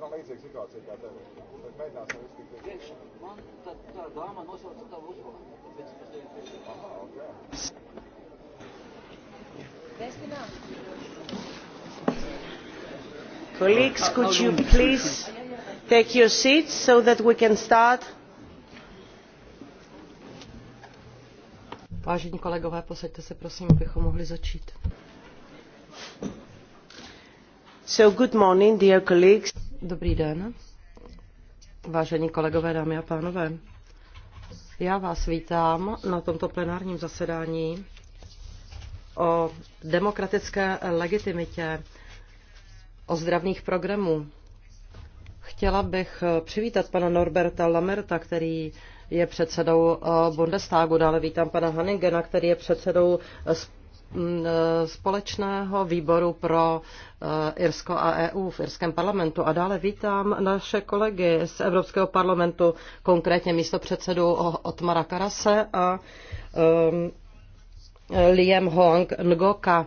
man kā tev. Tad uzskatīt. man tā dāma nosauca tavu Colleagues, could you please take your seats so that we can start? Vážení kolegové, posaďte se prosím, abychom mohli začít. So good morning, dear colleagues. Dobrý den, vážení kolegové, dámy a pánové. Já vás vítám na tomto plenárním zasedání o demokratické legitimitě ozdravných programů. Chtěla bych přivítat pana Norberta Lamerta, který je předsedou eh, Bundestagu. Dále vítám pana Haningena, který je předsedou Eh, společného výboru pro eh, Irsko a EU v Irském parlamentu. A dále vítám naše kolegy z Evropského parlamentu, konkrétně místopředsedu Otmara Karase a um, Liam Hong Ngoka,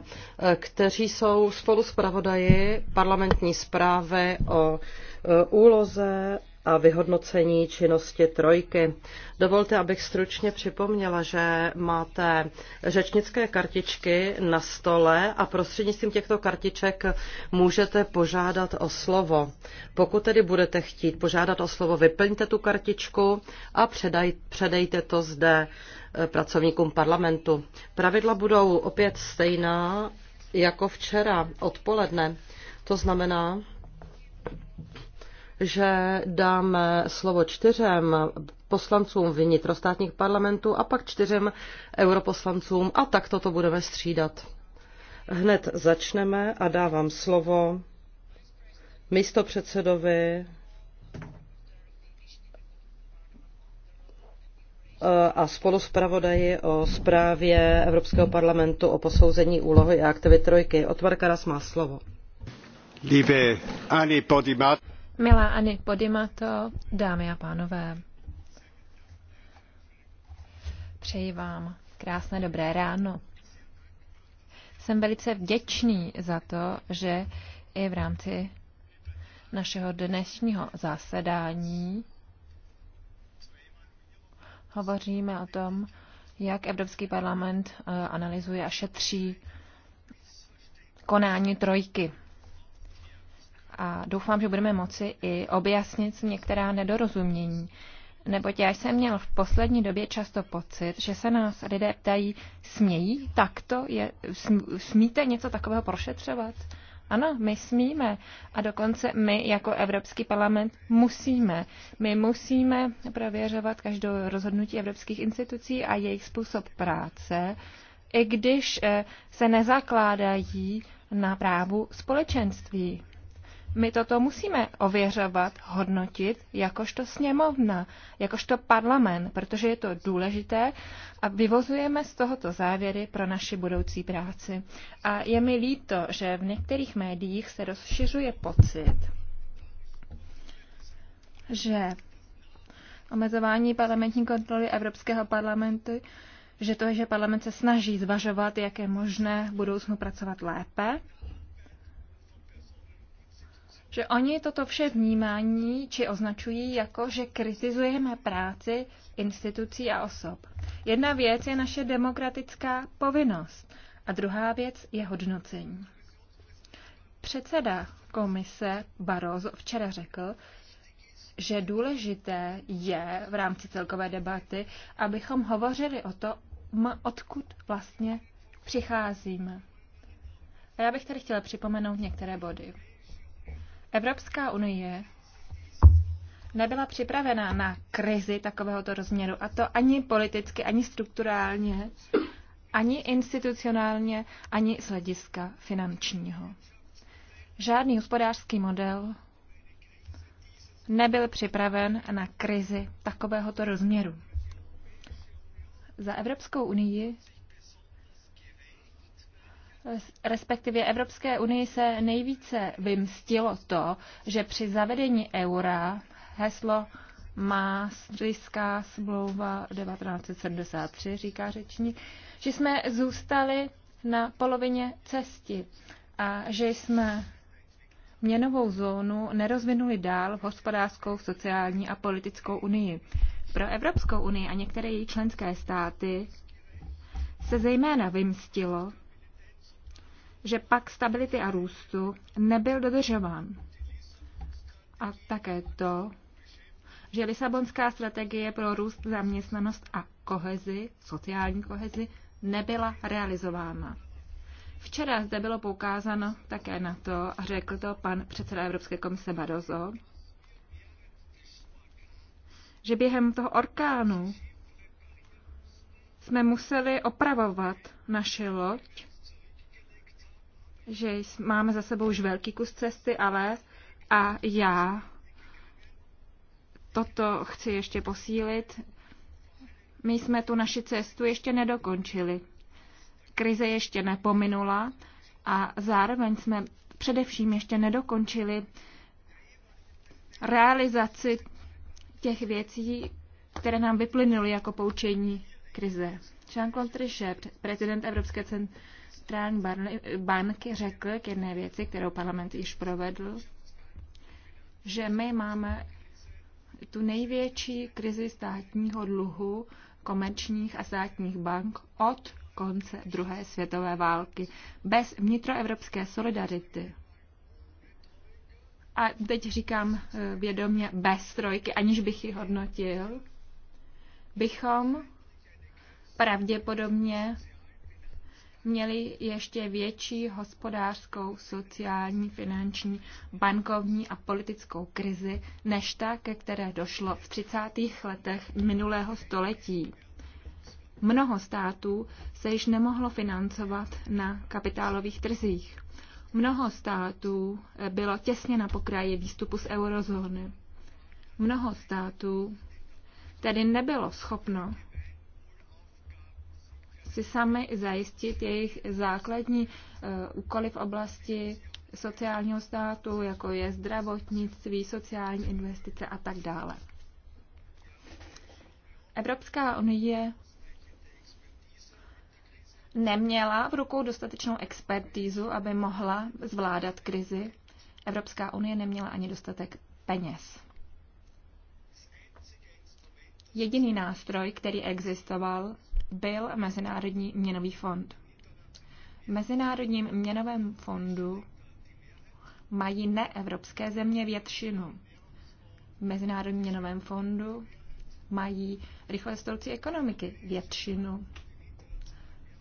kteří jsou spolu zpravodaji parlamentní zprávy o úloze a vyhodnocení činnosti trojky. Dovolte, abych stručně připomněla, že máte řečnické kartičky na stole a prostřednictvím těchto kartiček můžete požádat o slovo. Pokud tedy budete chtít požádat o slovo, vyplňte tu kartičku a předaj, předejte to zde eh, pracovníkům parlamentu. Pravidla budou opět stejná jako včera odpoledne. To znamená, že dáme slovo čtyřem poslancům vnitrostátních parlamentů a pak čtyřem europoslancům a takto to budeme střídat. Hned začneme a dávám slovo místopředsedovi eh, a spoluspravodaji o zprávě Evropského parlamentu o posouzení úlohy a aktivit trojky. Otvar Karas má slovo. Liebe Ani Podimat. Milá Ani Podimato, dámy a pánové, přeji vám krásné dobré ráno. Jsem velice vděčný za to, že i v rámci našeho dnešního zasedání hovoříme o tom, jak Evropský parlament eh, analyzuje a šetří konání trojky a doufám, že budeme moci i objasnit některá nedorozumění. Neboť já jsem měl v poslední době často pocit, že se nás lidé ptají, smějí takto, je, smíte něco takového prošetřovat? Ano, my smíme. A dokonce my jako Evropský parlament musíme. My musíme prověřovat každou rozhodnutí evropských institucí a jejich způsob práce, i když eh, se nezakládají na právu společenství my toto musíme ověřovat, hodnotit jakožto sněmovna, jakožto parlament, protože je to důležité a vyvozujeme z tohoto závěry pro naši budoucí práci. A je mi líto, že v některých médiích se rozšiřuje pocit, že omezování parlamentní kontroly Evropského parlamentu, že to je, že parlament se snaží zvažovat, jak je možné v budoucnu pracovat lépe, že oni toto vše vnímání či označují jako, že kritizujeme práci institucí a osob. Jedna věc je naše demokratická povinnost a druhá věc je hodnocení. Předseda komise Barroso včera řekl, že důležité je v rámci celkové debaty, abychom hovořili o tom, odkud vlastně přicházíme. A já bych tady chtěla připomenout některé body. Evropská unie nebyla připravena na krizi takovéhoto rozměru, a to ani politicky, ani strukturálně, ani institucionálně, ani z hlediska finančního. Žádný hospodářský model nebyl připraven na krizi takovéhoto rozměru. Za Evropskou unii respektive Evropské unii se nejvíce vymstilo to, že při zavedení eura heslo Maastrichtská smlouva 1973, říká řečník, že jsme zůstali na polovině cesty a že jsme měnovou zónu nerozvinuli dál v hospodářskou, sociální a politickou unii. Pro Evropskou unii a některé její členské státy se zejména vymstilo, že pak stability a růstu nebyl dodržován. A také to, že Lisabonská strategie pro růst, zaměstnanost a kohezi, sociální kohezi, nebyla realizována. Včera zde bylo poukázáno také na to, a řekl to pan předseda Evropské komise Barroso, že během toho orkánu jsme museli opravovat naše loď že máme za sebou už velký kus cesty, ale a já toto chci ještě posílit. My jsme tu naši cestu ještě nedokončili. Krize ještě nepominula a zároveň jsme především ještě nedokončili realizaci těch věcí, které nám vyplynuly jako poučení krize. Jean-Claude Trichet, prezident Evropské centrum, centrální banky řekl k jedné věci, kterou parlament již provedl, že my máme tu největší krizi státního dluhu komerčních a státních bank od konce druhé světové války, bez vnitroevropské solidarity. A teď říkám eh, vědomě bez trojky, aniž bych ji hodnotil, bychom pravděpodobně měli ještě větší hospodářskou, sociální, finanční, bankovní a politickou krizi než ta, ke které došlo v 30. letech minulého století. Mnoho států se již nemohlo financovat na kapitálových trzích. Mnoho států bylo těsně na pokraji výstupu z eurozóny. Mnoho států tedy nebylo schopno si sami zajistit jejich základní eh, úkoly v oblasti sociálního státu, jako je zdravotnictví, sociální investice a tak dále. Evropská unie neměla v rukou dostatečnou expertízu, aby mohla zvládat krizi. Evropská unie neměla ani dostatek peněz. Jediný nástroj, který existoval, byl Mezinárodní měnový fond. V Mezinárodním měnovém fondu mají neevropské země většinu. V Mezinárodním měnovém fondu mají rychle stoucí ekonomiky většinu.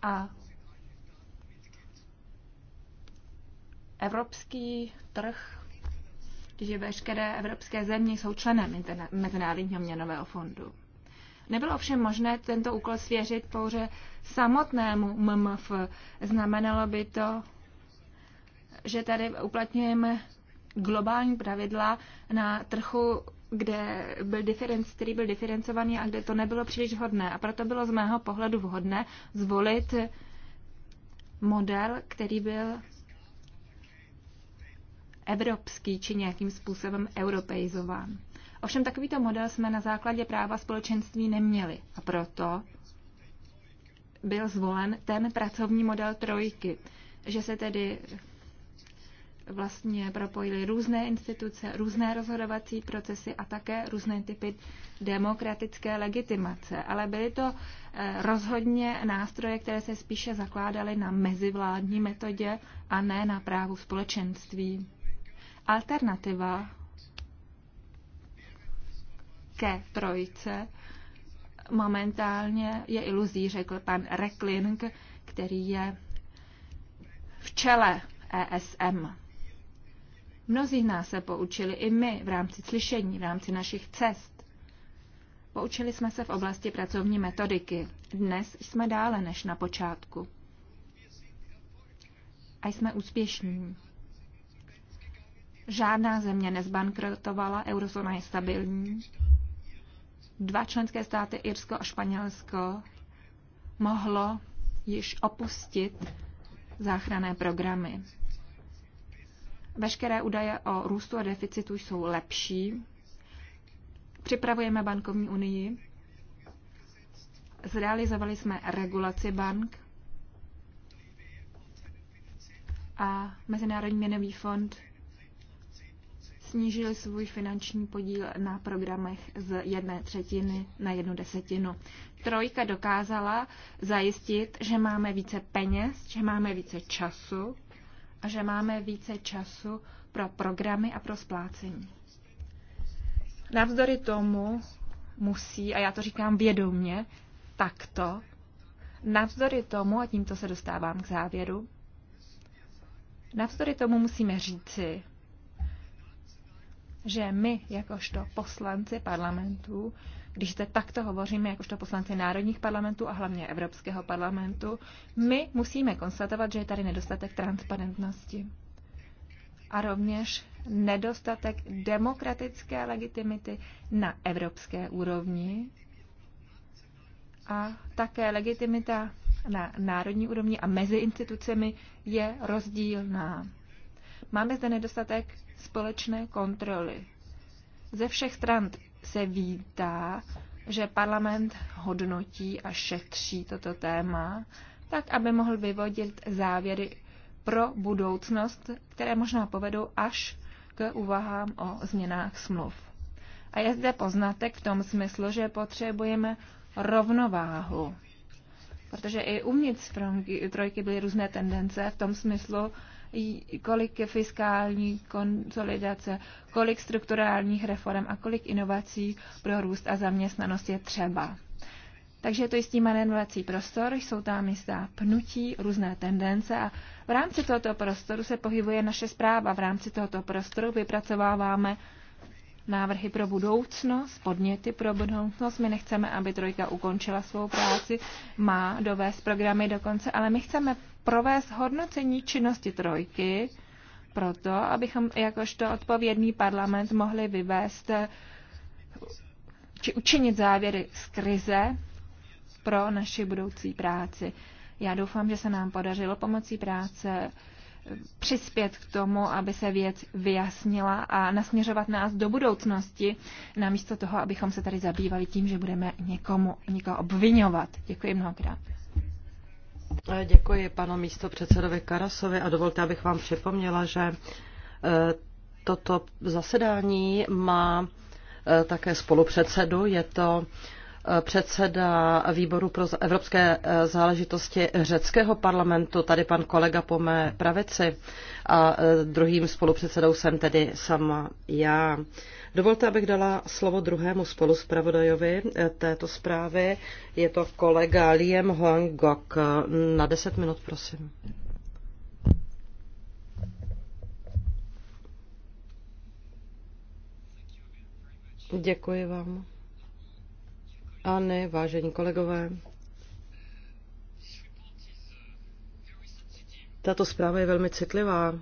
A evropský trh, že veškeré evropské země jsou členem Mezinárodního měnového fondu. Nebylo ovšem možné tento úkol svěřit pouze samotnému MMF. Znamenalo by to, že tady uplatňujeme globální pravidla na trhu, kde byl diferenc, který byl diferencovaný a kde to nebylo příliš vhodné. A proto bylo z mého pohledu vhodné zvolit model, který byl evropský či nějakým způsobem europeizován. Ovšem takovýto model jsme na základě práva společenství neměli a proto byl zvolen ten pracovní model trojky, že se tedy vlastně propojily různé instituce, různé rozhodovací procesy a také různé typy demokratické legitimace. Ale byly to eh, rozhodně nástroje, které se spíše zakládaly na mezivládní metodě a ne na právu společenství. Alternativa ke trojce momentálně je iluzí, řekl pan Reckling, který je v čele ESM. Mnozí z nás se poučili i my v rámci slyšení, v rámci našich cest. Poučili jsme se v oblasti pracovní metodiky. Dnes jsme dále než na počátku. A jsme úspěšní. Žádná země nezbankrotovala, eurozóna je stabilní dva členské státy, Irsko a Španělsko, mohlo již opustit záchranné programy. Veškeré údaje o růstu a deficitu jsou lepší. Připravujeme bankovní unii. Zrealizovali jsme regulaci bank a Mezinárodní měnový fond snížili svůj finanční podíl na programech z jedné třetiny na jednu desetinu. Trojka dokázala zajistit, že máme více peněz, že máme více času a že máme více času pro programy a pro splácení. Navzdory tomu musí, a já to říkám vědomně, takto, navzdory tomu, a tímto se dostávám k závěru, navzdory tomu musíme říci, že my, jakožto poslanci parlamentů, když se takto hovoříme, jakožto poslanci národních parlamentů a hlavně Evropského parlamentu, my musíme konstatovat, že je tady nedostatek transparentnosti a rovněž nedostatek demokratické legitimity na evropské úrovni a také legitimita na národní úrovni a mezi institucemi je rozdílná. Máme zde nedostatek společné kontroly. Ze všech stran se vítá, že parlament hodnotí a šetří toto téma, tak aby mohl vyvodit závěry pro budoucnost, které možná povedou až k úvahám o změnách smluv. A je zde poznatek v tom smyslu, že potřebujeme rovnováhu. Protože i uvnitř trojky byly různé tendence v tom smyslu, kolik je fiskální konsolidace, kolik strukturálních reform a kolik inovací pro růst a zaměstnanost je třeba. Takže je to jistý manévrovací prostor, jsou tam jistá pnutí, různé tendence a v rámci tohoto prostoru se pohybuje naše zpráva. V rámci tohoto prostoru vypracováváme návrhy pro budoucnost, podněty pro budoucnost. My nechceme, aby trojka ukončila svou práci, má dovést programy do konce, ale my chceme provést hodnocení činnosti trojky proto, abychom jakožto odpovědný parlament mohli vyvést či učinit závěry z krize pro naši budoucí práci. Já doufám, že se nám podařilo pomocí práce přispět k tomu, aby se věc vyjasnila a nasměřovat nás do budoucnosti, namísto toho, abychom se tady zabývali tím, že budeme někomu, někoho obvinovat. Děkuji mnohokrát. Děkuji panu místo předsedovi Karasovi a dovolte, abych vám připomněla, že e, toto zasedání má e, také spolupředsedu. Je to předseda výboru pro evropské eh, záležitosti řeckého parlamentu, tady pan kolega po mé pravici a eh, druhým spolupředsedou jsem tedy sama já. Dovolte, abych dala slovo druhému spoluspravodajovi eh, této zprávy. Je to kolega Liam Hongok. Na 10 minut, prosím. Děkuji vám pány, vážení kolegové. Tato zpráva je velmi citlivá.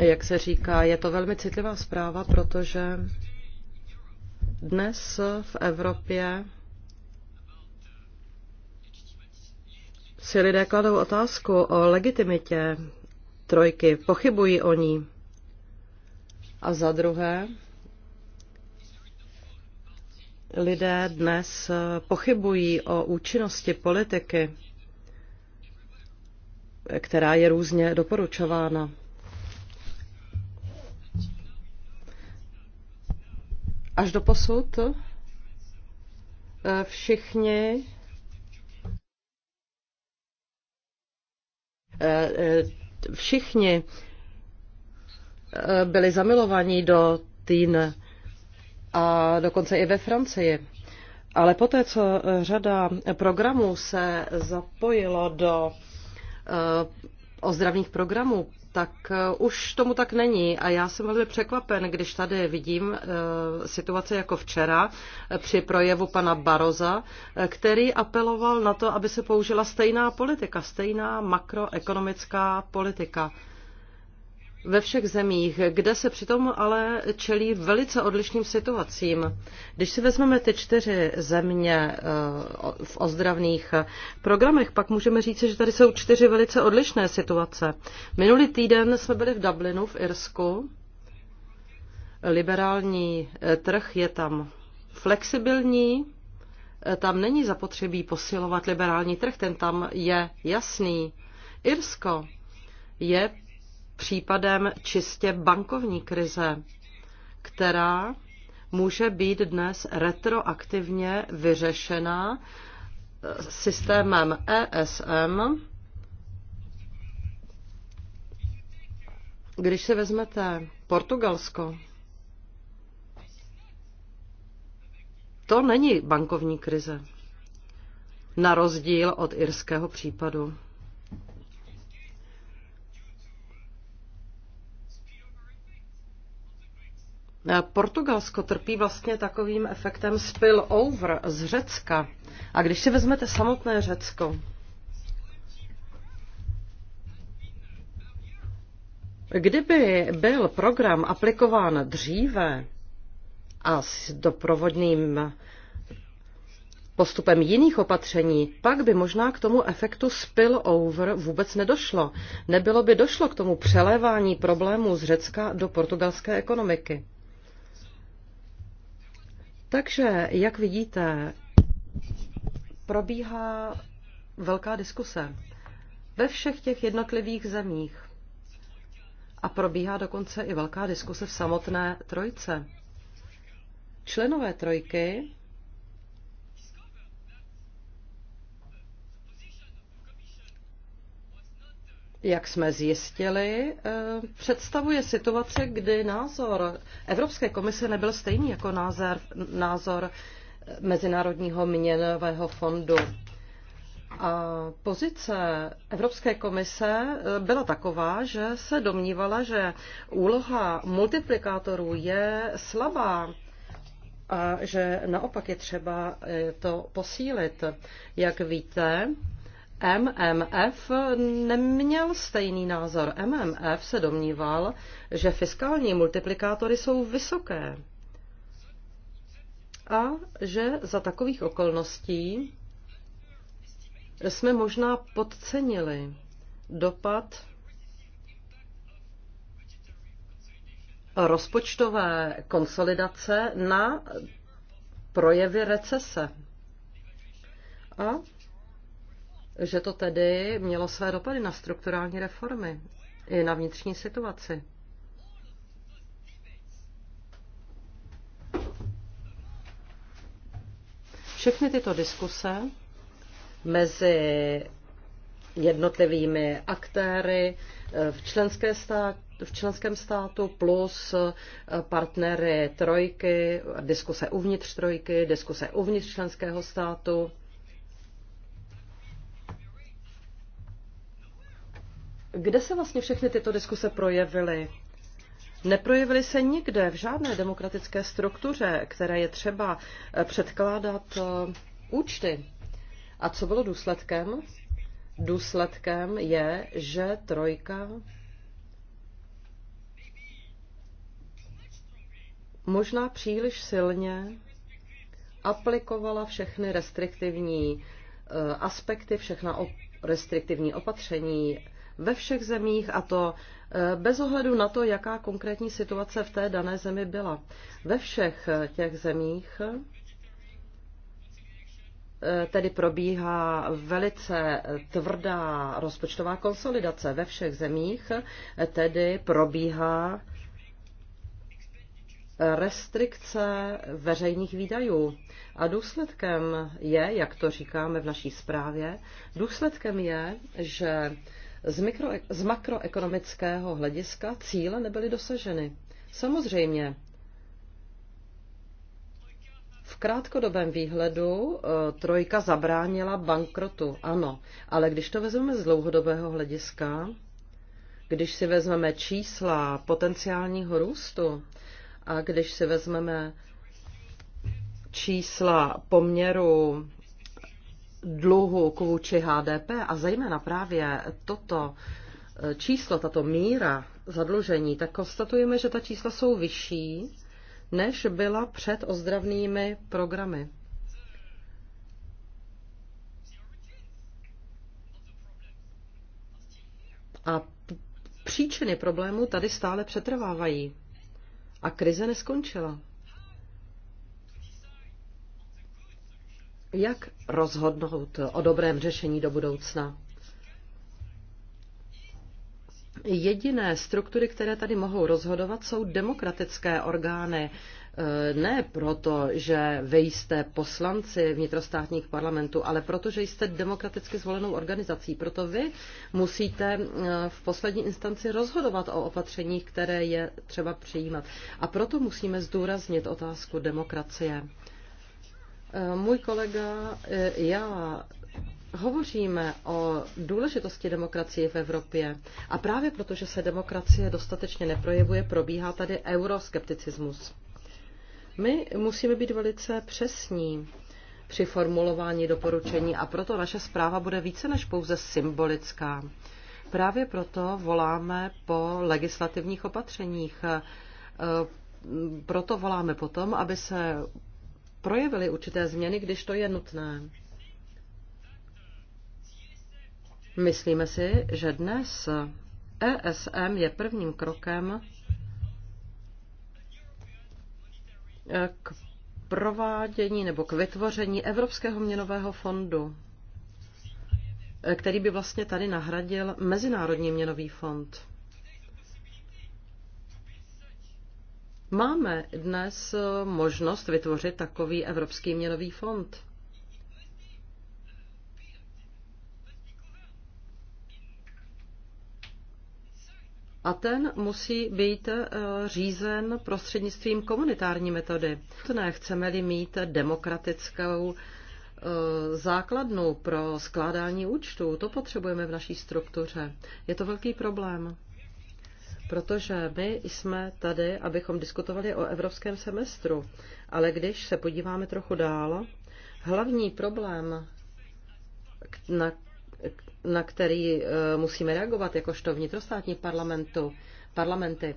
Jak se říká, je to velmi citlivá zpráva, protože dnes v Evropě si lidé kladou otázku o legitimitě trojky, pochybují o ní. A za druhé, lidé dnes eh, pochybují o účinnosti politiky, která je různě doporučována. Až do posud eh, všichni eh, všichni byli zamilovaní do týn a dokonce i ve Francii. Ale poté, co řada programů se zapojilo do eh, ozdravných programů, tak eh, už tomu tak není. A já jsem velmi překvapen, když tady vidím eh, situace jako včera při projevu pana Baroza, který apeloval na to, aby se použila stejná politika, stejná makroekonomická politika ve všech zemích, kde se přitom ale čelí velice odlišným situacím. Když si vezmeme ty čtyři země eh, v ozdravných programech, pak můžeme říct, že tady jsou čtyři velice odlišné situace. Minulý týden jsme byli v Dublinu v Irsku. Liberální eh, trh je tam flexibilní, eh, tam není zapotřebí posilovat liberální trh, ten tam je jasný. Irsko je případem čistě bankovní krize, která může být dnes retroaktivně vyřešena eh, systémem ESM. Když si vezmete Portugalsko, to není bankovní krize, na rozdíl od irského případu. Portugalsko trpí vlastně takovým efektem spill over z Řecka. A když si vezmete samotné Řecko, kdyby byl program aplikován dříve a s doprovodným Postupem jiných opatření pak by možná k tomu efektu spill-over vůbec nedošlo. Nebylo by došlo k tomu přelévání problémů z Řecka do portugalské ekonomiky. Takže, jak vidíte, probíhá velká diskuse ve všech těch jednotlivých zemích. A probíhá dokonce i velká diskuse v samotné trojce. Členové trojky Jak jsme zjistili, eh, představuje situace, kdy názor Evropské komise nebyl stejný jako názor, názor eh, Mezinárodního měnového fondu. A pozice Evropské komise eh, byla taková, že se domnívala, že úloha multiplikátorů je slabá a že naopak je třeba to posílit. Jak víte, MMF neměl stejný názor. MMF se domníval, že fiskální multiplikátory jsou vysoké a že za takových okolností jsme možná podcenili dopad rozpočtové konsolidace na projevy recese. A že to tedy mělo své dopady na strukturální reformy i na vnitřní situaci. Všechny tyto diskuse mezi jednotlivými aktéry eh, v, členské stát, v členském státu plus eh, partnery trojky, diskuse uvnitř trojky, diskuse uvnitř členského státu, Kde se vlastně všechny tyto diskuse projevily? Neprojevily se nikde v žádné demokratické struktuře, které je třeba eh, předkládat eh, účty. A co bylo důsledkem? Důsledkem je, že trojka možná příliš silně aplikovala všechny restriktivní eh, aspekty, všechna restriktivní opatření, ve všech zemích a to e, bez ohledu na to, jaká konkrétní situace v té dané zemi byla. Ve všech e, těch zemích e, tedy probíhá velice tvrdá rozpočtová konsolidace ve všech zemích, tedy probíhá restrikce veřejných výdajů. A důsledkem je, jak to říkáme v naší zprávě, důsledkem je, že z, mikro, z makroekonomického hlediska cíle nebyly dosaženy. Samozřejmě, v krátkodobém výhledu e, trojka zabránila bankrotu, ano, ale když to vezmeme z dlouhodobého hlediska, když si vezmeme čísla potenciálního růstu a když si vezmeme čísla poměru dluhu kvůči HDP a zejména právě toto eh, číslo, tato míra zadlužení, tak konstatujeme, že ta čísla jsou vyšší, než byla před ozdravnými programy. A příčiny problému tady stále přetrvávají. A krize neskončila. Jak rozhodnout o dobrém řešení do budoucna? Jediné struktury, které tady mohou rozhodovat, jsou demokratické orgány. Eh, ne proto, že vy jste poslanci vnitrostátních parlamentů, ale proto, že jste demokraticky zvolenou organizací. Proto vy musíte eh, v poslední instanci rozhodovat o opatřeních, které je třeba přijímat. A proto musíme zdůraznit otázku demokracie. Eh, můj kolega, eh, já hovoříme o důležitosti demokracie v Evropě a právě proto, že se demokracie dostatečně neprojevuje, probíhá tady euroskepticismus. My musíme být velice přesní při formulování doporučení a proto naše zpráva bude více než pouze symbolická. Právě proto voláme po legislativních opatřeních, eh, proto voláme potom, aby se projevily určité změny, když to je nutné. Myslíme si, že dnes ESM je prvním krokem k provádění nebo k vytvoření Evropského měnového fondu, který by vlastně tady nahradil Mezinárodní měnový fond. Máme dnes eh, možnost vytvořit takový Evropský měnový fond. A ten musí být eh, řízen prostřednictvím komunitární metody. Chceme-li mít demokratickou eh, základnu pro skládání účtů, to potřebujeme v naší struktuře. Je to velký problém protože my jsme tady, abychom diskutovali o evropském semestru. Ale když se podíváme trochu dál, hlavní problém, na, na který eh, musíme reagovat jakožto vnitrostátní parlamentu, parlamenty,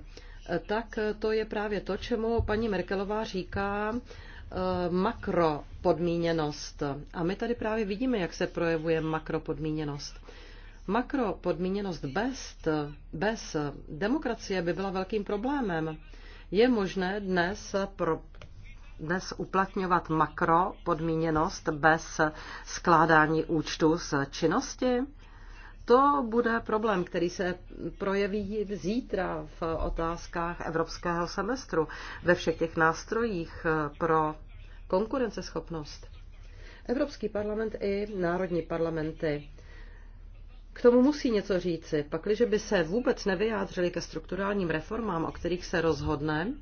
eh, tak to je právě to, čemu paní Merkelová říká eh, makropodmíněnost. A my tady právě vidíme, jak se projevuje makropodmíněnost. Makropodmíněnost bez, bez demokracie by byla velkým problémem. Je možné dnes pro, dnes uplatňovat makropodmíněnost bez skládání účtu z činnosti? To bude problém, který se projeví zítra v otázkách evropského semestru, ve všech těch nástrojích pro konkurenceschopnost. Evropský parlament i národní parlamenty k tomu musí něco říci. Pakliže by se vůbec nevyjádřili ke strukturálním reformám, o kterých se rozhodne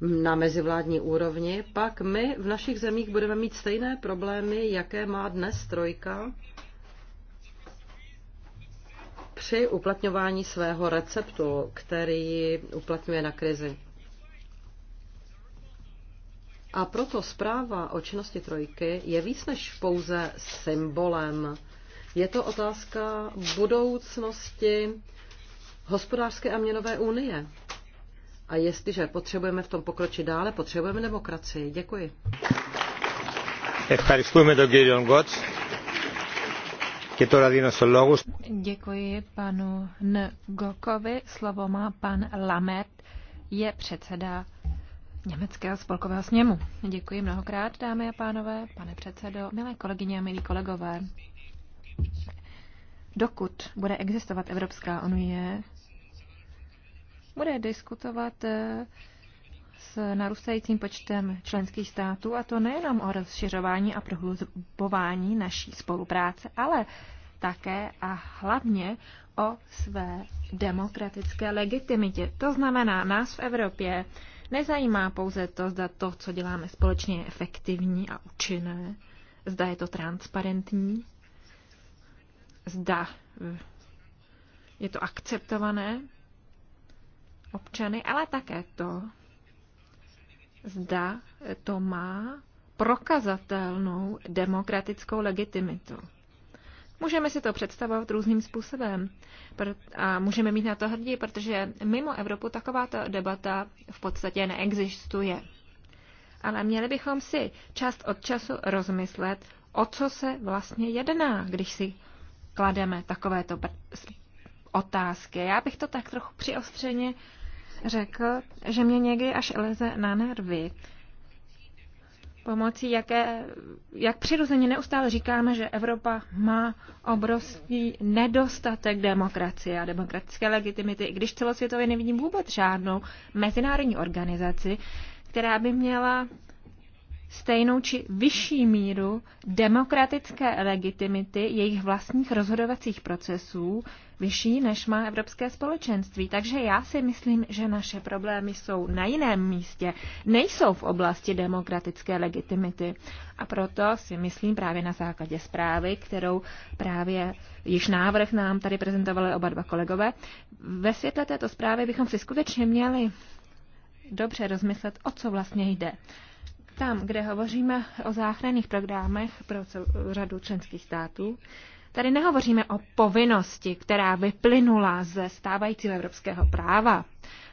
na mezivládní úrovni, pak my v našich zemích budeme mít stejné problémy, jaké má dnes trojka při uplatňování svého receptu, který uplatňuje na krizi. A proto zpráva o činnosti trojky je víc než pouze symbolem je to otázka budoucnosti hospodářské a měnové unie. A jestliže potřebujeme v tom pokročit dále, potřebujeme demokracii. Děkuji. Děkuji panu Ngokovi. Slovo má pan Lamet, je předseda Německého spolkového sněmu. Děkuji mnohokrát, dámy a pánové, pane předsedo, milé kolegyně a milí kolegové. Dokud bude existovat Evropská unie, bude diskutovat eh, s narůstajícím počtem členských států, a to nejenom o rozšiřování a prohlubování naší spolupráce, ale také a hlavně o své demokratické legitimitě. To znamená, nás v Evropě nezajímá pouze to, zda to, co děláme společně, je efektivní a účinné, zda je to transparentní, zda eh, je to akceptované občany, ale také to, zda to má prokazatelnou demokratickou legitimitu. Můžeme si to představovat různým způsobem a můžeme mít na to hrdí, protože mimo Evropu takováto debata v podstatě neexistuje. Ale měli bychom si čas od času rozmyslet, o co se vlastně jedná, když si klademe takovéto otázky. Já bych to tak trochu přiostřeně řekl, že mě někdy až leze na nervy, pomocí jaké, jak přirozeně neustále říkáme, že Evropa má obrovský nedostatek demokracie a demokratické legitimity, i když celosvětově nevidím vůbec žádnou mezinárodní organizaci, která by měla stejnou či vyšší míru demokratické legitimity jejich vlastních rozhodovacích procesů vyšší, než má Evropské společenství. Takže já si myslím, že naše problémy jsou na jiném místě, nejsou v oblasti demokratické legitimity. A proto si myslím právě na základě zprávy, kterou právě již návrh nám tady prezentovali oba dva kolegové, ve světle této zprávy bychom si skutečně měli dobře rozmyslet, o co vlastně jde. Tam, kde hovoříme o záchranných programech pro řadu členských států, tady nehovoříme o povinnosti, která vyplynula ze stávajícího evropského práva.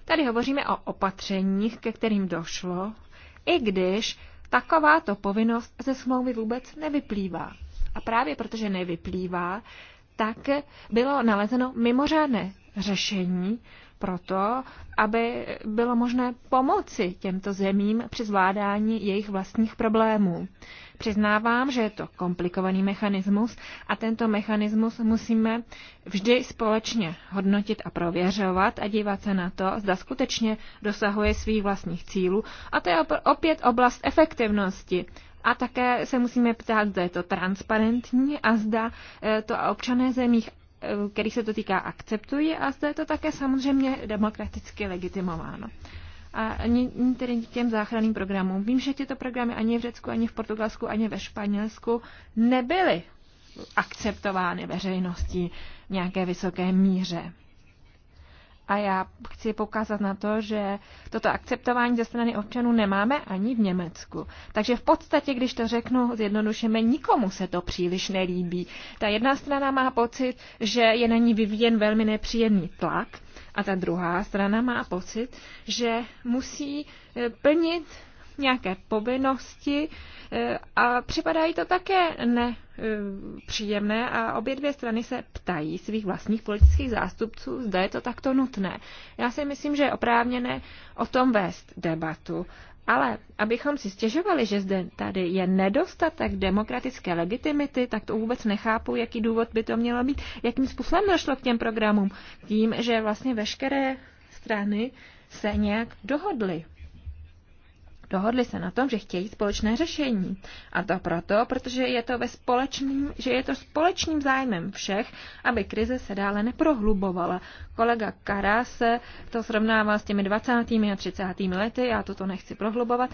Tady hovoříme o opatřeních, ke kterým došlo, i když takováto povinnost ze smlouvy vůbec nevyplývá. A právě protože nevyplývá, tak bylo nalezeno mimořádné řešení, proto, aby bylo možné pomoci těmto zemím při zvládání jejich vlastních problémů. Přiznávám, že je to komplikovaný mechanismus a tento mechanismus musíme vždy společně hodnotit a prověřovat a dívat se na to, zda skutečně dosahuje svých vlastních cílů. A to je opět oblast efektivnosti. A také se musíme ptát, zda je to transparentní a zda eh, to občané zemích který se to týká, akceptují a zde je to také samozřejmě demokraticky legitimováno. A ani tedy těm záchranným programům. Vím, že tyto programy ani v Řecku, ani v Portugalsku, ani ve Španělsku nebyly akceptovány veřejností v nějaké vysoké míře. A já chci poukázat na to, že toto akceptování ze strany občanů nemáme ani v Německu. Takže v podstatě, když to řeknu zjednodušeně, nikomu se to příliš nelíbí. Ta jedna strana má pocit, že je na ní vyvíjen velmi nepříjemný tlak a ta druhá strana má pocit, že musí eh, plnit nějaké povinnosti eh, a připadají to také nepříjemné eh, a obě dvě strany se ptají svých vlastních politických zástupců, zda je to takto nutné. Já si myslím, že je oprávněné o tom vést debatu. Ale abychom si stěžovali, že zde tady je nedostatek demokratické legitimity, tak to vůbec nechápu, jaký důvod by to mělo být, jakým způsobem došlo k těm programům. Tím, že vlastně veškeré strany se nějak dohodly. Dohodli se na tom, že chtějí společné řešení. A to proto, protože je to, ve společným, že je to společným zájmem všech, aby krize se dále neprohlubovala. Kolega Karas to srovnává s těmi 20. a 30. lety, já toto nechci prohlubovat.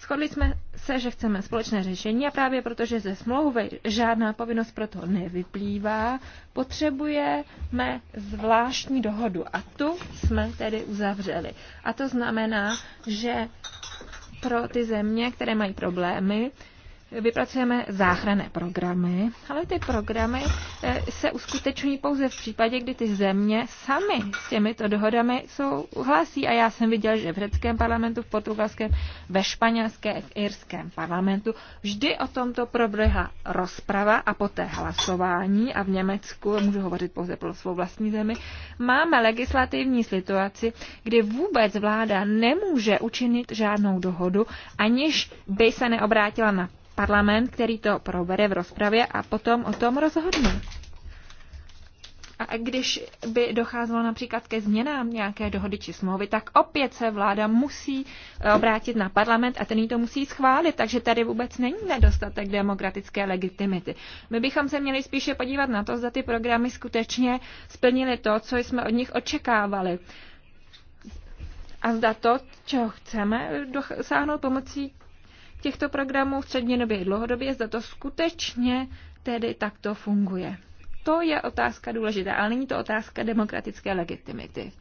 Shodli jsme se, že chceme společné řešení a právě protože ze smlouvy žádná povinnost pro to nevyplývá, potřebujeme zvláštní dohodu a tu jsme tedy uzavřeli. A to znamená, že pro ty země, které mají problémy, vypracujeme záchranné programy, ale ty programy eh, se uskutečňují pouze v případě, kdy ty země sami s těmito dohodami souhlasí. A já jsem viděl, že v řeckém parlamentu, v portugalském, ve španělském, v irském parlamentu vždy o tomto proběhla rozprava a poté hlasování a v Německu, můžu hovořit pouze pro svou vlastní zemi, máme legislativní situaci, kdy vůbec vláda nemůže učinit žádnou dohodu, aniž by se neobrátila na parlament, který to probere v rozpravě a potom o tom rozhodne. A když by docházelo například ke změnám nějaké dohody či smlouvy, tak opět se vláda musí eh, obrátit na parlament a ten jí to musí schválit, takže tady vůbec není nedostatek demokratické legitimity. My bychom se měli spíše podívat na to, zda ty programy skutečně splnily to, co jsme od nich očekávali. A zda to, čeho chceme dosáhnout pomocí těchto programů střednědobě i dlouhodobě, zda to skutečně tedy takto funguje. To je otázka důležitá, ale není to otázka demokratické legitimity.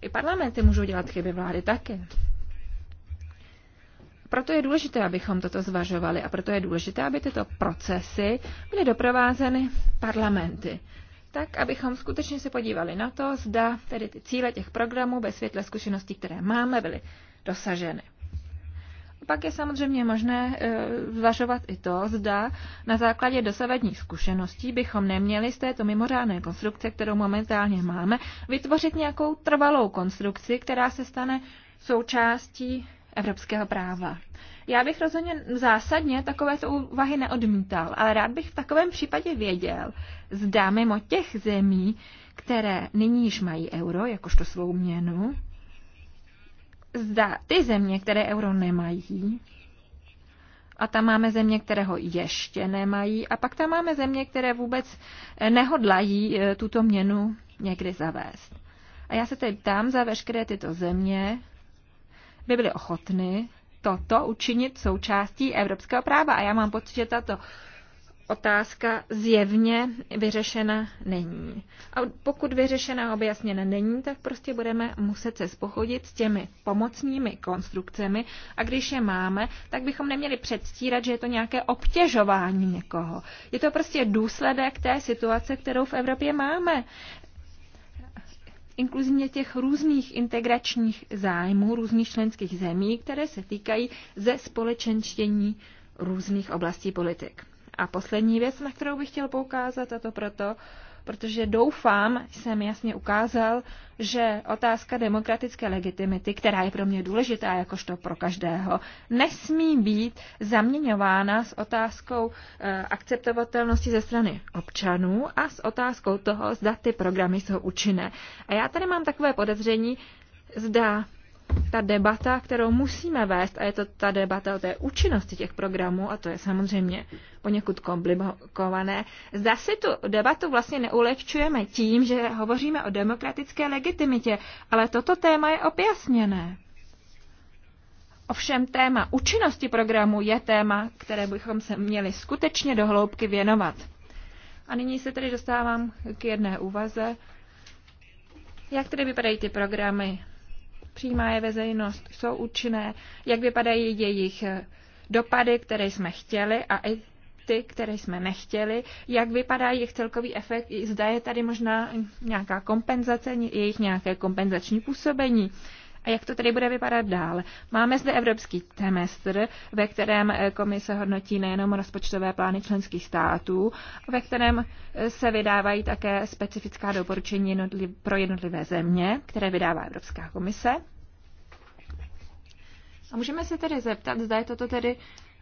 I parlamenty můžou dělat chyby vlády také. Proto je důležité, abychom toto zvažovali a proto je důležité, aby tyto procesy byly doprovázeny parlamenty. Tak, abychom skutečně se podívali na to, zda tedy ty cíle těch programů ve světle zkušeností, které máme, byly dosaženy. Pak je samozřejmě možné e, zvažovat i to, zda na základě dosavadních zkušeností bychom neměli z této mimořádné konstrukce, kterou momentálně máme, vytvořit nějakou trvalou konstrukci, která se stane součástí evropského práva. Já bych rozhodně zásadně takovéto úvahy neodmítal, ale rád bych v takovém případě věděl, zda mimo těch zemí, které nyní již mají euro jakožto svou měnu, zda ty země, které euro nemají, a tam máme země, které ho ještě nemají, a pak tam máme země, které vůbec eh, nehodlají eh, tuto měnu někdy zavést. A já se tedy ptám, za veškeré tyto země by byly ochotny toto učinit součástí evropského práva. A já mám pocit, že tato otázka zjevně vyřešena není. A pokud vyřešena objasněna není, tak prostě budeme muset se spochodit s těmi pomocnými konstrukcemi a když je máme, tak bychom neměli předstírat, že je to nějaké obtěžování někoho. Je to prostě důsledek té situace, kterou v Evropě máme inkluzivně těch různých integračních zájmů různých členských zemí, které se týkají ze společenštění různých oblastí politik. A poslední věc, na kterou bych chtěl poukázat, a to proto, protože doufám, jsem jasně ukázal, že otázka demokratické legitimity, která je pro mě důležitá jakožto pro každého, nesmí být zaměňována s otázkou e, akceptovatelnosti ze strany občanů a s otázkou toho, zda ty programy jsou účinné. A já tady mám takové podezření, zda ta debata, kterou musíme vést, a je to ta debata o té účinnosti těch programů, a to je samozřejmě poněkud komplikované, zda si tu debatu vlastně neulehčujeme tím, že hovoříme o demokratické legitimitě, ale toto téma je objasněné. Ovšem téma účinnosti programu je téma, které bychom se měli skutečně dohloubky věnovat. A nyní se tedy dostávám k jedné úvaze, jak tedy vypadají ty programy přijímá je veřejnost, jsou účinné, jak vypadají jejich eh, dopady, které jsme chtěli a i ty, které jsme nechtěli, jak vypadá jejich celkový efekt, zda je tady možná nějaká kompenzace, jejich nějaké kompenzační působení. A jak to tedy bude vypadat dál? Máme zde evropský semestr, ve kterém eh, komise hodnotí nejenom rozpočtové plány členských států, ve kterém eh, se vydávají také specifická doporučení pro jednotlivé země, které vydává Evropská komise. A můžeme se tedy zeptat, zda je toto tedy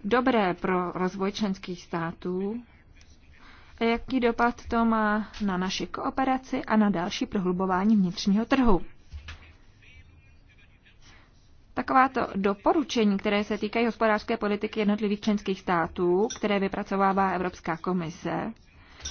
dobré pro rozvoj členských států a jaký dopad to má na naši kooperaci a na další prohlubování vnitřního trhu. Takováto doporučení, které se týkají hospodářské politiky jednotlivých členských států, které vypracovává Evropská komise,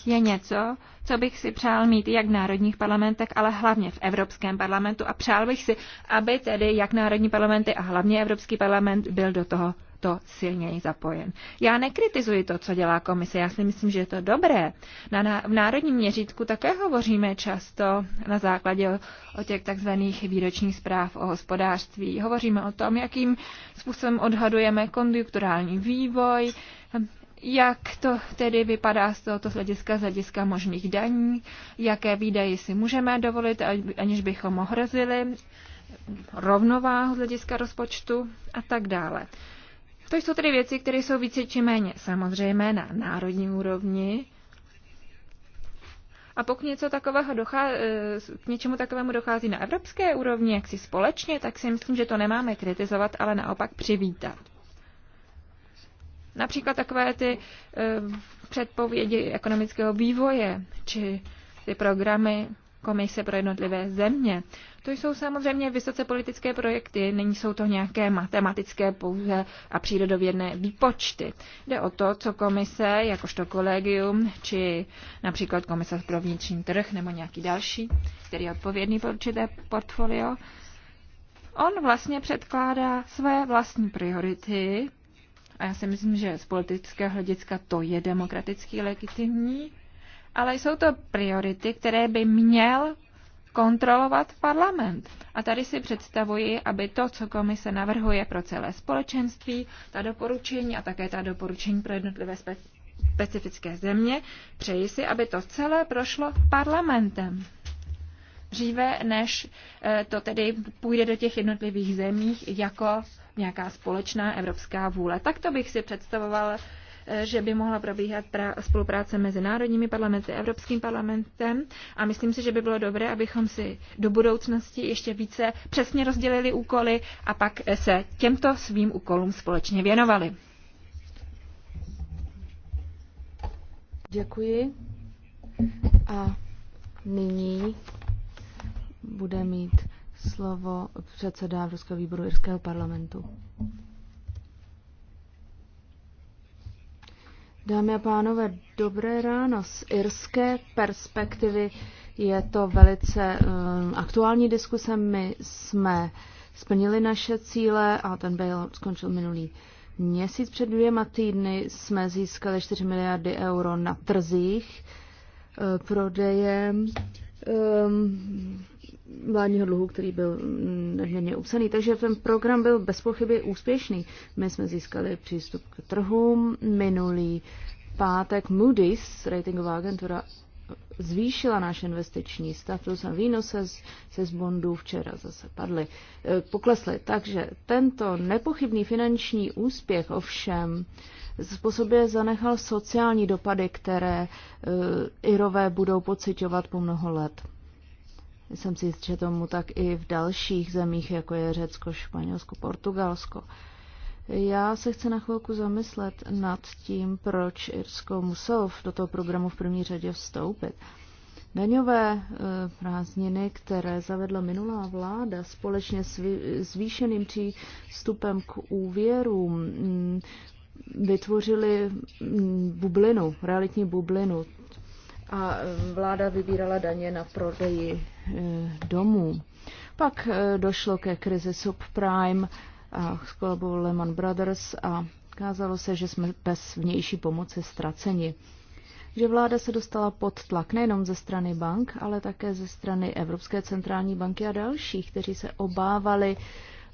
je něco, co bych si přál mít jak v národních parlamentech, ale hlavně v Evropském parlamentu a přál bych si, aby tedy jak národní parlamenty a hlavně Evropský parlament byl do toho to silněji zapojen. Já nekritizuji to, co dělá komise, já si myslím, že je to dobré. Na, na, v národním měřítku také hovoříme často na základě o, o těch takzvaných výročních zpráv o hospodářství. Hovoříme o tom, jakým způsobem odhadujeme konjunkturální vývoj, jak to tedy vypadá z tohoto hlediska, z hlediska možných daní, jaké výdaje si můžeme dovolit, aniž bychom ohrozili rovnováhu z hlediska rozpočtu a tak dále. To jsou tedy věci, které jsou více či méně samozřejmé na národní úrovni. A pokud něco takového dochází, eh, k něčemu takovému dochází na evropské úrovni, jak si společně, tak si myslím, že to nemáme kritizovat, ale naopak přivítat. Například takové ty eh, předpovědi ekonomického vývoje, či ty programy komise pro jednotlivé země. To jsou samozřejmě vysoce politické projekty, není jsou to nějaké matematické pouze a přírodovědné výpočty. Jde o to, co komise, jakožto kolegium, či například komise pro vnitřní trh nebo nějaký další, který je odpovědný pro určité portfolio, on vlastně předkládá své vlastní priority, a já si myslím, že z politického hlediska to je demokraticky legitimní ale jsou to priority, které by měl kontrolovat parlament. A tady si představuji, aby to, co komise navrhuje pro celé společenství, ta doporučení a také ta doporučení pro jednotlivé specifické země, přeji si, aby to celé prošlo parlamentem. Dříve, než eh, to tedy půjde do těch jednotlivých zemích jako nějaká společná evropská vůle. Tak to bych si představoval Eh, že by mohla probíhat spolupráce mezi národními parlamenty a Evropským parlamentem a myslím si, že by bylo dobré, abychom si do budoucnosti ještě více přesně rozdělili úkoly a pak se těmto svým úkolům společně věnovali. Děkuji. A nyní bude mít slovo předseda Evropského výboru Irského parlamentu. Dámy a pánové, dobré ráno. Z irské perspektivy je to velice um, aktuální diskuse. My jsme splnili naše cíle a ten byl skončil minulý měsíc. Před dvěma týdny jsme získali 4 miliardy euro na trzích eh, prodejem um, vládního dluhu, který byl mm, nadměrně upsaný. Takže ten program byl bez pochyby úspěšný. My jsme získali přístup k trhům. Minulý pátek Moody's, ratingová agentura, zvýšila náš investiční status a výnose se z bondů včera zase padly, e, poklesly. Takže tento nepochybný finanční úspěch ovšem po sobě zanechal sociální dopady, které e, Irové budou pocitovat po mnoho let. Jsem si jistě tomu tak i v dalších zemích, jako je Řecko, Španělsko, Portugalsko. Já se chci na chvilku zamyslet nad tím, proč Irsko muselo do toho programu v první řadě vstoupit. Daňové eh, prázdniny, které zavedla minulá vláda společně s zvýšeným přístupem k úvěrům, mm, vytvořili mm, bublinu, realitní bublinu a vláda vybírala daně na prodeji e, domů. Pak e, došlo ke krizi subprime a skolaboval Lehman Brothers a kázalo se, že jsme bez vnější pomoci ztraceni. Že vláda se dostala pod tlak nejenom ze strany bank, ale také ze strany Evropské centrální banky a dalších, kteří se obávali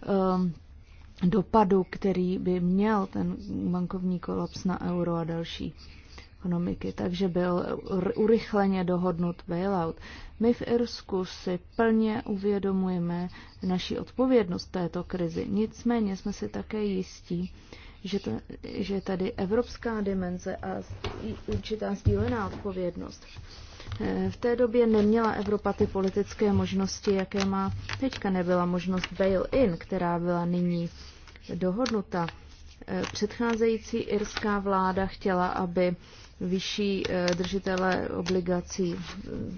um, dopadu, který by měl ten bankovní kolaps na euro a další. Uh, ekonomiky, takže byl urychleně dohodnut bailout. My v Irsku si plně uvědomujeme naši odpovědnost této krizi. Nicméně jsme si také jistí, že, to, že tady evropská dimenze a určitá sdílená odpovědnost. Eh, v té době neměla Evropa ty politické možnosti, jaké má teďka. Nebyla možnost bail-in, která byla nyní dohodnuta. Eh, předcházející irská vláda chtěla, aby vyšší eh, držitele obligací.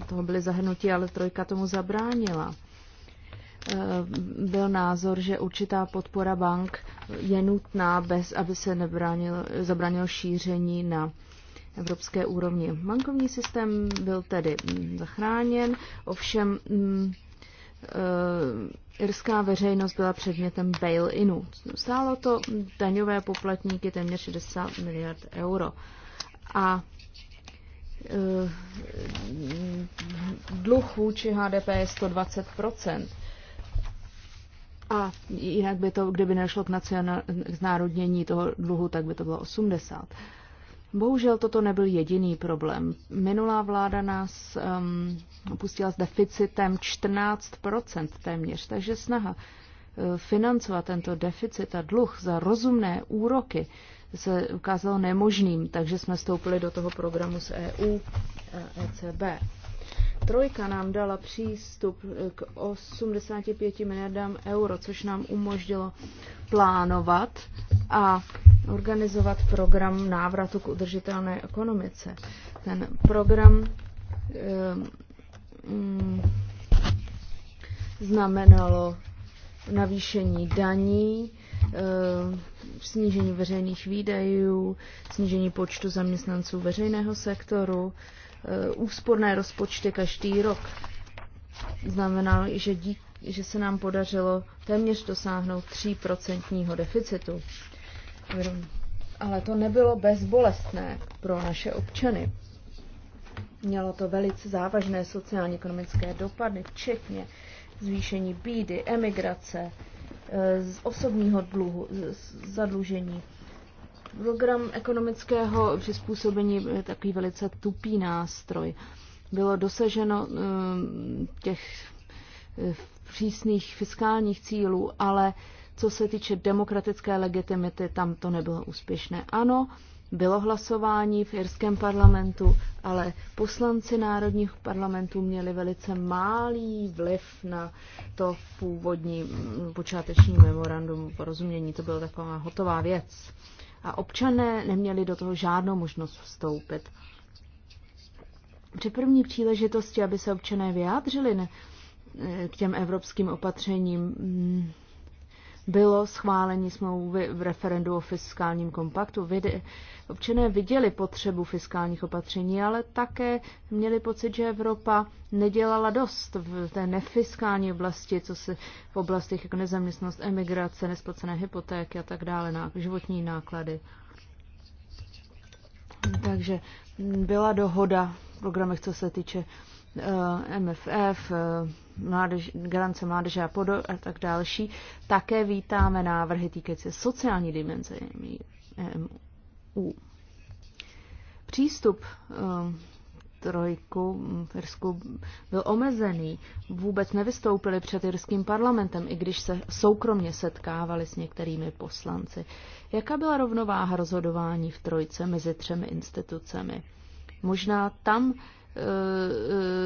Toho byly zahrnutí, ale trojka tomu zabránila. Eh, byl názor, že určitá podpora bank je nutná, bez aby se nebránil, zabránilo šíření na evropské úrovni. Bankovní systém byl tedy mm, zachráněn, ovšem mm, eh, irská veřejnost byla předmětem bail-inu. Stálo to daňové poplatníky téměř 60 miliard euro. A e, dluh vůči HDP je 120 A jinak by to, kdyby nešlo k, k znárodnění toho dluhu, tak by to bylo 80. Bohužel toto nebyl jediný problém. Minulá vláda nás um, opustila s deficitem 14 téměř, takže snaha e, financovat tento deficit a dluh za rozumné úroky se ukázalo nemožným, takže jsme vstoupili do toho programu s EU a ECB. Trojka nám dala přístup k 85 miliardám euro, což nám umožnilo plánovat a organizovat program návratu k udržitelné ekonomice. Ten program um, znamenalo navýšení daní, Eh, snížení veřejných výdajů, snížení počtu zaměstnanců veřejného sektoru, eh, úsporné rozpočty každý rok. Znamenalo, že, dík, že se nám podařilo téměř dosáhnout 3% deficitu. Ale to nebylo bezbolestné pro naše občany. Mělo to velice závažné sociálně-ekonomické dopady, včetně zvýšení bídy, emigrace, Eh, z osobního dluhu, z zadlužení. Program ekonomického přizpůsobení je takový velice tupý nástroj. Bylo dosaženo eh, těch eh, přísných fiskálních cílů, ale co se týče demokratické legitimity, tam to nebylo úspěšné. Ano, bylo hlasování v irském parlamentu, ale poslanci národních parlamentů měli velice málý vliv na to původní mm, počáteční memorandum porozumění. To byla taková hotová věc. A občané neměli do toho žádnou možnost vstoupit. Při první příležitosti, aby se občané vyjádřili k těm evropským opatřením, mm, bylo schválení smlouvy v referendu o fiskálním kompaktu. Občané viděli potřebu fiskálních opatření, ale také měli pocit, že Evropa nedělala dost v té nefiskální oblasti, co se v oblastech jako nezaměstnost, emigrace, nesplacené hypotéky a tak dále, životní náklady. Takže byla dohoda v programech, co se týče Eh, MFF, eh, mládež, garance mládeže a, podo- a tak další. Také vítáme návrhy týkající sociální dimenze EMU. Přístup eh, trojku v Irsku byl omezený. Vůbec nevystoupili před irským parlamentem, i když se soukromně setkávali s některými poslanci. Jaká byla rovnováha rozhodování v trojce mezi třemi institucemi? Možná tam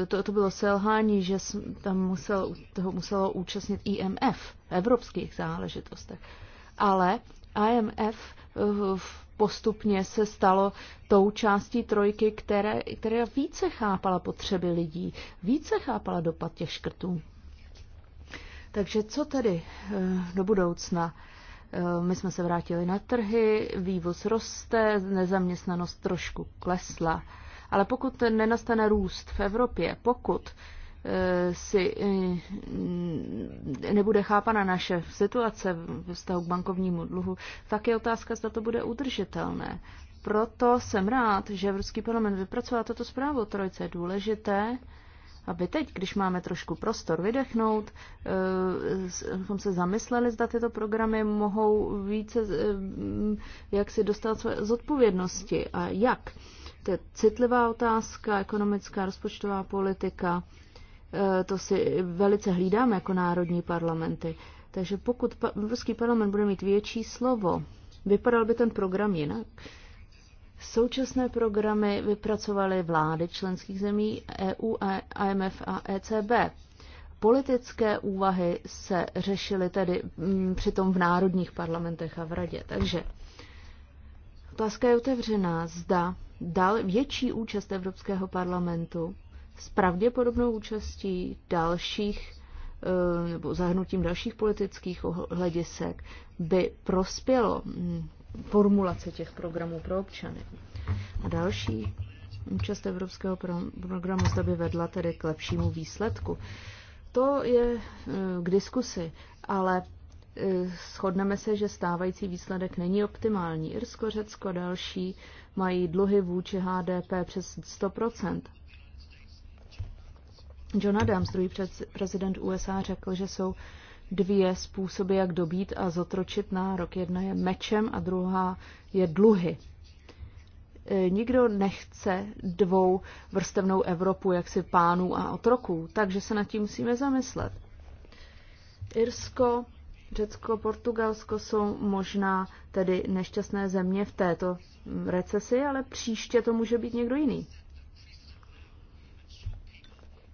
Eh, to, to bylo selhání, že tam musel, toho muselo účastnit IMF v evropských záležitostech. Ale IMF eh, postupně se stalo tou částí trojky, které, která více chápala potřeby lidí, více chápala dopad těch škrtů. Takže co tedy eh, do budoucna? My jsme se vrátili na trhy, vývoz roste, nezaměstnanost trošku klesla ale pokud nenastane růst v Evropě, pokud eh, si eh, nebude chápana naše situace v vztahu k bankovnímu dluhu, tak je otázka, zda to bude udržitelné. Proto jsem rád, že Evropský parlament vypracoval toto zprávu o trojce. Je důležité, aby teď, když máme trošku prostor vydechnout, jsme eh, se zamysleli, zda tyto programy mohou více jak si dostat své zodpovědnosti a jak. To je citlivá otázka, ekonomická, rozpočtová politika. E, to si velice hlídáme jako národní parlamenty. Takže pokud Evropský parlament bude mít větší slovo, vypadal by ten program jinak. Současné programy vypracovaly vlády členských zemí EU, IMF a ECB. Politické úvahy se řešily tedy mm, přitom v národních parlamentech a v radě. Takže Otázka je otevřená. Zda dal větší účast Evropského parlamentu s pravděpodobnou účastí dalších eh, nebo zahrnutím dalších politických hledisek by prospělo hm, formulace těch programů pro občany. A další účast Evropského programu zda by vedla tedy k lepšímu výsledku. To je eh, k diskusi, ale Eh, shodneme se, že stávající výsledek není optimální. Irsko, Řecko, další mají dluhy vůči HDP přes 100%. John Adams, druhý prezident USA, řekl, že jsou dvě způsoby, jak dobít a zotročit nárok. Jedna je mečem a druhá je dluhy. Eh, nikdo nechce dvou vrstevnou Evropu, jaksi pánů a otroků, takže se nad tím musíme zamyslet. Irsko Řecko, Portugalsko jsou možná tedy nešťastné země v této recesi, ale příště to může být někdo jiný.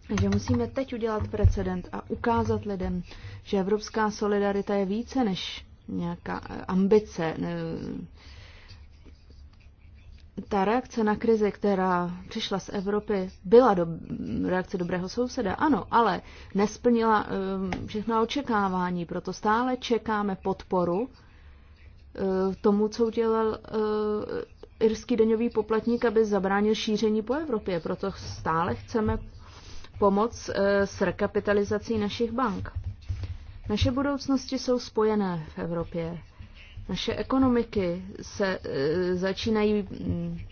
Takže musíme teď udělat precedent a ukázat lidem, že evropská solidarita je více než nějaká ambice, ta reakce na krizi, která přišla z Evropy, byla do, reakce dobrého souseda, ano, ale nesplnila um, všechna očekávání, proto stále čekáme podporu uh, tomu, co udělal uh, irský daňový poplatník, aby zabránil šíření po Evropě. Proto stále chceme pomoc uh, s rekapitalizací našich bank. Naše budoucnosti jsou spojené v Evropě naše ekonomiky se e, začínají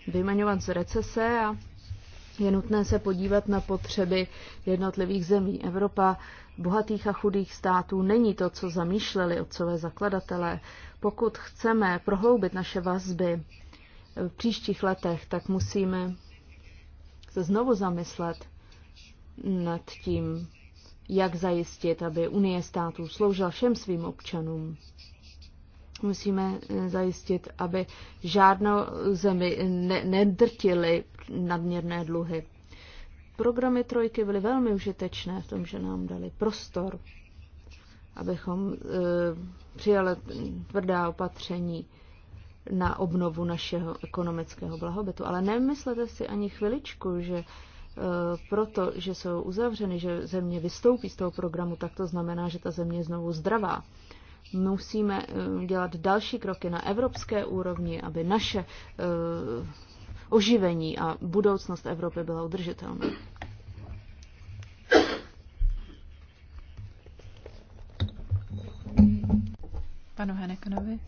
vymaňovat z recese a je nutné se podívat na potřeby jednotlivých zemí. Evropa bohatých a chudých států není to, co zamýšleli otcové zakladatelé. Pokud chceme prohloubit naše vazby e, v příštích letech, tak musíme se znovu zamyslet nad tím, jak zajistit, aby Unie států sloužila všem svým občanům musíme eh, zajistit, aby žádnou zemi ne- nedrtily nadměrné dluhy. Programy trojky byly velmi užitečné v tom, že nám dali prostor, abychom e, přijali tvrdá opatření na obnovu našeho ekonomického blahobytu. Ale nemyslete si ani chviličku, že e, proto, že jsou uzavřeny, že země vystoupí z toho programu, tak to znamená, že ta země je znovu zdravá musíme eh, dělat další kroky na evropské úrovni, aby naše eh, oživení a budoucnost Evropy byla udržitelná. Panu Heneknovi,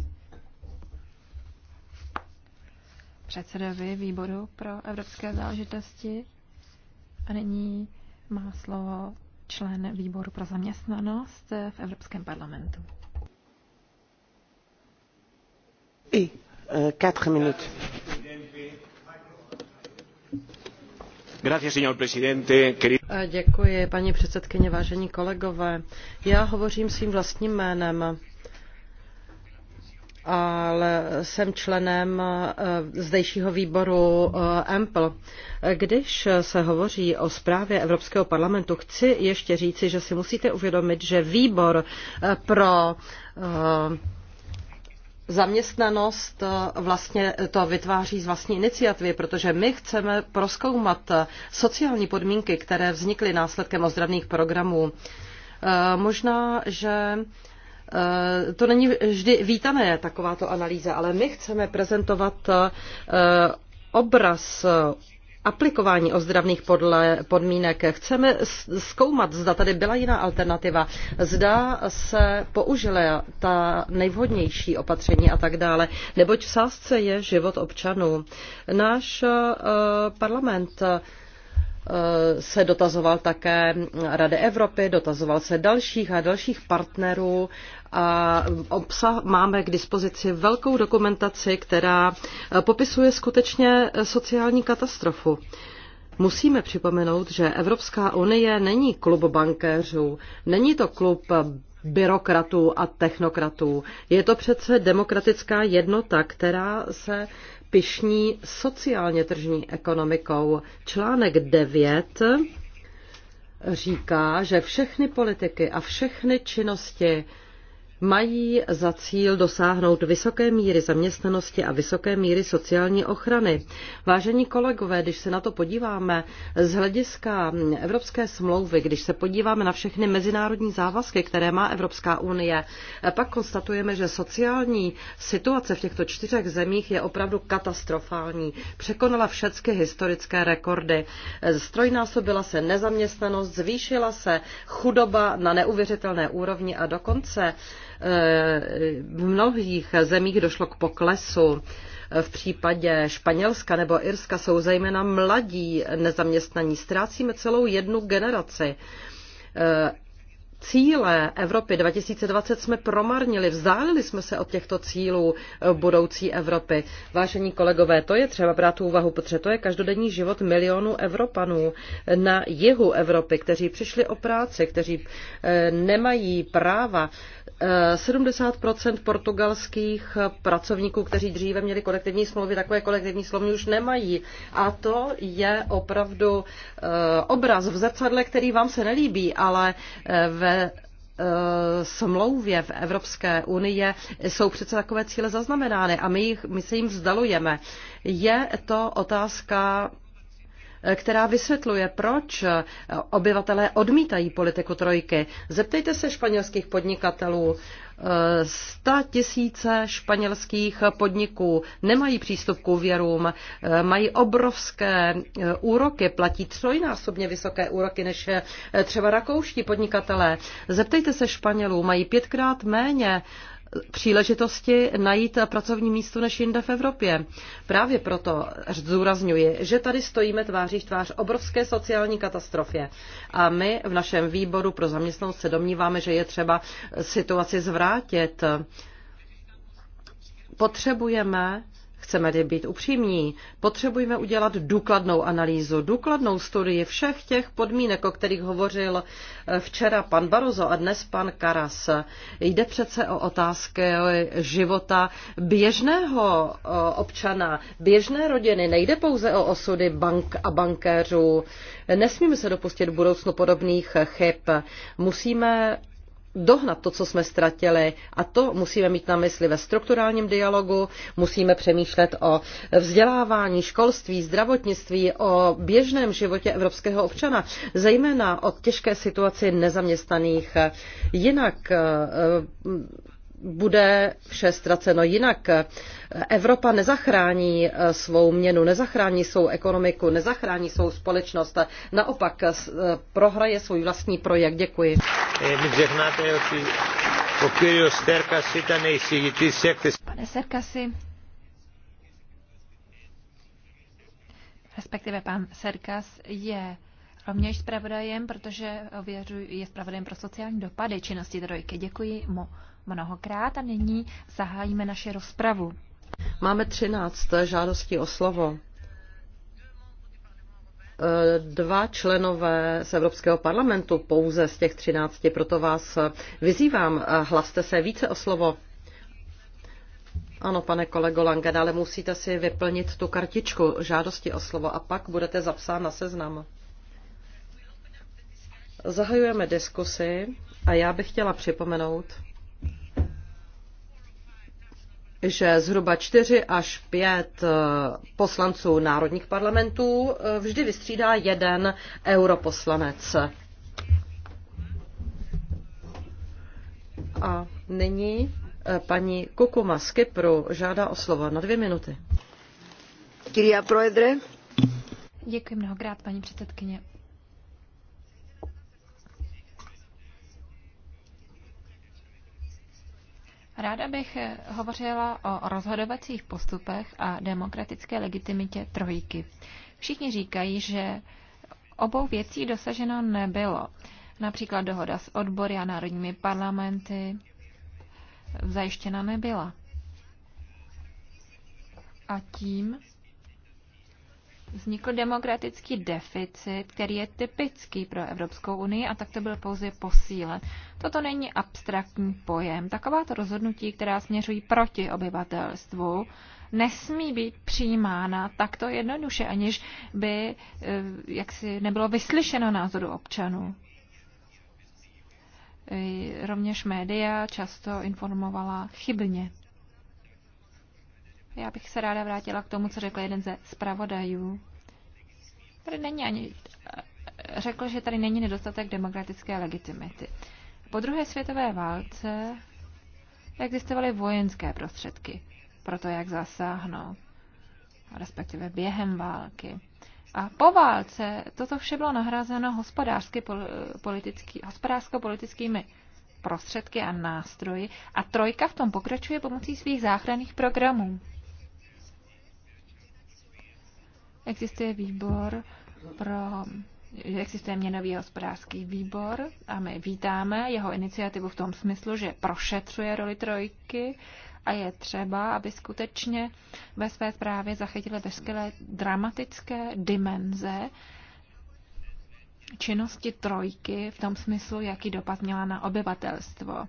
předsedovi výboru pro evropské záležitosti. A nyní má slovo člen výboru pro zaměstnanost v Evropském parlamentu. Euh, I, Děkuji, paní předsedkyně, vážení kolegové. Já hovořím svým vlastním jménem ale jsem členem e, zdejšího výboru e, EMPL. Když se hovoří o zprávě Evropského parlamentu, chci ještě říci, že si musíte uvědomit, že výbor e, pro zaměstnanost eh, vlastně to vytváří z vlastní iniciativy, protože my chceme proskoumat eh, sociální podmínky, které vznikly následkem ozdravných programů. Eh, možná, že to není vždy vítané, takováto analýza, ale my chceme prezentovat obraz aplikování ozdravných podle, podmínek. Chceme zkoumat, zda tady byla jiná alternativa, zda se použila ta nejvhodnější opatření a tak dále, neboť v sázce je život občanů. Náš eh, parlament eh, se dotazoval také Rady Evropy, dotazoval se dalších a dalších partnerů a obsah máme k dispozici velkou dokumentaci, která eh, popisuje skutečně eh, sociální katastrofu. Musíme připomenout, že Evropská unie není klub bankéřů, není to klub eh, byrokratů a technokratů. Je to přece demokratická jednota, která se pišní sociálně tržní ekonomikou. Článek 9 říká, že všechny politiky a všechny činnosti mají za cíl dosáhnout vysoké míry zaměstnanosti a vysoké míry sociální ochrany. Vážení kolegové, když se na to podíváme z hlediska Evropské smlouvy, když se podíváme na všechny mezinárodní závazky, které má Evropská unie, pak konstatujeme, že sociální situace v těchto čtyřech zemích je opravdu katastrofální. Překonala všechny historické rekordy. Strojnásobila se nezaměstnanost, zvýšila se chudoba na neuvěřitelné úrovni a dokonce Eh, v mnohých zemích došlo k poklesu. V případě Španělska nebo Irska jsou zejména mladí nezaměstnaní. Ztrácíme celou jednu generaci eh, cíle Evropy 2020 jsme promarnili, vzdálili jsme se od těchto cílů eh, budoucí Evropy. Vážení kolegové, to je třeba brát úvahu, protože to je každodenní život milionů Evropanů na jihu Evropy, kteří přišli o práci, kteří nemají práva 70 portugalských pracovníků, kteří dříve měli kolektivní smlouvy, takové kolektivní smlouvy už nemají. A to je opravdu eh, obraz v zrcadle, který vám se nelíbí, ale eh, ve eh, smlouvě v Evropské unie jsou přece takové cíle zaznamenány a my, jich, my se jim vzdalujeme. Je to otázka která vysvětluje, proč obyvatelé odmítají politiku trojky. Zeptejte se španělských podnikatelů. 100 tisíce španělských podniků nemají přístup k úvěrům, mají obrovské úroky, platí trojnásobně vysoké úroky než třeba rakouští podnikatelé. Zeptejte se Španělů, mají pětkrát méně příležitosti najít pracovní místo než jinde v Evropě. Právě proto zdůrazňuji, že tady stojíme tváří v tvář obrovské sociální katastrofě. A my v našem výboru pro zaměstnanost se domníváme, že je třeba situaci zvrátit. Potřebujeme Chceme-li být upřímní, potřebujeme udělat důkladnou analýzu, důkladnou studii všech těch podmínek, o kterých hovořil eh, včera pan Barozo a dnes pan Karas. Jde přece o otázky života běžného eh, občana, běžné rodiny. Nejde pouze o osudy bank a bankéřů. Nesmíme se dopustit v budoucnu podobných chyb. Musíme dohnat to, co jsme ztratili. A to musíme mít na mysli ve strukturálním dialogu, musíme přemýšlet o vzdělávání, školství, zdravotnictví, o běžném životě evropského občana, zejména o těžké situaci nezaměstnaných. Jinak eh, bude vše ztraceno jinak. Evropa nezachrání eh, svou měnu, nezachrání svou ekonomiku, nezachrání svou společnost. Naopak eh, prohraje svůj vlastní projekt. Děkuji. Eh, Pane Serkasi, respektive pan Serkas je rovněž zpravodajem, protože je zpravodajem pro sociální dopady činnosti trojky. Děkuji mu mnohokrát a nyní zahájíme naši rozpravu. Máme 13 žádostí o slovo. Eh, dva členové z Evropského parlamentu pouze z těch 13, proto vás vyzývám, eh, hlaste se více o slovo. Ano, pane kolego Lange, ale musíte si vyplnit tu kartičku žádosti o slovo a pak budete zapsán na seznam. Zahajujeme diskusi a já bych chtěla připomenout, že zhruba 4 až 5 eh, poslanců národních parlamentů eh, vždy vystřídá jeden europoslanec. A nyní eh, paní Kukuma z Kypru žádá o slovo na dvě minuty. Proedre. Děkuji mnohokrát, paní předsedkyně. Ráda bych eh, hovořila o rozhodovacích postupech a demokratické legitimitě trojky. Všichni říkají, že obou věcí dosaženo nebylo. Například dohoda s odbory a národními parlamenty zajištěna nebyla. A tím vznikl demokratický deficit, který je typický pro Evropskou unii a tak to byl pouze posílen. Toto není abstraktní pojem. Takováto rozhodnutí, která směřují proti obyvatelstvu, nesmí být přijímána takto jednoduše, aniž by eh, jaksi nebylo vyslyšeno názoru občanů. Eh, rovněž média často informovala chybně. Já bych se ráda vrátila k tomu, co řekl jeden ze zpravodajů. Tady není ani... Řekl, že tady není nedostatek demokratické legitimity. Po druhé světové válce existovaly vojenské prostředky pro to, jak zasáhnout, respektive během války. A po válce toto vše bylo nahrazeno hospodářsky, politický, hospodářsko-politickými prostředky a nástroji a trojka v tom pokračuje pomocí svých záchranných programů. existuje výbor pro že existuje měnový hospodářský výbor a my vítáme jeho iniciativu v tom smyslu, že prošetřuje roli trojky a je třeba, aby skutečně ve své zprávě zachytili veškeré dramatické dimenze činnosti trojky v tom smyslu, jaký dopad měla na obyvatelstvo.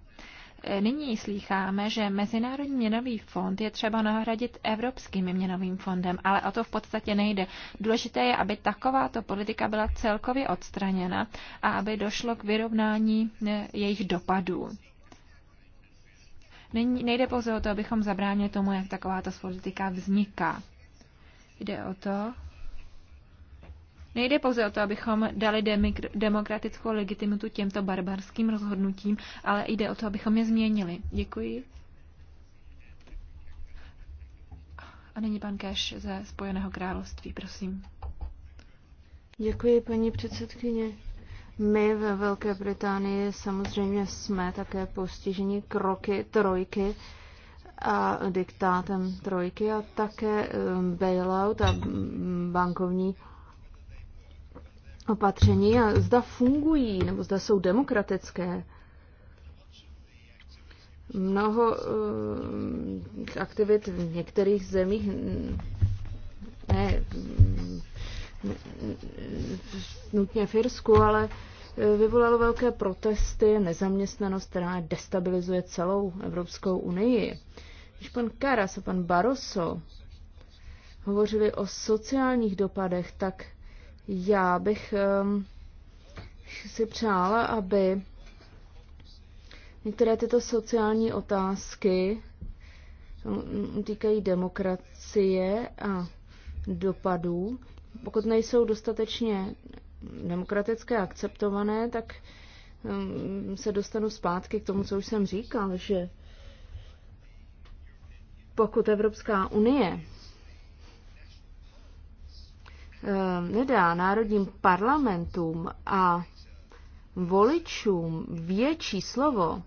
Nyní slýcháme, že Mezinárodní měnový fond je třeba nahradit Evropským měnovým fondem, ale o to v podstatě nejde. Důležité je, aby takováto politika byla celkově odstraněna a aby došlo k vyrovnání eh, jejich dopadů. Nyní nejde pouze o to, abychom zabránili tomu, jak takováto politika vzniká. Jde o to, Nejde pouze o to, abychom dali demokratickou legitimitu těmto barbarským rozhodnutím, ale jde o to, abychom je změnili. Děkuji. A nyní pan Keš ze Spojeného království, prosím. Děkuji, paní předsedkyně. My ve Velké Británii samozřejmě jsme také postiženi kroky trojky a diktátem trojky a také eh, bailout a mm, bankovní opatření a zda fungují nebo zda jsou demokratické. Mnoho uh, aktivit v některých zemích ne, ne nutně v Irsku, ale eh, vyvolalo velké protesty, nezaměstnanost, která destabilizuje celou Evropskou unii. Když pan Karas a pan Barroso hovořili o sociálních dopadech, tak já bych um, si přála, aby některé tyto sociální otázky ehm, týkají demokracie a dopadů. Pokud nejsou dostatečně demokratické akceptované, tak ehm, se dostanu zpátky k tomu, co už jsem říkal, že pokud Evropská unie nedá eh, národním parlamentům a voličům větší slovo,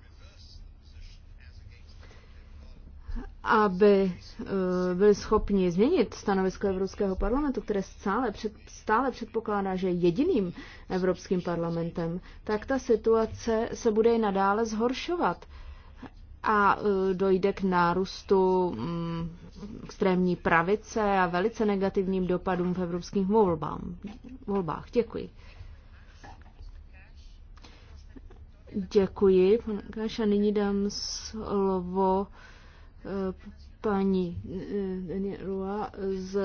aby eh, byli schopni změnit stanovisko Evropského parlamentu, které stále, před, stále předpokládá, že je jediným Evropským parlamentem, tak ta situace se bude i nadále zhoršovat a e, dojde k nárůstu mm, extrémní pravice a velice negativním dopadům v evropských volbách. Děkuji. Děkuji. Kaša, nyní dám slovo e, paní e, Rua z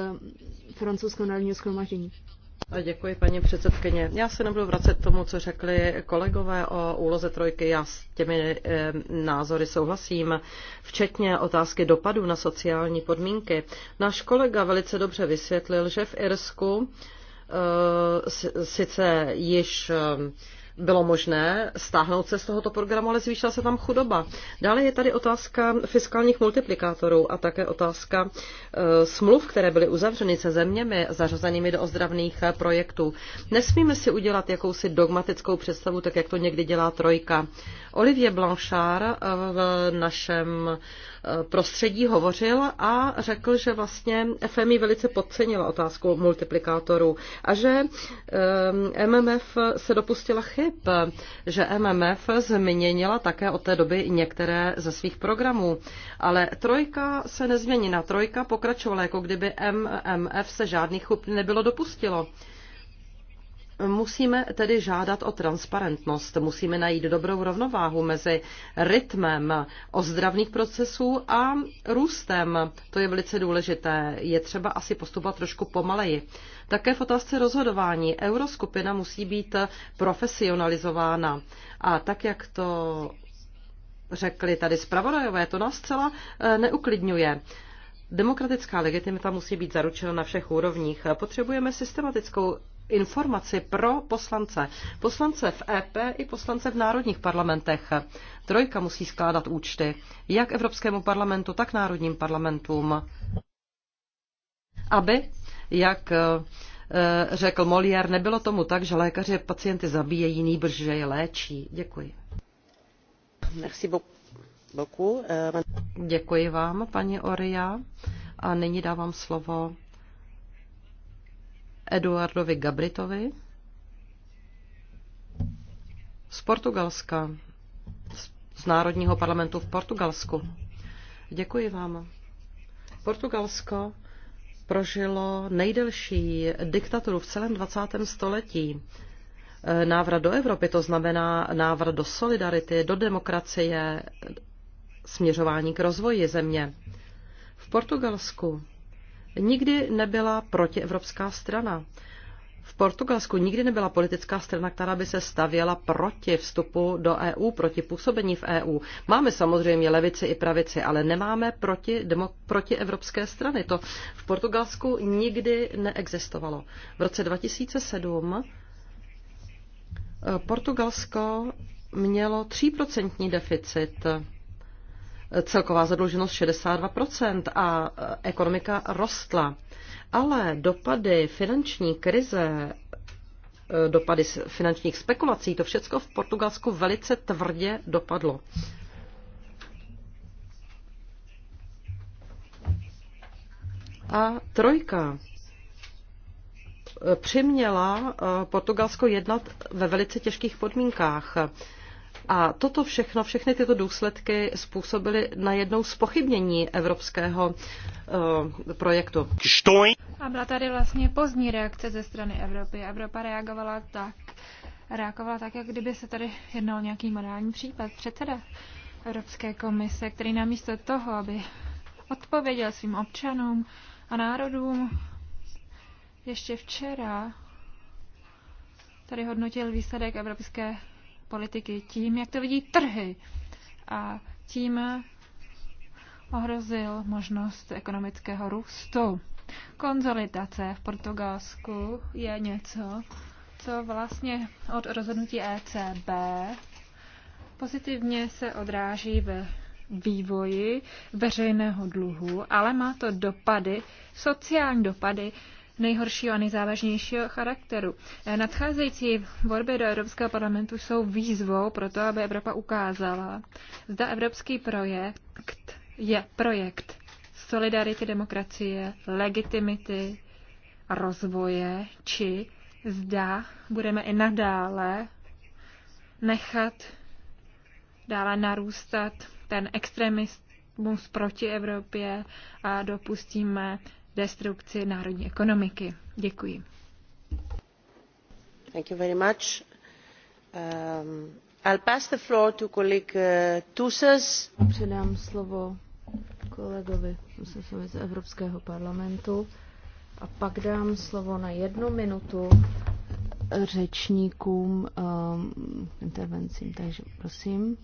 francouzského národního schromaždění. Děkuji, paní předsedkyně. Já se nebudu vracet k tomu, co řekli kolegové o úloze trojky. Já s těmi eh, názory souhlasím, včetně otázky dopadů na sociální podmínky. Náš kolega velice dobře vysvětlil, že v Irsku eh, sice již eh, bylo možné stáhnout se z tohoto programu, ale zvýšila se tam chudoba. Dále je tady otázka fiskálních multiplikátorů a také otázka e, smluv, které byly uzavřeny se zeměmi zařazenými do ozdravných e, projektů. Nesmíme si udělat jakousi dogmatickou představu, tak jak to někdy dělá trojka. Olivier Blanchard e, v našem prostředí hovořil a řekl, že vlastně FMI velice podcenila otázku multiplikátorů a že eh, MMF se dopustila chyb, že MMF změnila také od té doby některé ze svých programů. Ale trojka se nezměnila. Trojka pokračovala, jako kdyby MMF se žádných chyb nebylo dopustilo. Musíme tedy žádat o transparentnost, musíme najít dobrou rovnováhu mezi rytmem ozdravných procesů a růstem. To je velice důležité. Je třeba asi postupovat trošku pomaleji. Také v otázce rozhodování euroskupina musí být profesionalizována. A tak, jak to řekli tady zpravodajové, to nás zcela eh, neuklidňuje. Demokratická legitimita musí být zaručena na všech úrovních. Potřebujeme systematickou informaci pro poslance. Poslance v EP i poslance v národních parlamentech. Trojka musí skládat účty jak Evropskému parlamentu, tak národním parlamentům. Aby, jak eh, řekl Molière, nebylo tomu tak, že lékaři pacienty zabíjejí, nýbrž, že je léčí. Děkuji. Merci beaucoup. Eh, Děkuji vám, paní Oria. A nyní dávám slovo Eduardovi Gabritovi z Portugalska, z Národního parlamentu v Portugalsku. Děkuji vám. Portugalsko prožilo nejdelší diktaturu v celém 20. století. E, návrat do Evropy, to znamená návrat do solidarity, do demokracie, směřování k rozvoji země. V Portugalsku nikdy nebyla protievropská strana. V Portugalsku nikdy nebyla politická strana, která by se stavěla proti vstupu do EU, proti působení v EU. Máme samozřejmě levici i pravici, ale nemáme proti, demo, proti evropské strany. To v Portugalsku nikdy neexistovalo. V roce 2007 eh, Portugalsko mělo 3% deficit celková zadluženost 62% a e, ekonomika rostla. Ale dopady finanční krize, e, dopady finančních spekulací, to všechno v Portugalsku velice tvrdě dopadlo. A trojka e, přiměla Portugalsko jednat ve velice těžkých podmínkách. A toto všechno, všechny tyto důsledky způsobily najednou spochybnění evropského uh, projektu. A byla tady vlastně pozdní reakce ze strany Evropy. Evropa reagovala tak, reagovala tak, jak kdyby se tady jednal nějaký morální případ. Předseda Evropské komise, který namísto toho, aby odpověděl svým občanům a národům, ještě včera tady hodnotil výsledek Evropské politiky tím, jak to vidí trhy. A tím ohrozil možnost ekonomického růstu. Konzolidace v Portugalsku je něco, co vlastně od rozhodnutí ECB pozitivně se odráží ve vývoji veřejného dluhu, ale má to dopady, sociální dopady nejhoršího a nejzávažnějšího charakteru. Eh, Nadcházející volby do Evropského parlamentu jsou výzvou pro to, aby Evropa ukázala, zda evropský projekt je projekt solidarity demokracie, legitimity, rozvoje, či zda budeme i nadále nechat dále narůstat ten extremismus proti Evropě a dopustíme destrukci národní ekonomiky. Děkuji. Thank you very much. Um, I'll pass the floor to colleague uh, Tusas. Předám slovo kolegovi z Evropského parlamentu a pak dám slovo na jednu minutu řečníkům um, intervencím. Takže prosím.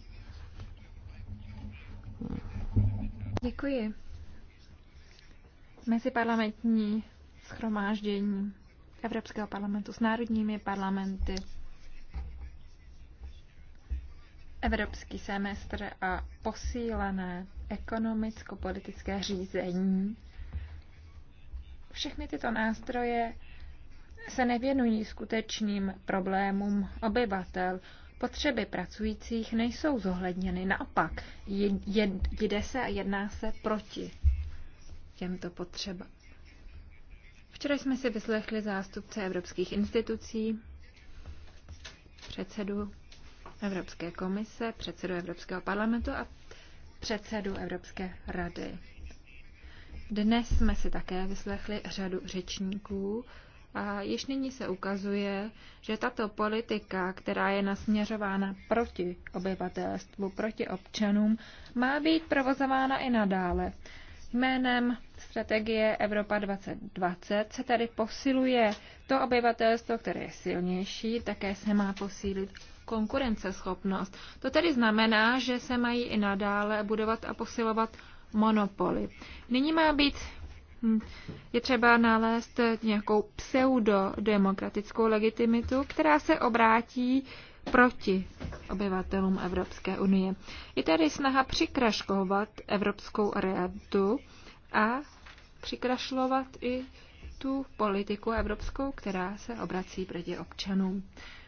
Děkuji meziparlamentní schromáždění Evropského parlamentu s národními parlamenty, evropský semestr a posílené ekonomicko-politické řízení. Všechny tyto nástroje se nevěnují skutečným problémům obyvatel. Potřeby pracujících nejsou zohledněny, naopak jde se a jedná se proti těmto potřebám. Včera jsme si vyslechli zástupce evropských institucí, předsedu Evropské komise, předsedu Evropského parlamentu a předsedu Evropské rady. Dnes jsme si také vyslechli řadu řečníků a již nyní se ukazuje, že tato politika, která je nasměřována proti obyvatelstvu, proti občanům, má být provozována i nadále. Jménem strategie Evropa 2020 se tady posiluje to obyvatelstvo, které je silnější, také se má posílit konkurenceschopnost. To tedy znamená, že se mají i nadále budovat a posilovat monopoly. Nyní má být hm, je třeba nalézt nějakou pseudodemokratickou legitimitu, která se obrátí proti obyvatelům Evropské unie. Je tady snaha přikraškovat evropskou realitu a přikrašlovat i tu politiku evropskou, která se obrací proti občanům.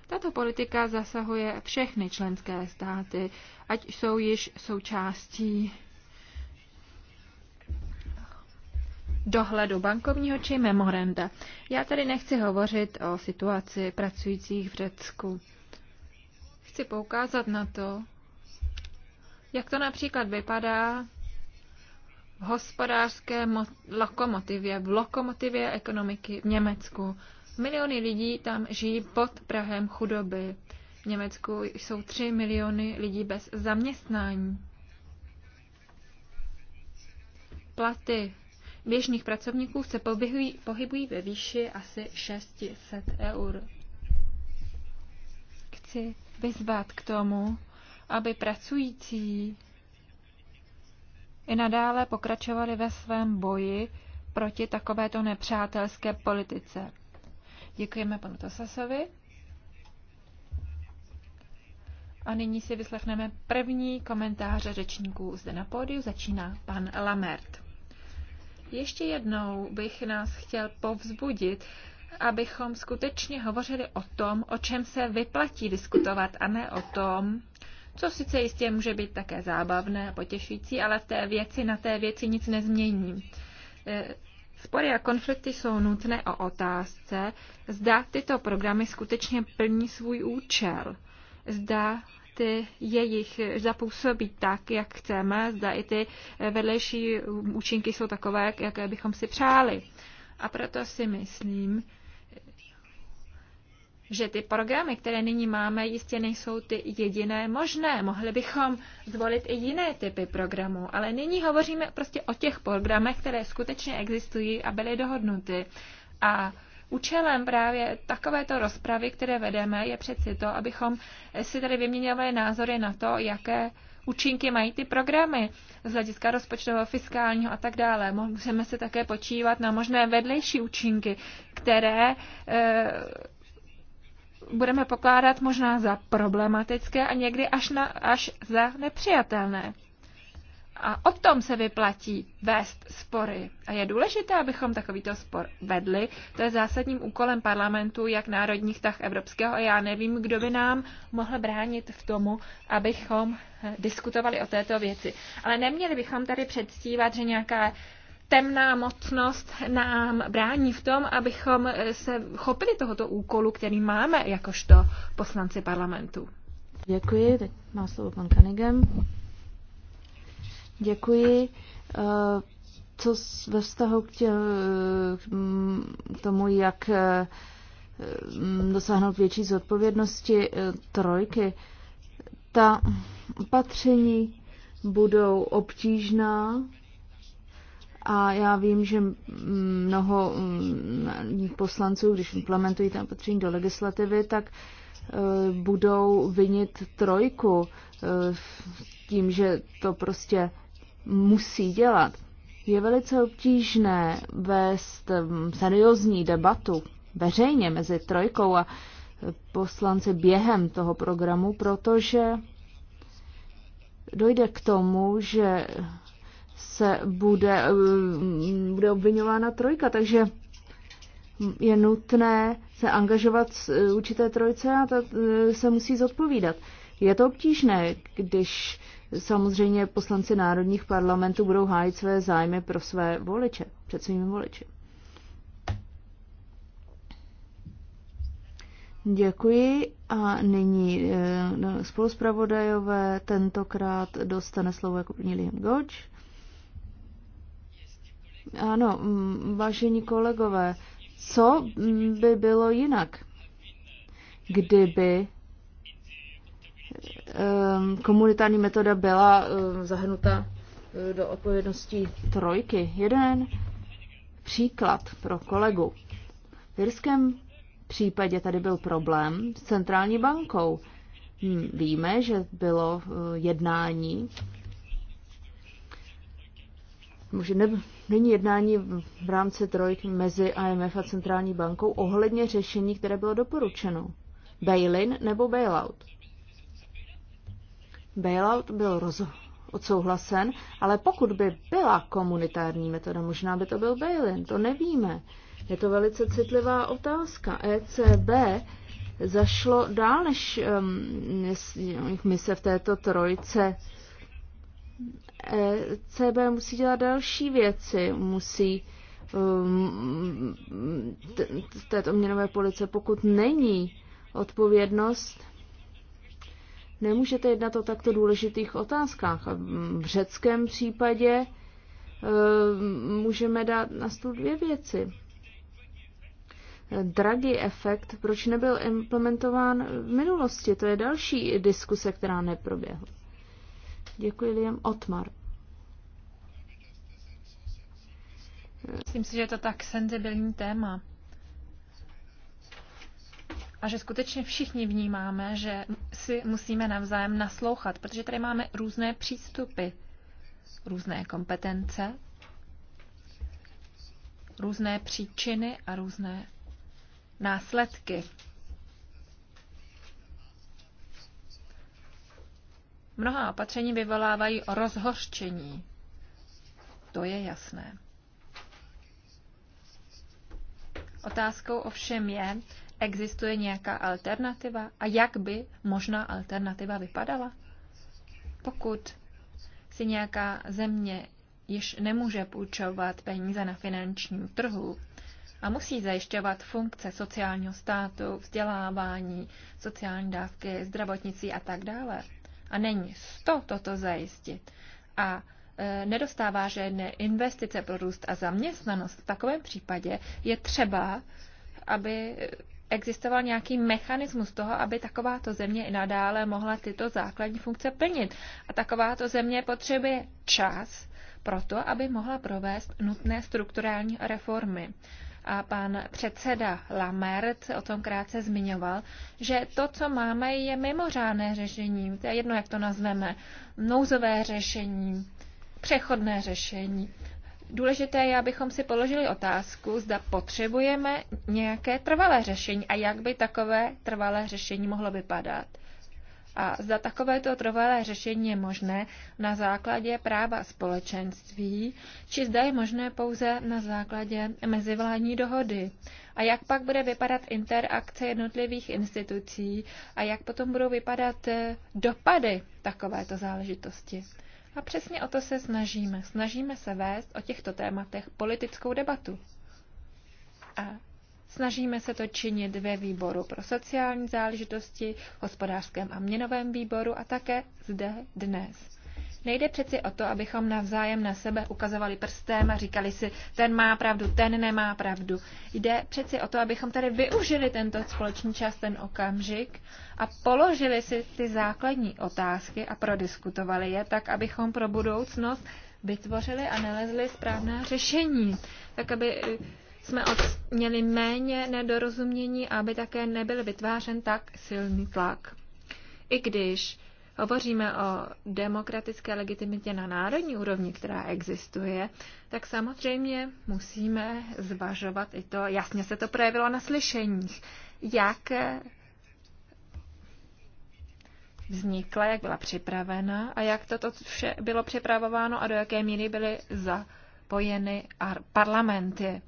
Tato politika zasahuje všechny členské státy, ať jsou již součástí dohledu bankovního či memoranda. Já tady nechci hovořit o situaci pracujících v Řecku chci poukázat na to, jak to například vypadá v hospodářské lokomotivě, v lokomotivě ekonomiky v Německu. Miliony lidí tam žijí pod Prahem chudoby. V Německu jsou 3 miliony lidí bez zaměstnání. Platy běžných pracovníků se pohybují, pohybují ve výši asi 600 eur. Chci vyzvat k tomu, aby pracující i nadále pokračovali ve svém boji proti takovéto nepřátelské politice. Děkujeme panu Tosasovi. A nyní si vyslechneme první komentáře řečníků zde na pódiu. Začíná pan Lamert. Ještě jednou bych nás chtěl povzbudit, abychom skutečně hovořili o tom, o čem se vyplatí diskutovat, a ne o tom, co sice jistě může být také zábavné a potěšující, ale v té věci na té věci nic nezmění. E, spory a konflikty jsou nutné o otázce, zda tyto programy skutečně plní svůj účel, zda ty jejich zapůsobí tak, jak chceme, zda i ty vedlejší účinky jsou takové, jaké bychom si přáli. A proto si myslím, že ty programy, které nyní máme, jistě nejsou ty jediné možné. Mohli bychom zvolit i jiné typy programů, ale nyní hovoříme prostě o těch programech, které skutečně existují a byly dohodnuty. A Účelem právě takovéto rozpravy, které vedeme, je přeci to, abychom si tady vyměňovali názory na to, jaké účinky mají ty programy z hlediska rozpočtového, fiskálního a tak dále. Můžeme se také počívat na možné vedlejší účinky, které eh, budeme pokládat možná za problematické a někdy až, na, až za nepřijatelné. A o tom se vyplatí vést spory. A je důležité, abychom takovýto spor vedli. To je zásadním úkolem parlamentu, jak národních, tak evropského. A já nevím, kdo by nám mohl bránit v tomu, abychom eh, diskutovali o této věci. Ale neměli bychom tady předstívat, že nějaká temná mocnost nám brání v tom, abychom eh, se chopili tohoto úkolu, který máme jakožto poslanci parlamentu. Děkuji. Teď má slovo pan Kanigem. Děkuji. Eh, co ve vztahu k, tě, k tomu, jak eh, dosáhnout větší zodpovědnosti trojky, ta opatření budou obtížná, a já vím, že mnoho mm, poslanců, když implementují tam opatření do legislativy, tak e, budou vinit trojku e, tím, že to prostě musí dělat. Je velice obtížné vést mm, seriózní debatu veřejně mezi trojkou a poslanci během toho programu, protože dojde k tomu, že se bude, eh, bude obvinována trojka, takže je nutné se angažovat s eh, určité trojce a ta eh, se musí zodpovídat. Je to obtížné, když samozřejmě poslanci národních parlamentů budou hájit své zájmy pro své voliče, před svými voliči. Děkuji a nyní no, spoluzpravodajové tentokrát dostane slovo jako první Liam Goč. Ano, mm, vážení kolegové, co by bylo jinak, kdyby komunitární metoda byla zahrnuta e, do odpovědnosti trojky? Jeden příklad pro kolegu. V jirském případě tady byl problém s centrální bankou. Hm, víme, že bylo e, jednání že ne, není jednání v rámci trojky mezi IMF a centrální bankou ohledně řešení, které bylo doporučeno. Bail-in nebo bailout. Bailout byl roz, odsouhlasen, ale pokud by byla komunitární metoda, možná by to byl bail-in, to nevíme. Je to velice citlivá otázka. ECB zašlo dál než um, se v této trojce E, CB musí dělat další věci, musí v um, této měnové police, pokud není odpovědnost, nemůžete jednat o takto důležitých otázkách. v řeckém případě e, můžeme dát na stůl dvě věci. Draghi efekt, proč nebyl implementován v minulosti, to je další diskuse, která neproběhla. Děkuji, Liam Otmar. Myslím si, že je to tak senzibilní téma. A že skutečně všichni vnímáme, že si musíme navzájem naslouchat, protože tady máme různé přístupy, různé kompetence, různé příčiny a různé následky. Mnoha opatření vyvolávají rozhořčení. To je jasné. Otázkou ovšem je, existuje nějaká alternativa a jak by možná alternativa vypadala? Pokud si nějaká země již nemůže půjčovat peníze na finančním trhu a musí zajišťovat funkce sociálního státu, vzdělávání, sociální dávky, zdravotnictví a tak dále, a není sto toto zajistit a e, nedostává žádné investice pro růst a zaměstnanost, v takovém případě je třeba, aby existoval nějaký mechanismus toho, aby takováto země i nadále mohla tyto základní funkce plnit. A takováto země potřebuje čas pro to, aby mohla provést nutné strukturální reformy a pan předseda Lamert o tom krátce zmiňoval, že to, co máme, je mimořádné řešení. To je jedno, jak to nazveme. Nouzové řešení, přechodné řešení. Důležité je, abychom si položili otázku, zda potřebujeme nějaké trvalé řešení a jak by takové trvalé řešení mohlo vypadat a zda takovéto trvalé řešení je možné na základě práva společenství, či zda je možné pouze na základě mezivládní dohody. A jak pak bude vypadat interakce jednotlivých institucí a jak potom budou vypadat eh, dopady takovéto záležitosti. A přesně o to se snažíme. Snažíme se vést o těchto tématech politickou debatu. A Snažíme se to činit ve výboru pro sociální záležitosti, hospodářském a měnovém výboru a také zde dnes. Nejde přeci o to, abychom navzájem na sebe ukazovali prstem a říkali si, ten má pravdu, ten nemá pravdu. Jde přeci o to, abychom tady využili tento společný čas, ten okamžik a položili si ty základní otázky a prodiskutovali je tak, abychom pro budoucnost vytvořili a nalezli správná řešení. Tak, aby eh, jsme měli méně nedorozumění aby také nebyl vytvářen tak silný tlak. I když hovoříme o demokratické legitimitě na národní úrovni, která existuje, tak samozřejmě musíme zvažovat i to, jasně se to projevilo na slyšeních, jak vznikla, jak byla připravena a jak toto vše bylo připravováno a do jaké míry byly zapojeny parlamenty.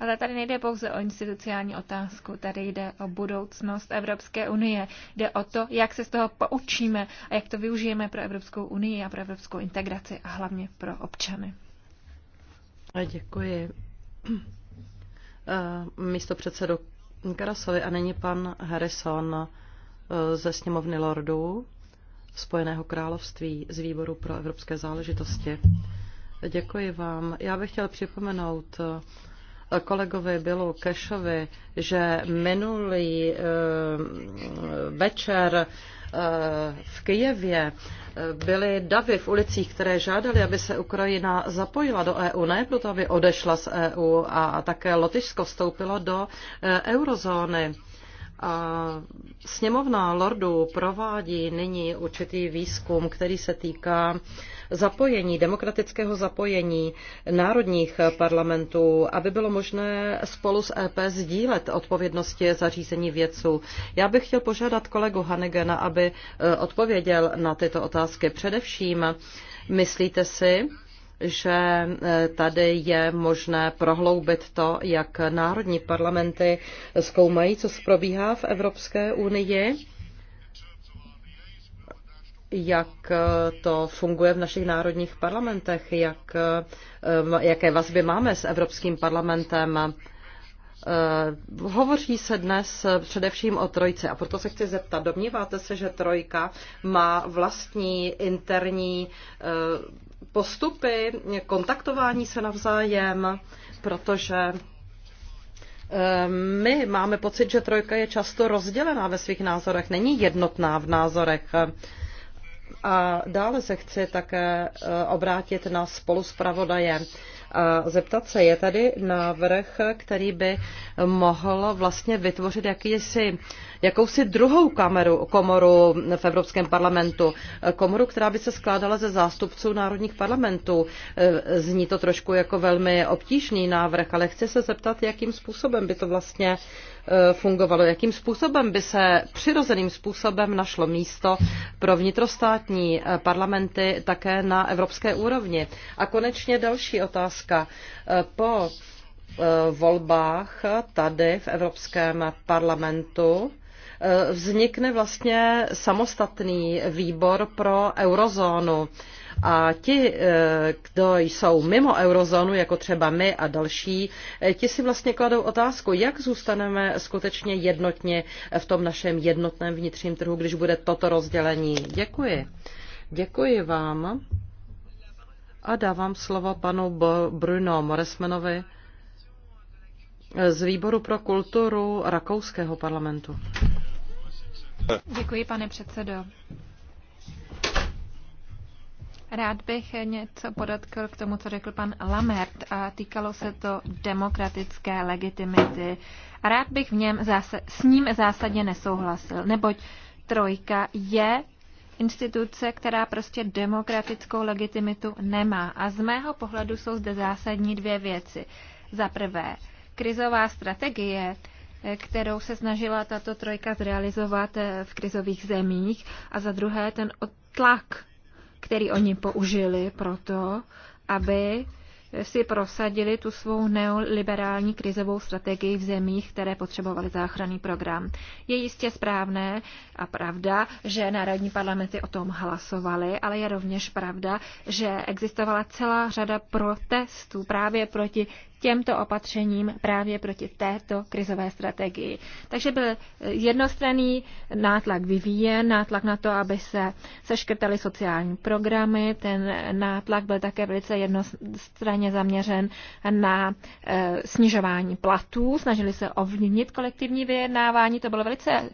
Ale tady nejde pouze o instituciální otázku, tady jde o budoucnost Evropské unie. Jde o to, jak se z toho poučíme a jak to využijeme pro Evropskou unii a pro evropskou integraci a hlavně pro občany. A děkuji. Eh, místo předsedu Karasovi a není pan Harrison eh, ze sněmovny Lordů Spojeného království z výboru pro evropské záležitosti. Děkuji vám. Já bych chtěl připomenout, eh, kolegovi Bilu Kešovi, že minulý eh, večer eh, v Kijevě eh, byly davy v ulicích, které žádali, aby se Ukrajina zapojila do EU, ne proto, aby odešla z EU a také Lotyšsko vstoupilo do eurozóny. A sněmovna lordů provádí nyní určitý výzkum, který se týká uh, zapojení, demokratického zapojení národních parlamentů, aby bylo možné spolu s EP sdílet odpovědnosti za řízení věců. Já bych chtěl požádat kolegu Hanegena, aby e, odpověděl na tyto otázky. Především, myslíte si, že e, tady je možné prohloubit to, jak národní parlamenty zkoumají, co probíhá v Evropské unii jak eh, to funguje v našich národních parlamentech, jak, eh, jaké vazby máme s Evropským parlamentem. Eh, hovoří se dnes především o trojce a proto se chci zeptat, domníváte se, že trojka má vlastní interní postupy, kontaktování se navzájem, protože my máme pocit, že trojka je často rozdělená ve svých názorech, není jednotná v názorech. A dále se chci také eh, obrátit na spoluspravodaje a zeptat se, je tady návrh, který by mohl vlastně vytvořit jakýsi, jakousi druhou kameru, komoru v Evropském parlamentu. Komoru, která by se skládala ze zástupců národních parlamentů. Zní to trošku jako velmi obtížný návrh, ale chci se zeptat, jakým způsobem by to vlastně eh, fungovalo, jakým způsobem by se přirozeným způsobem našlo místo pro vnitrostátní eh, parlamenty také na evropské úrovni. A konečně další otázka Rumunska. Eh, po eh, volbách tady v Evropském parlamentu eh, vznikne vlastně samostatný výbor pro eurozónu. A ti, kdo jsou mimo eurozónu, jako třeba my a další, ti si vlastně kladou otázku, jak zůstaneme skutečně jednotně v tom našem jednotném vnitřním trhu, když bude toto rozdělení. Děkuji. Děkuji vám. A dávám slovo panu Bruno Moresmanovi z Výboru pro kulturu Rakouského parlamentu. Děkuji, pane předsedo. Rád bych něco podotkl k tomu, co řekl pan Lamert a týkalo se to demokratické legitimity. A rád bych v něm zase, s ním zásadně nesouhlasil, neboť trojka je instituce, která prostě demokratickou legitimitu nemá. A z mého pohledu jsou zde zásadní dvě věci. Za prvé, krizová strategie, kterou se snažila tato trojka zrealizovat eh, v krizových zemích a za druhé ten tlak, který oni použili proto, aby si prosadili tu svou neoliberální krizovou strategii v zemích, které potřebovaly záchranný program. Je jistě správné a pravda, že národní parlamenty o tom hlasovaly, ale je rovněž pravda, že existovala celá řada protestů právě proti těmto opatřením právě proti této krizové strategii. Takže byl jednostranný nátlak vyvíjen, nátlak na to, aby se seškrtaly sociální programy. Ten nátlak byl také velice jednostranně zaměřen na eh, snižování platů. Snažili se ovlivnit kolektivní vyjednávání. To bylo velice eh,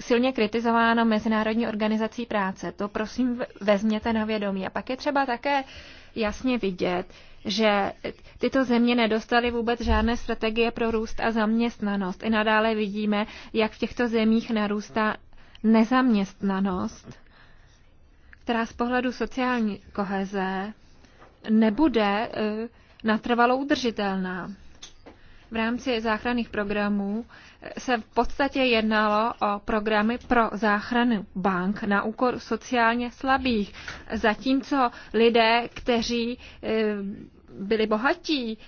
silně kritizováno Mezinárodní organizací práce. To prosím vezměte na vědomí. A pak je třeba také jasně vidět, že tyto země nedostaly vůbec žádné strategie pro růst a zaměstnanost. I nadále vidíme, jak v těchto zemích narůstá nezaměstnanost, která z pohledu sociální koheze nebude eh, natrvalo udržitelná v rámci záchranných programů se v podstatě jednalo o programy pro záchranu bank na úkor sociálně slabých, zatímco lidé, kteří eh, byli bohatí,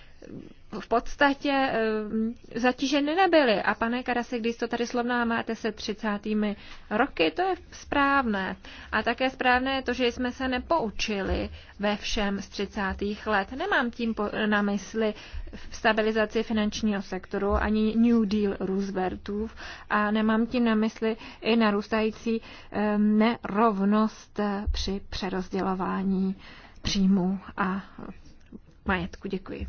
v podstatě eh, zatíženy nebyly. A pane Karase, když to tady máte se 30. roky, to je správné. A také správné je to, že jsme se nepoučili ve všem z 30. let. Nemám tím na mysli stabilizaci finančního sektoru ani New Deal Rooseveltův a nemám tím na mysli i narůstající eh, nerovnost eh, při přerozdělování příjmů a majetku. Děkuji.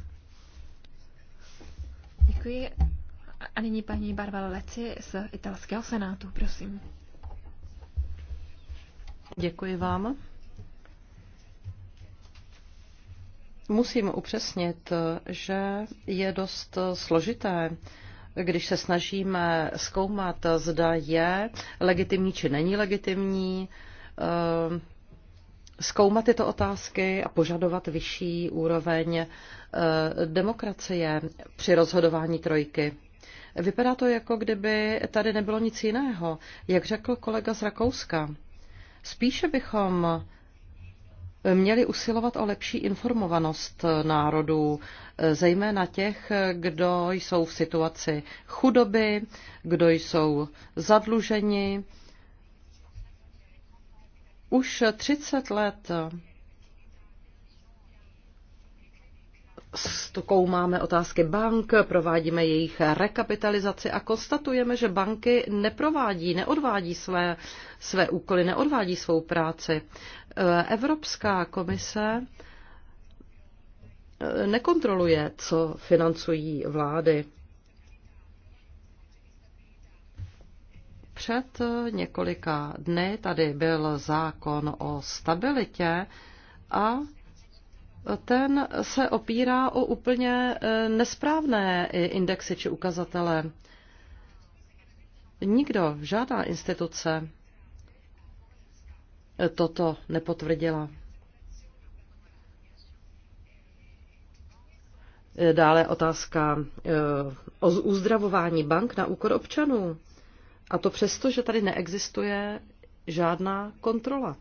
Děkuji. A nyní paní Barbara Leci z italského senátu, prosím. Děkuji vám. Musím upřesnit, že je dost složité, když se snažíme zkoumat, zda je legitimní či není legitimní eh, zkoumat tyto otázky a požadovat vyšší úroveň eh, demokracie při rozhodování trojky. Vypadá to, jako kdyby tady nebylo nic jiného, jak řekl kolega z Rakouska. Spíše bychom měli usilovat o lepší informovanost národů, eh, zejména těch, kdo jsou v situaci chudoby, kdo jsou zadluženi, už 30 let zkoumáme otázky bank, provádíme jejich rekapitalizaci a konstatujeme, že banky neprovádí, neodvádí své, své úkoly, neodvádí svou práci. Evropská komise nekontroluje, co financují vlády. Před několika dny tady byl zákon o stabilitě a ten se opírá o úplně e, nesprávné indexy či ukazatele. Nikdo, žádná instituce toto nepotvrdila. Dále otázka e, o uzdravování bank na úkor občanů. A to přesto, že tady neexistuje žádná kontrola.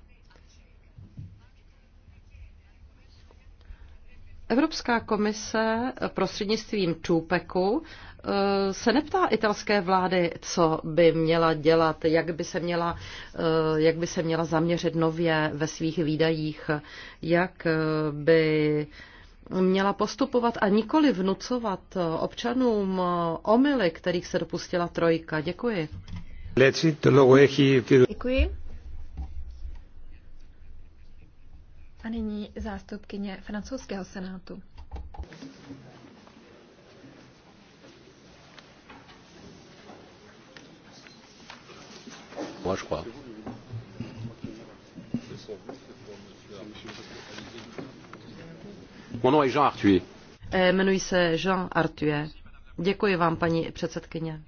Evropská komise prostřednictvím Čůpeku eh, se neptá italské vlády, co by měla dělat, jak by se měla, eh, jak by se měla zaměřit nově ve svých výdajích, jak eh, by měla postupovat a nikoli vnucovat občanům omily, kterých se dopustila trojka. Děkuji. Děkuji. A nyní zástupkyně francouzského senátu. Moi, je crois. Mon nom est Jean Arthué. Eh, jmenuji se Jean Arthué. Děkuji vám, paní předsedkyně.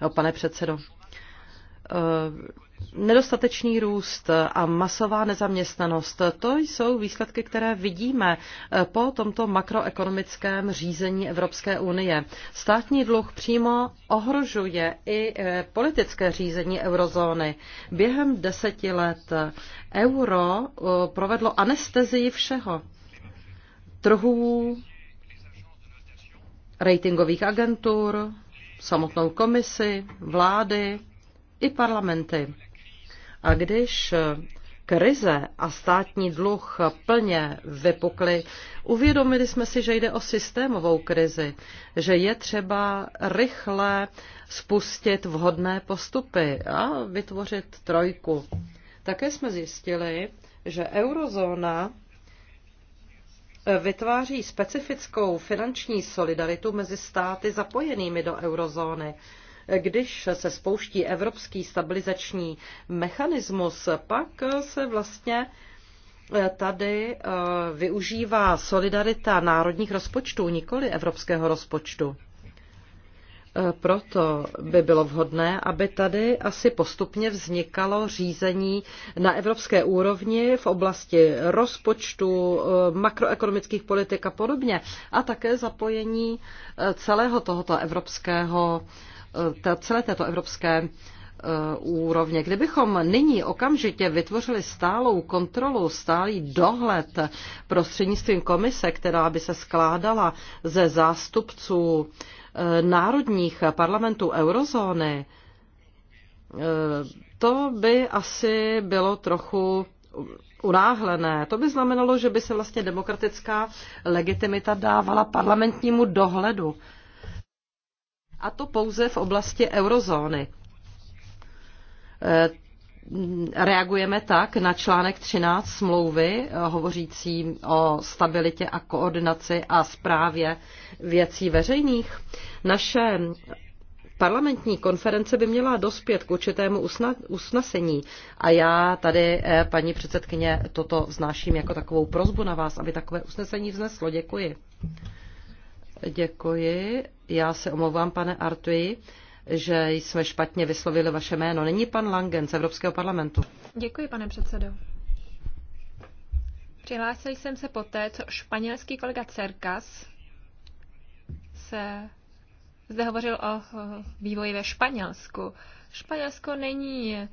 No, pane předsedo. Eh, nedostatečný růst a masová nezaměstnanost, to jsou výsledky, které vidíme eh, po tomto makroekonomickém řízení Evropské unie. Státní dluh přímo ohrožuje i politické řízení eurozóny. Během deseti let euro provedlo anestezii všeho trhů, ratingových agentur, samotnou komisi, vlády i parlamenty. A když krize a státní dluh plně vypukly, uvědomili jsme si, že jde o systémovou krizi, že je třeba rychle spustit vhodné postupy a vytvořit trojku. Také jsme zjistili, že eurozóna vytváří specifickou finanční solidaritu mezi státy zapojenými do eurozóny. Když se spouští evropský stabilizační mechanismus, pak se vlastně eh, tady eh, využívá solidarita národních rozpočtů, nikoli evropského rozpočtu. E, proto by bylo vhodné, aby tady asi postupně vznikalo řízení na evropské úrovni v oblasti rozpočtu, e, makroekonomických politik a podobně. A také zapojení e, celého tohoto evropského, celé této evropské úrovně. Kdybychom nyní okamžitě vytvořili stálou kontrolu, stálý dohled prostřednictvím komise, která by se skládala ze zástupců Eh, národních parlamentů eurozóny, eh, to by asi bylo trochu unáhlené. To by znamenalo, že by se vlastně demokratická legitimita dávala parlamentnímu dohledu. A to pouze v oblasti eurozóny. Eh, reagujeme tak na článek 13 smlouvy, eh, hovořící o stabilitě a koordinaci a správě věcí veřejných. Naše parlamentní konference by měla dospět k určitému usnesení a já tady, eh, paní předsedkyně, toto vznáším jako takovou prozbu na vás, aby takové usnesení vzneslo. Děkuji. Děkuji. Já se omlouvám, pane Artuji že jsme špatně vyslovili vaše jméno. Není pan Langen z Evropského parlamentu. Děkuji, pane předsedo. Přihlásil jsem se poté, co španělský kolega Cercas se zde hovořil o vývoji ve Španělsku. Španělsko není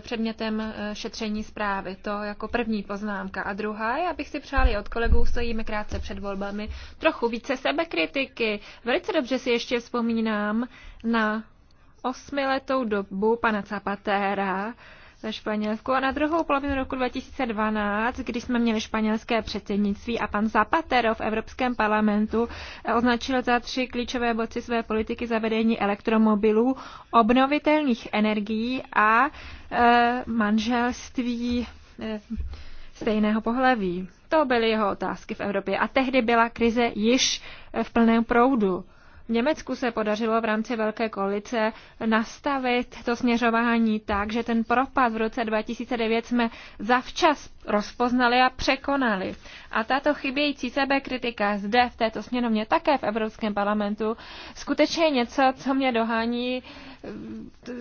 předmětem eh, šetření zprávy. To jako první poznámka. A druhá já abych si přáli od kolegů, stojíme krátce před volbami, trochu více sebekritiky. Velice dobře si ještě vzpomínám na osmiletou dobu pana Zapatéra, ve Španělsku. A na druhou polovinu roku 2012, kdy jsme měli španělské předsednictví a pan Zapatero v Evropském parlamentu eh, označil za tři klíčové boci své politiky zavedení elektromobilů, obnovitelných energií a e, manželství e, stejného pohlaví. To byly jeho otázky v Evropě. A tehdy byla krize již v plném proudu. V Německu se podařilo v rámci Velké koalice nastavit to směřování tak, že ten propad v roce 2009 jsme zavčas rozpoznali a překonali. A tato chybějící sebekritika zde v této směrovně také v Evropském parlamentu skutečně je něco, co mě dohání,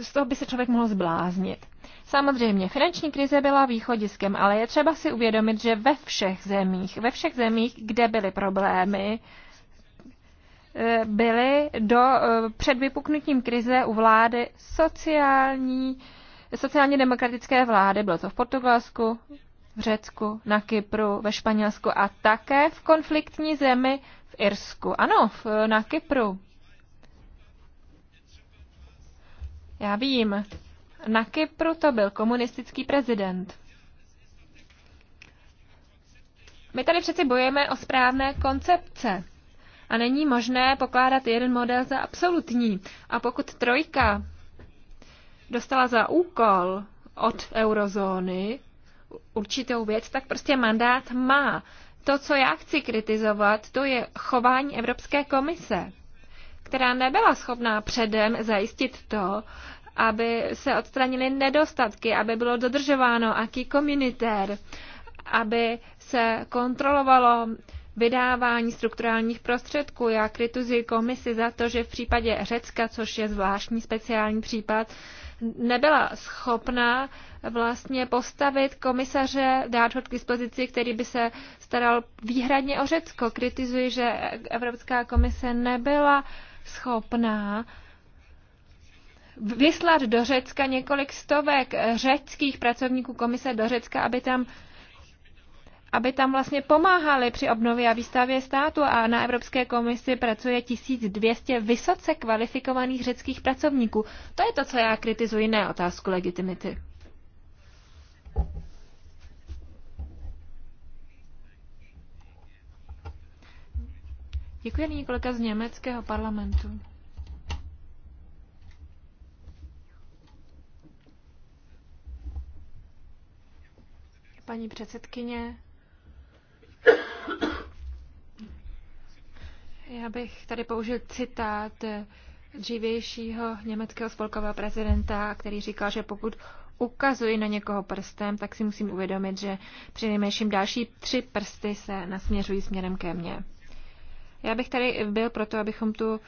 z toho by se člověk mohl zbláznit. Samozřejmě, finanční krize byla východiskem, ale je třeba si uvědomit, že ve všech zemích, ve všech zemích, kde byly problémy, byly do, eh, před vypuknutím krize u vlády sociální, sociálně demokratické vlády. Bylo to v Portugalsku, v Řecku, na Kypru, ve Španělsku a také v konfliktní zemi v Irsku. Ano, v, eh, na Kypru. Já vím. Na Kypru to byl komunistický prezident. My tady přeci bojujeme o správné koncepce. A není možné pokládat jeden model za absolutní. A pokud trojka dostala za úkol od eurozóny určitou věc, tak prostě mandát má. To, co já chci kritizovat, to je chování Evropské komise, která nebyla schopná předem zajistit to, aby se odstranily nedostatky, aby bylo dodržováno aký komunitér, aby se kontrolovalo vydávání strukturálních prostředků. Já kritizuji komisi za to, že v případě Řecka, což je zvláštní speciální případ, nebyla schopna vlastně postavit komisaře, dát ho k dispozici, který by se staral výhradně o Řecko. Kritizuji, že Evropská komise nebyla schopná vyslat do Řecka několik stovek řeckých pracovníků komise do Řecka, aby tam aby tam vlastně pomáhali při obnově a výstavě státu a na Evropské komisi pracuje 1200 vysoce kvalifikovaných řeckých pracovníků. To je to, co já kritizuji, ne otázku legitimity. Děkuji nyní kolega z německého parlamentu. Paní předsedkyně, Já bych tady použil citát dřívějšího německého spolkového prezidenta, který říkal, že pokud ukazuji na někoho prstem, tak si musím uvědomit, že přinejmenším další tři prsty se nasměřují směrem ke mně. Já bych tady byl proto, abychom tu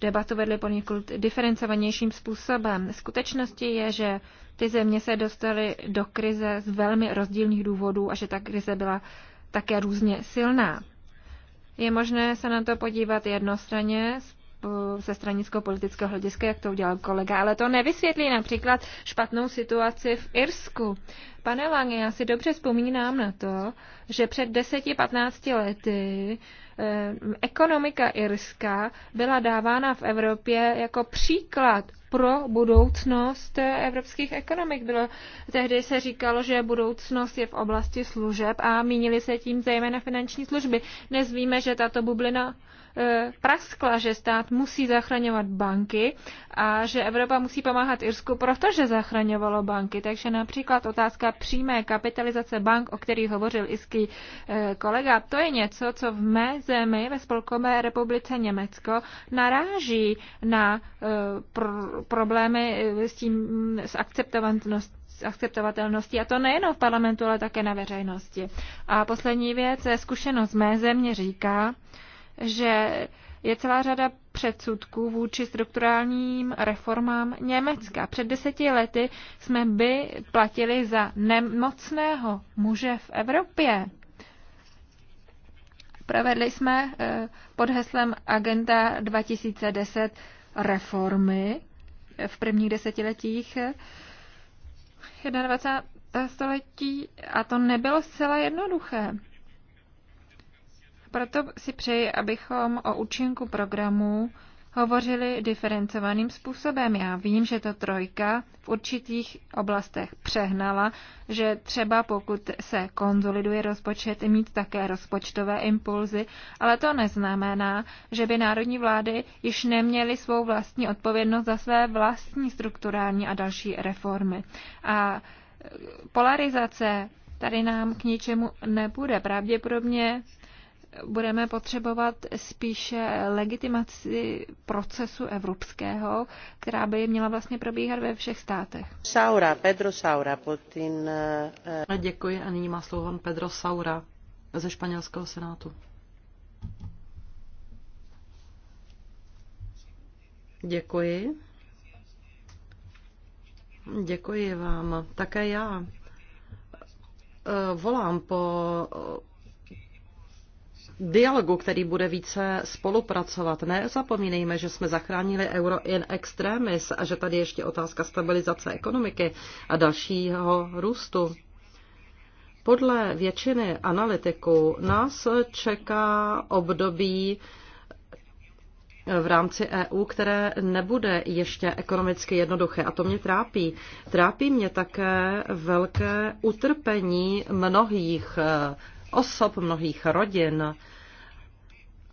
debatu vedli poněkud diferencovanějším způsobem. Skutečností je, že ty země se dostaly do krize z velmi rozdílných důvodů a že ta krize byla také různě silná. Je možné se na to podívat jednostranně ze stranicko-politického hlediska, jak to udělal kolega, ale to nevysvětlí například špatnou situaci v Irsku. Pane Lange, já si dobře vzpomínám na to, že před 10-15 lety eh, ekonomika Irska byla dávána v Evropě jako příklad pro budoucnost evropských ekonomik. Bylo, tehdy se říkalo, že budoucnost je v oblasti služeb a mínili se tím zejména finanční služby. Dnes víme, že tato bublina E, praskla, že stát musí zachraňovat banky a že Evropa musí pomáhat Irsku, protože zachraňovalo banky. Takže například otázka přímé kapitalizace bank, o který hovořil irský e, kolega, to je něco, co v mé zemi, ve Spolkové republice Německo, naráží na e, pr- problémy s tím, s akceptovaností akceptovatelnosti a to nejenom v parlamentu, ale také na veřejnosti. A poslední věc, zkušenost mé země říká, že je celá řada předsudků vůči strukturálním reformám Německa. Před deseti lety jsme by platili za nemocného muže v Evropě. Provedli jsme eh, pod heslem Agenda 2010 reformy v prvních desetiletích 21. století a to nebylo zcela jednoduché. Proto si přeji, abychom o účinku programu hovořili diferencovaným způsobem. Já vím, že to trojka v určitých oblastech přehnala, že třeba pokud se konzoliduje rozpočet, mít také rozpočtové impulzy, ale to neznamená, že by národní vlády již neměly svou vlastní odpovědnost za své vlastní strukturální a další reformy. A polarizace tady nám k ničemu nebude. Pravděpodobně budeme potřebovat spíše legitimaci procesu evropského, která by měla vlastně probíhat ve všech státech. Saura, Pedro Saura, Putin. Uh... Děkuji a nyní má slovo Pedro Saura ze španělského senátu. Děkuji. Děkuji vám. Také já eh, volám po dialogu, který bude více spolupracovat. Nezapomínejme, že jsme zachránili euro in extremis a že tady ještě otázka stabilizace ekonomiky a dalšího růstu. Podle většiny analytiků nás čeká období v rámci EU, které nebude ještě ekonomicky jednoduché. A to mě trápí. Trápí mě také velké utrpení mnohých osob, mnohých rodin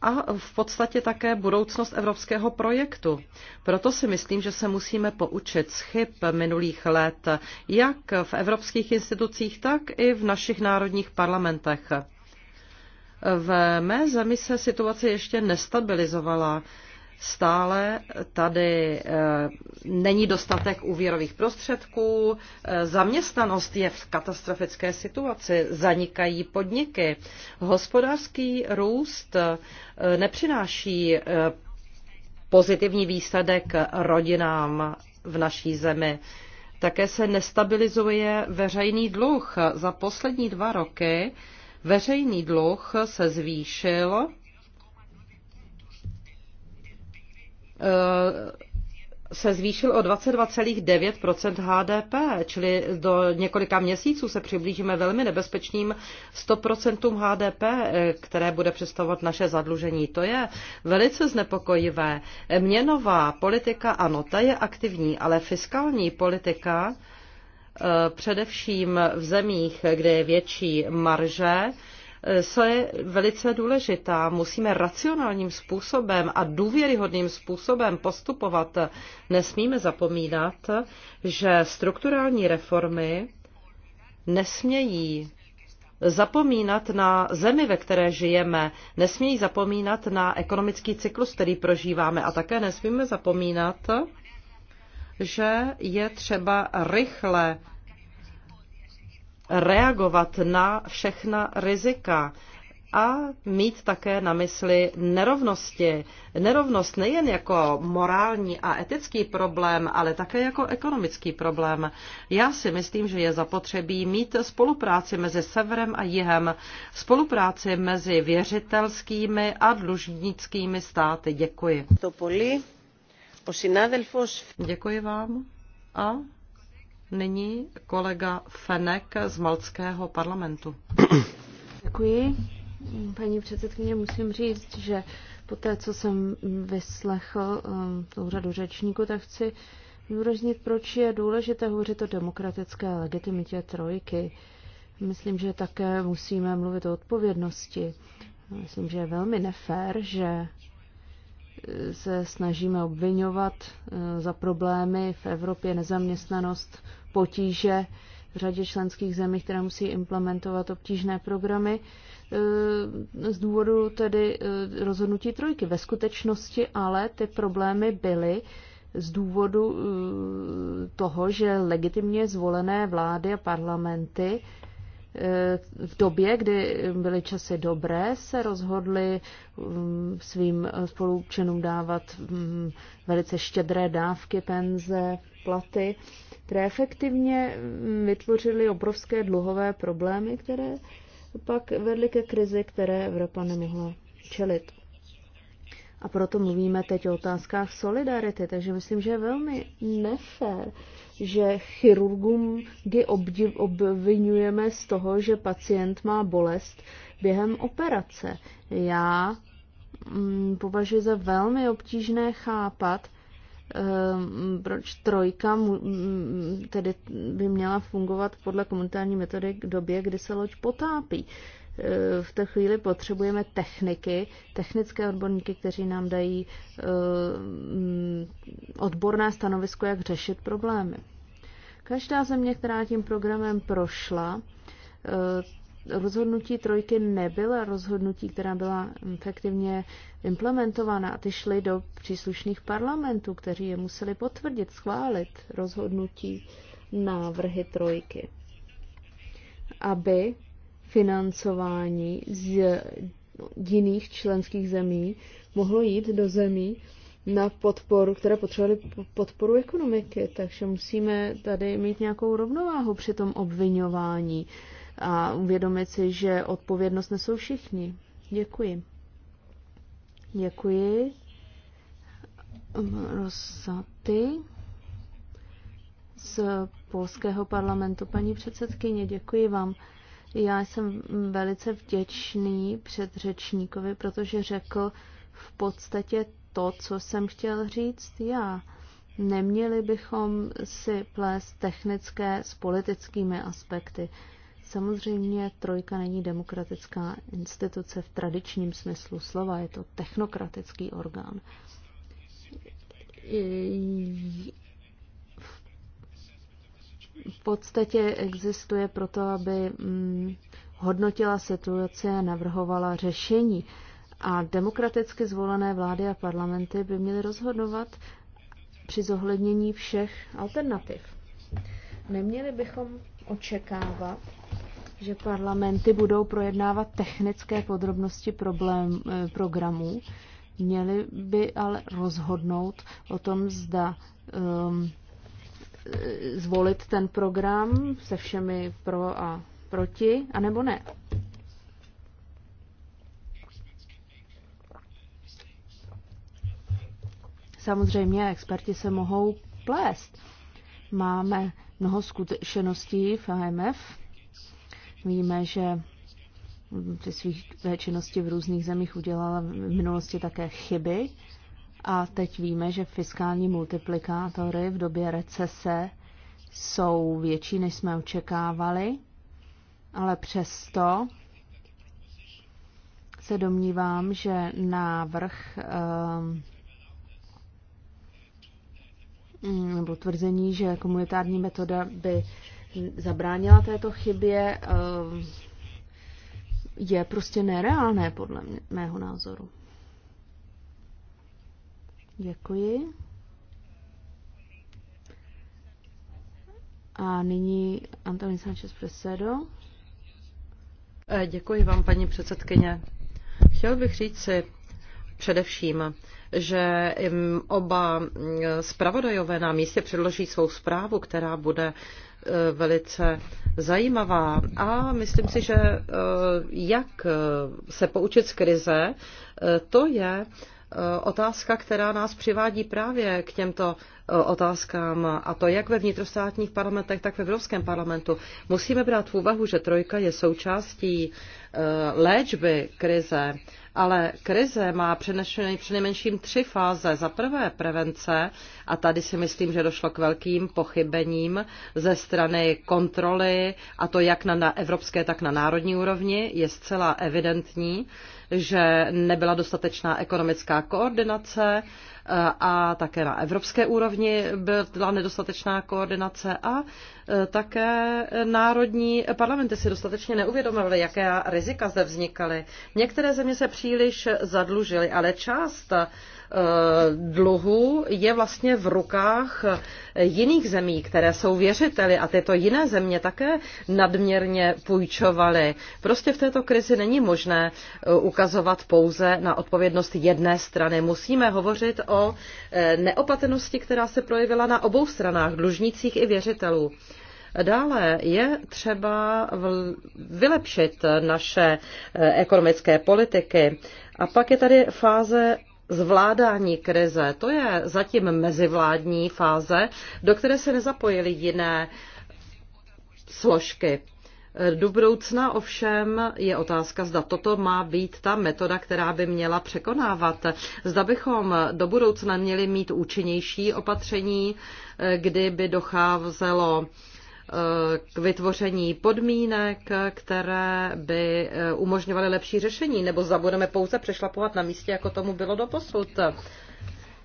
a v podstatě také budoucnost evropského projektu. Proto si myslím, že se musíme poučit z chyb minulých let, jak v evropských institucích, tak i v našich národních parlamentech. V mé zemi se situace ještě nestabilizovala. Stále tady eh, není dostatek úvěrových prostředků, eh, zaměstnanost je v katastrofické situaci, zanikají podniky, hospodářský růst eh, nepřináší pozitivní výsledek rodinám v naší zemi. Také se nestabilizuje veřejný dluh. Za poslední dva roky veřejný dluh se zvýšil Eh, se zvýšil o 22,9 HDP, čili do několika měsíců se přiblížíme velmi nebezpečným 100 HDP, eh, které bude představovat naše zadlužení. To je velice znepokojivé. Měnová politika, ano, ta je aktivní, ale fiskální politika eh, především v zemích, kde je větší marže, Eh, co je velice důležitá. Musíme racionálním způsobem a důvěryhodným způsobem postupovat. Nesmíme zapomínat, že strukturální reformy nesmějí zapomínat na zemi, ve které žijeme, nesmějí zapomínat na ekonomický cyklus, který prožíváme a také nesmíme zapomínat, že je třeba rychle reagovat na všechna rizika a mít také na mysli nerovnosti. Nerovnost nejen jako morální a etický problém, ale také jako ekonomický problém. Já si myslím, že je zapotřebí mít spolupráci mezi severem a jihem, spolupráci mezi věřitelskými a dlužnickými státy. Děkuji. Děkuji vám. A Nyní kolega Fenek z Malckého parlamentu. Děkuji. Paní předsedkyně, musím říct, že po té, co jsem vyslechl um, řadu řečníků, tak chci vyroznit, proč je důležité hovořit o demokratické legitimitě trojky. Myslím, že také musíme mluvit o odpovědnosti. Myslím, že je velmi nefér, že se snažíme obvinovat eh, za problémy v Evropě, nezaměstnanost, potíže v řadě členských zemí, které musí implementovat obtížné programy, eh, z důvodu tedy eh, rozhodnutí trojky. Ve skutečnosti ale ty problémy byly z důvodu toho, že legitimně zvolené vlády a parlamenty v době, kdy byly časy dobré, se rozhodli mm, svým spolupčenům dávat mm, velice štědré dávky, penze, platy, které efektivně mm, vytvořily obrovské dluhové problémy, které pak vedly ke krizi, které Evropa nemohla čelit. A proto mluvíme teď o otázkách solidarity. Takže myslím, že je velmi nefér, že chirurgům kdy obvinujeme z toho, že pacient má bolest během operace. Já mm, považuji za velmi obtížné chápat, ehm, proč trojka mm, tedy by měla fungovat podle komunitární metody k době, kdy se loď potápí. Eh, v té chvíli potřebujeme techniky, technické odborníky, kteří nám dají eh, mm, odborné stanovisko, jak řešit problémy. Každá země, která tím programem prošla, eh, rozhodnutí trojky nebyla rozhodnutí, která byla efektivně implementována a ty šly do příslušných parlamentů, kteří je museli potvrdit, schválit rozhodnutí návrhy trojky, aby financování no, z jiných členských zemí mohlo jít do zemí na podporu, které potřebovaly podporu ekonomiky. Takže musíme tady mít nějakou rovnováhu při tom obvinování a uvědomit si, že odpovědnost nesou všichni. Děkuji. Děkuji. Rosaty z polského parlamentu. Paní předsedkyně, děkuji vám. Já jsem velice vděčný předřečníkovi, protože řekl v podstatě to, co jsem chtěl říct já. Neměli bychom si plést technické s politickými aspekty. Samozřejmě trojka není demokratická instituce v tradičním smyslu slova, je to technokratický orgán v podstatě existuje proto, aby mm, hodnotila situaci a navrhovala řešení. A demokraticky zvolené vlády a parlamenty by měly rozhodovat při zohlednění všech alternativ. Neměli bychom očekávat, že parlamenty budou projednávat technické podrobnosti problém, eh, programů, měli by ale rozhodnout o tom, zda um, Eh, zvolit ten program se všemi pro a proti, anebo ne. Samozřejmě experti se mohou plést. Máme mnoho zkušeností v AMF. Víme, že při svých činnosti v různých zemích udělala v minulosti také chyby. A teď víme, že fiskální multiplikátory v době recese jsou větší, než jsme očekávali, ale přesto se domnívám, že návrh ehm, nebo tvrzení, že komunitární metoda by zabránila této chybě, ehm, je prostě nereálné podle mě, mého názoru. Děkuji. A nyní Antonín Sánchez Presedo. Eh, děkuji vám, paní předsedkyně. Chtěl bych říct si především, že oba eh, zpravodajové na místě předloží svou zprávu, která bude eh, velice zajímavá. A myslím si, že jak se poučit z krize, to je Eh, otázka, která nás přivádí právě k těmto eh, otázkám, a to jak ve vnitrostátních parlamentech, tak ve Evropském parlamentu. Musíme brát v úvahu, že trojka je součástí eh, léčby krize, ale krize má přinejmenším tři fáze. Za prvé prevence, a tady si myslím, že došlo k velkým pochybením ze strany kontroly, a to jak na evropské, tak na národní úrovni, je zcela evidentní, že nebyla dostatečná ekonomická koordinace eh, a také na evropské úrovni byla nedostatečná koordinace a eh, také národní parlamenty si dostatečně neuvědomovaly, jaké rizika zde vznikaly. Některé země se příliš zadlužily, ale část Eh, dluhu je vlastně v rukách jiných zemí, které jsou věřiteli a tyto jiné země také nadměrně půjčovaly. Prostě v této krizi není možné eh, ukazovat pouze na odpovědnost jedné strany. Musíme hovořit o eh, neopatrnosti, která se projevila na obou stranách, dlužnících i věřitelů. Dále je třeba vylepšit naše ekonomické politiky. A pak je tady fáze zvládání krize. To je zatím mezivládní fáze, do které se nezapojily jiné složky. Do budoucna ovšem je otázka, zda toto má být ta metoda, která by měla překonávat. Zda bychom do budoucna měli mít účinnější opatření, kdyby docházelo k vytvoření podmínek, které by eh, umožňovaly lepší řešení, nebo zabudeme pouze přešlapovat na místě, jako tomu bylo doposud.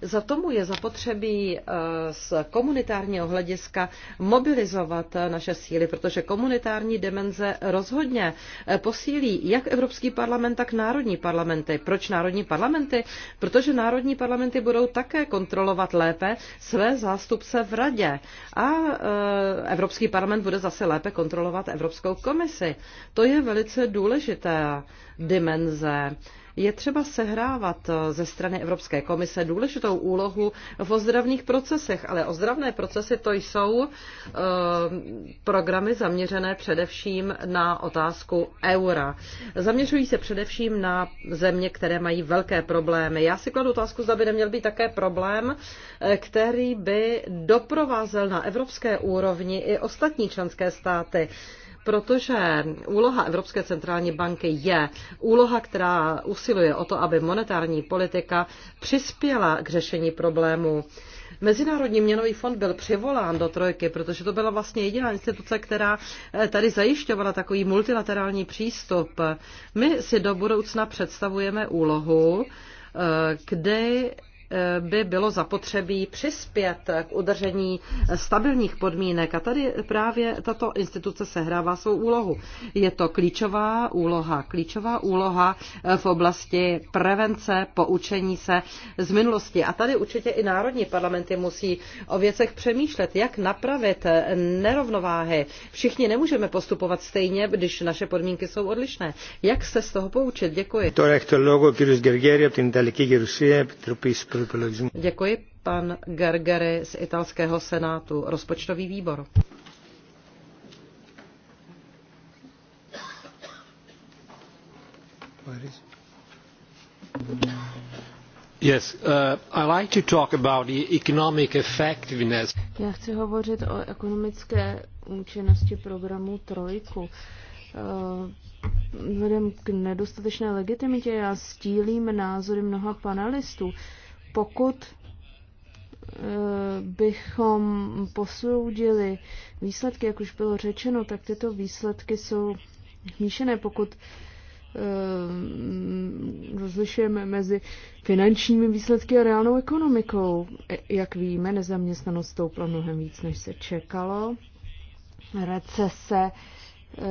Za tomu je zapotřebí eh, z komunitárního hlediska mobilizovat eh, naše síly, protože komunitární dimenze rozhodně eh, posílí jak Evropský parlament, tak národní parlamenty. Proč národní parlamenty? Protože národní parlamenty budou také kontrolovat lépe své zástupce v radě a Evropský parlament bude zase lépe kontrolovat Evropskou komisi. To je velice důležitá dimenze je třeba sehrávat eh, ze strany Evropské komise důležitou úlohu v ozdravných procesech, ale ozdravné procesy to jsou eh, programy zaměřené především na otázku eura. Zaměřují se především na země, které mají velké problémy. Já si kladu otázku, zda by neměl být také problém, eh, který by doprovázel na evropské úrovni i ostatní členské státy protože úloha Evropské centrální banky je úloha, která usiluje o to, aby monetární politika přispěla k řešení problému. Mezinárodní měnový fond byl přivolán do trojky, protože to byla vlastně jediná instituce, která eh, tady zajišťovala takový multilaterální přístup. My si do budoucna představujeme úlohu, eh, kdy by bylo zapotřebí přispět k udržení stabilních podmínek. A tady právě tato instituce sehrává svou úlohu. Je to klíčová úloha, klíčová úloha v oblasti prevence, poučení se z minulosti. A tady určitě i národní parlamenty musí o věcech přemýšlet, jak napravit nerovnováhy. Všichni nemůžeme postupovat stejně, když naše podmínky jsou odlišné. Jak se z toho poučit? Děkuji. Τώρα Děkuji, pan Gergeri z italského senátu, rozpočtový výbor. Yes, uh, I like to talk about the economic effectiveness. Já chci hovořit o ekonomické účinnosti programu Trojku. Uh, vzhledem k nedostatečné legitimitě já stílím názory mnoha panelistů. Pokud eh, bychom posoudili výsledky, jak už bylo řečeno, tak tyto výsledky jsou míšené, pokud eh, rozlišujeme mezi finančními výsledky a reálnou ekonomikou. Eh, jak víme, nezaměstnanost stoupla mnohem víc, než se čekalo. Recese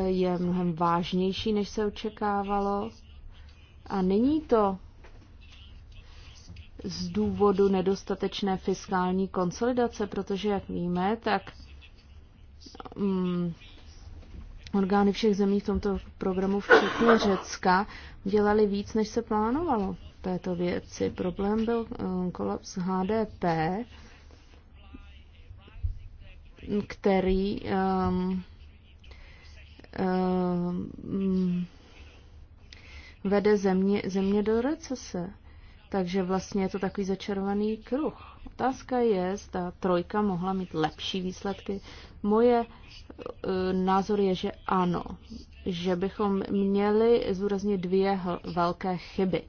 je mnohem vážnější, než se očekávalo. A není to z důvodu nedostatečné fiskální konsolidace, protože, jak víme, tak um, orgány všech zemí v tomto programu, včetně Řecka, dělali víc, než se plánovalo této věci. Problém byl um, kolaps HDP, který um, um, vede země, země do recese. Takže vlastně je to takový začarovaný kruh. Otázka je, zda trojka mohla mít lepší výsledky. Moje e, názor je, že ano, že bychom měli zúraznit dvě velké chyby.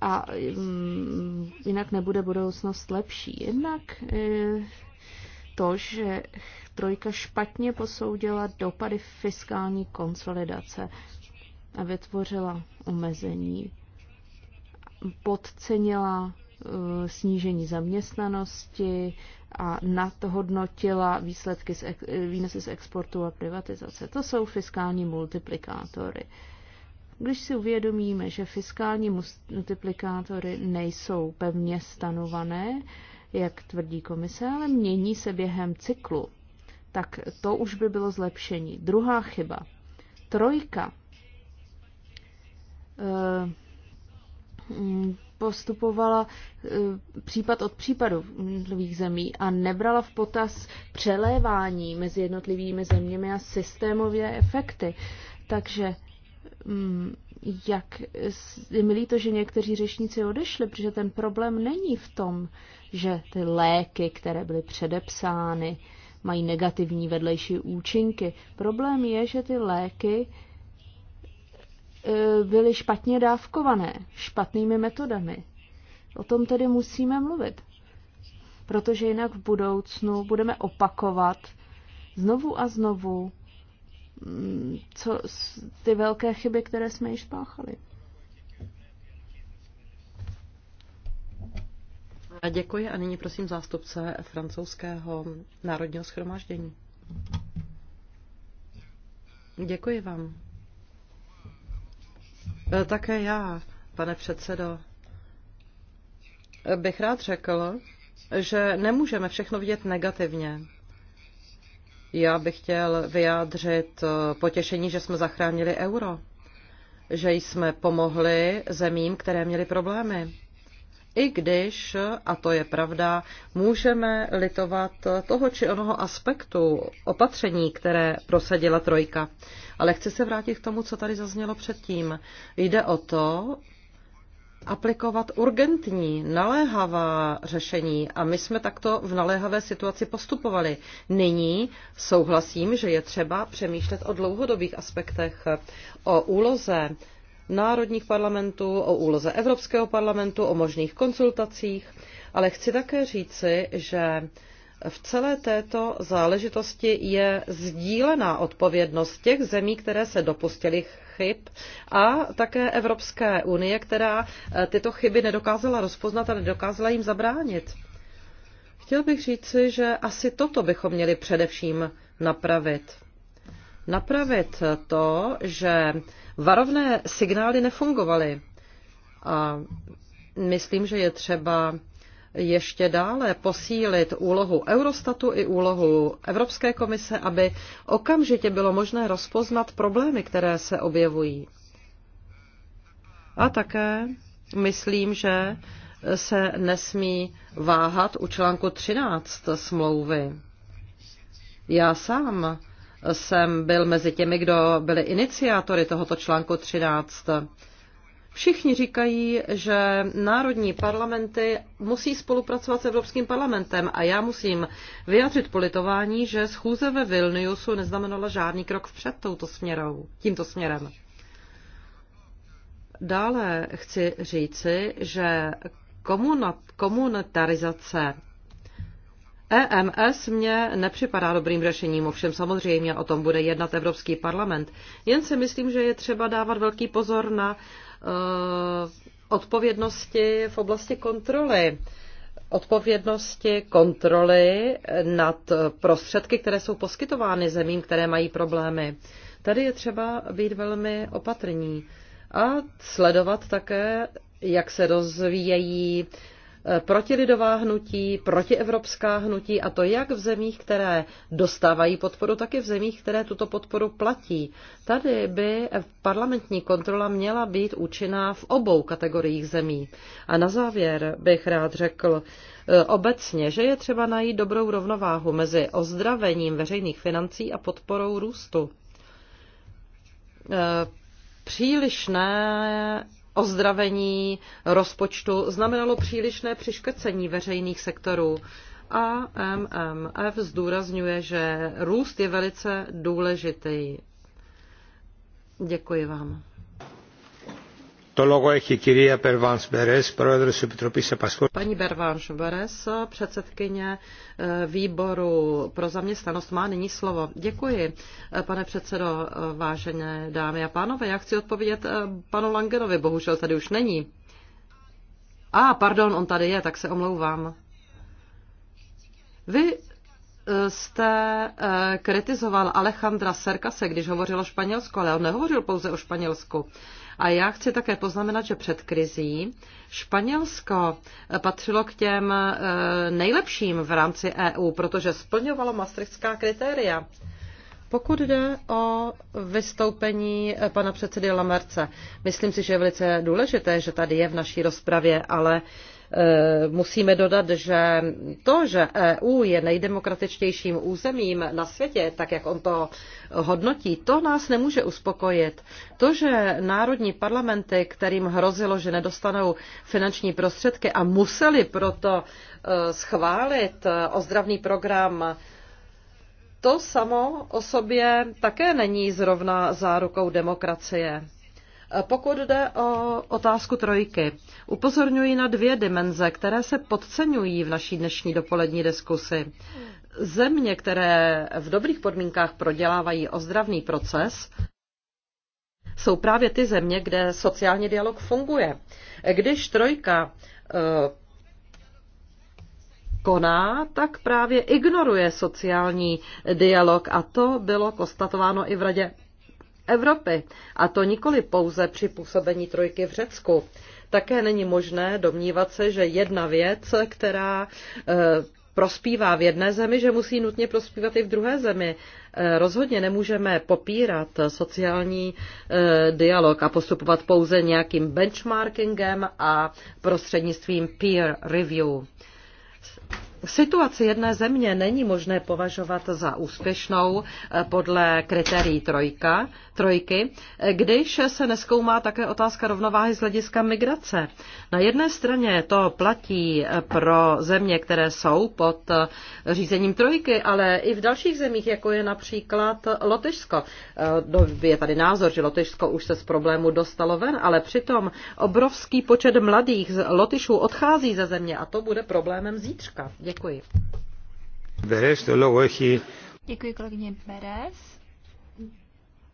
A mm, jinak nebude budoucnost lepší. Jednak e, to, že trojka špatně posoudila dopady fiskální konsolidace a vytvořila omezení, podcenila eh, snížení zaměstnanosti a nadhodnotila výsledky z, eh, výnosy z exportu a privatizace. To jsou fiskální multiplikátory. Když si uvědomíme, že fiskální multiplikátory nejsou pevně stanované, jak tvrdí komise, ale mění se během cyklu, tak to už by bylo zlepšení. Druhá chyba. Trojka Eh, postupovala eh, případ od případu v jednotlivých zemí a nebrala v potaz přelévání mezi jednotlivými zeměmi a systémové efekty. Takže mm, jak je milí to, že někteří řečníci odešli, protože ten problém není v tom, že ty léky, které byly předepsány, mají negativní vedlejší účinky. Problém je, že ty léky Eh, byly špatně dávkované, špatnými metodami. O tom tedy musíme mluvit, protože jinak v budoucnu budeme opakovat znovu a znovu mm, co, ty velké chyby, které jsme již spáchali. Děkuji a nyní prosím zástupce francouzského národního schromáždění. Děkuji vám. Eh, také já, pane předsedo, eh, bych rád řekl, že nemůžeme všechno vidět negativně. Já bych chtěl vyjádřit eh, potěšení, že jsme zachránili euro, že jsme pomohli zemím, které měly problémy. I když, a to je pravda, můžeme litovat toho či onoho aspektu opatření, které prosadila trojka. Ale chci se vrátit k tomu, co tady zaznělo předtím. Jde o to aplikovat urgentní, naléhavá řešení a my jsme takto v naléhavé situaci postupovali. Nyní souhlasím, že je třeba přemýšlet o dlouhodobých aspektech, o úloze národních parlamentů, o úloze Evropského parlamentu, o možných konzultacích, ale chci také říci, že v celé této záležitosti je sdílená odpovědnost těch zemí, které se dopustily chyb a také Evropské unie, která eh, tyto chyby nedokázala rozpoznat a nedokázala jim zabránit. Chtěl bych říci, že asi toto bychom měli především napravit. Napravit to, že varovné signály nefungovaly. A myslím, že je třeba ještě dále posílit úlohu Eurostatu i úlohu Evropské komise, aby okamžitě bylo možné rozpoznat problémy, které se objevují. A také myslím, že se nesmí váhat u článku 13 smlouvy. Já sám jsem byl mezi těmi, kdo byli iniciátory tohoto článku 13 Všichni říkají, že národní parlamenty musí spolupracovat s Evropským parlamentem a já musím vyjádřit politování, že schůze ve Vilniusu neznamenala žádný krok vpřed touto směrou, tímto směrem. Dále chci říci, že komunitarizace EMS mě nepřipadá dobrým řešením, ovšem samozřejmě o tom bude jednat Evropský parlament. Jen si myslím, že je třeba dávat velký pozor na Eh, odpovědnosti v oblasti kontroly odpovědnosti kontroly nad prostředky, které jsou poskytovány zemím, které mají problémy. Tady je třeba být velmi opatrní a sledovat také, jak se rozvíjejí protilidová hnutí, protievropská hnutí a to jak v zemích, které dostávají podporu, tak i v zemích, které tuto podporu platí. Tady by parlamentní kontrola měla být účinná v obou kategoriích zemí. A na závěr bych rád řekl eh, obecně, že je třeba najít dobrou rovnováhu mezi ozdravením veřejných financí a podporou růstu. Eh, přílišné ozdravení rozpočtu znamenalo přílišné přiškrcení veřejných sektorů. A MMF zdůrazňuje, že růst je velice důležitý. Děkuji vám. Paní Bervanš bers předsedkyně eh, výboru pro zaměstnanost, má nyní slovo. Děkuji, eh, pane předsedo, eh, vážené dámy a pánové. Já chci odpovědět panu Langenovi, bohužel tady už není. A, pardon, on tady je, tak se omlouvám. Vy jste eh, kritizoval Alejandra Serkase, když hovořil o Španělsku, ale on nehovořil pouze o Španělsku. A já chci také poznamenat, že před krizí Španělsko eh, patřilo k těm eh, nejlepším v rámci EU, protože splňovalo maastrichtská kritéria. Pokud jde o vystoupení pana předsedy Lamerce, myslím si, že je velice důležité, že tady je v naší rozpravě, ale Eh, musíme dodat, že to, že EU je nejdemokratičtějším územím na světě, tak jak on to hodnotí, to nás nemůže uspokojit. To, že národní parlamenty, kterým hrozilo, že nedostanou finanční prostředky a museli proto eh, schválit eh, ozdravný program, to samo o sobě také není zrovna zárukou demokracie. Eh, pokud jde o otázku trojky, upozorňuji na dvě dimenze, které se podceňují v naší dnešní dopolední diskusi. Země, které v dobrých podmínkách prodělávají ozdravný proces, jsou právě ty země, kde sociální dialog funguje. Když trojka eh, koná, tak právě ignoruje sociální dialog a to bylo konstatováno i v Radě Evropy. A to nikoli pouze při působení trojky v Řecku. Také není možné domnívat se, že jedna věc, která e, prospívá v jedné zemi, že musí nutně prospívat i v druhé zemi. E, rozhodně nemůžeme popírat sociální e, dialog a postupovat pouze nějakým benchmarkingem a prostřednictvím peer review. Situaci jedné země není možné považovat za úspěšnou eh, podle kritérií trojka, trojky, eh, když se neskoumá také otázka rovnováhy z hlediska migrace. Na jedné straně to platí eh, pro země, které jsou pod řízením trojky, ale i v dalších zemích, jako je například Lotyšsko. No, je tady názor, že Lotyšsko už se z problému dostalo ven, ale přitom obrovský počet mladých Lotyšů odchází ze země a to bude problémem zítřka. Děkuji. Děkuji. Děkuji kolegyně Beres.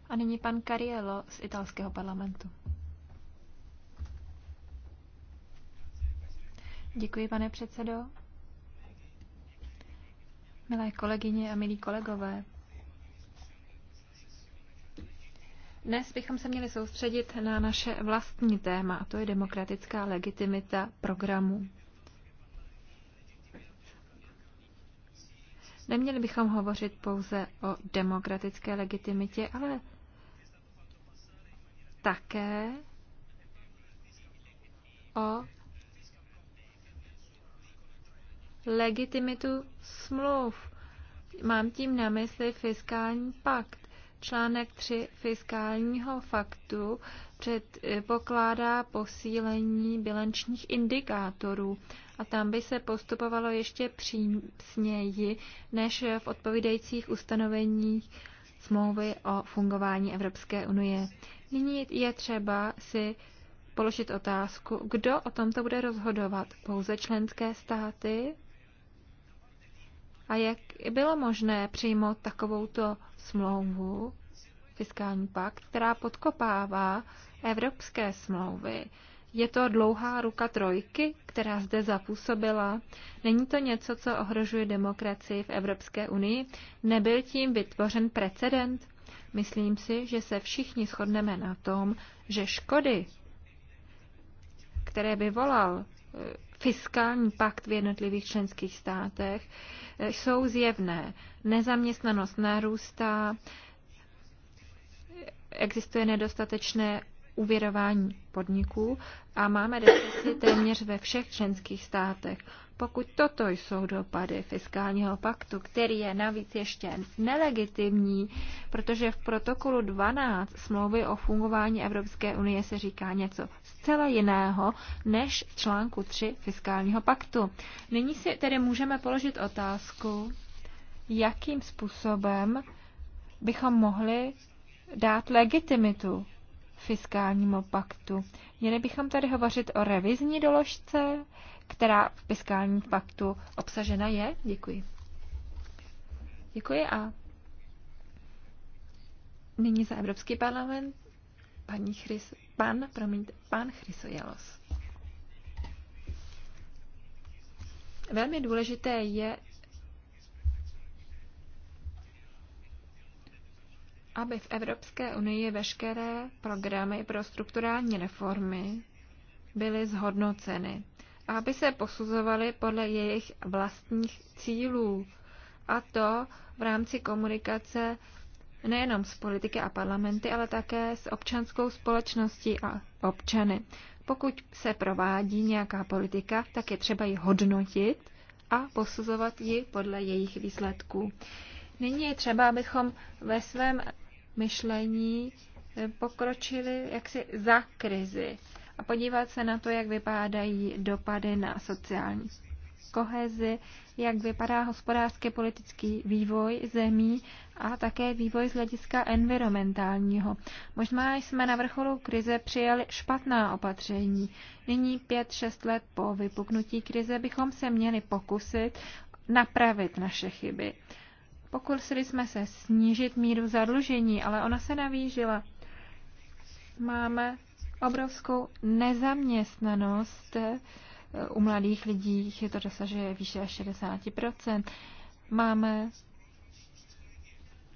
A nyní pan Cariello z italského parlamentu. Děkuji, pane předsedo. Milé kolegyně a milí kolegové, dnes bychom se měli soustředit na naše vlastní téma, a to je demokratická legitimita programu. Neměli bychom hovořit pouze o demokratické legitimitě, ale také o legitimitu smluv. Mám tím na mysli fiskální pakt. Článek 3 fiskálního faktu předpokládá eh, posílení bilančních indikátorů a tam by se postupovalo ještě přísněji než v odpovídajících ustanoveních smlouvy o fungování Evropské unie. Nyní je třeba si položit otázku, kdo o tomto bude rozhodovat. Pouze členské státy? A jak bylo možné přijmout takovouto smlouvu, fiskální pakt, která podkopává evropské smlouvy? Je to dlouhá ruka trojky, která zde zapůsobila? Není to něco, co ohrožuje demokracii v Evropské unii? Nebyl tím vytvořen precedent? Myslím si, že se všichni shodneme na tom, že škody, které by volal eh, fiskální pakt v jednotlivých členských státech, eh, jsou zjevné. Nezaměstnanost narůstá, existuje nedostatečné uvěrování podniků a máme recesi téměř ve všech členských státech. Pokud toto jsou dopady fiskálního paktu, který je navíc ještě nelegitimní, protože v protokolu 12 smlouvy o fungování Evropské unie se říká něco zcela jiného než v článku 3 fiskálního paktu. Nyní si tedy můžeme položit otázku, jakým způsobem bychom mohli dát legitimitu fiskálnímu paktu. Měli bychom tady hovořit o revizní doložce, která v fiskálním paktu obsažena je. Děkuji. Děkuji a nyní za Evropský parlament paní chris, pan, promiňte, pan Chrysojelos. Velmi důležité je aby v Evropské unii veškeré programy pro strukturální reformy byly zhodnoceny a aby se posuzovaly podle jejich vlastních cílů. A to v rámci komunikace nejenom s politiky a parlamenty, ale také s občanskou společností a občany. Pokud se provádí nějaká politika, tak je třeba ji hodnotit a posuzovat ji podle jejich výsledků. Nyní je třeba, abychom ve svém myšlení eh, pokročili jaksi za krizi a podívat se na to, jak vypadají dopady na sociální kohezi, jak vypadá hospodářský politický vývoj zemí a také vývoj z hlediska environmentálního. Možná jsme na vrcholu krize přijali špatná opatření. Nyní 5-6 let po vypuknutí krize bychom se měli pokusit napravit naše chyby. Pokusili jsme se snížit míru zadlužení, ale ona se navýžila. Máme obrovskou nezaměstnanost eh, u mladých lidí, je to dosahuje výše až 60%. Máme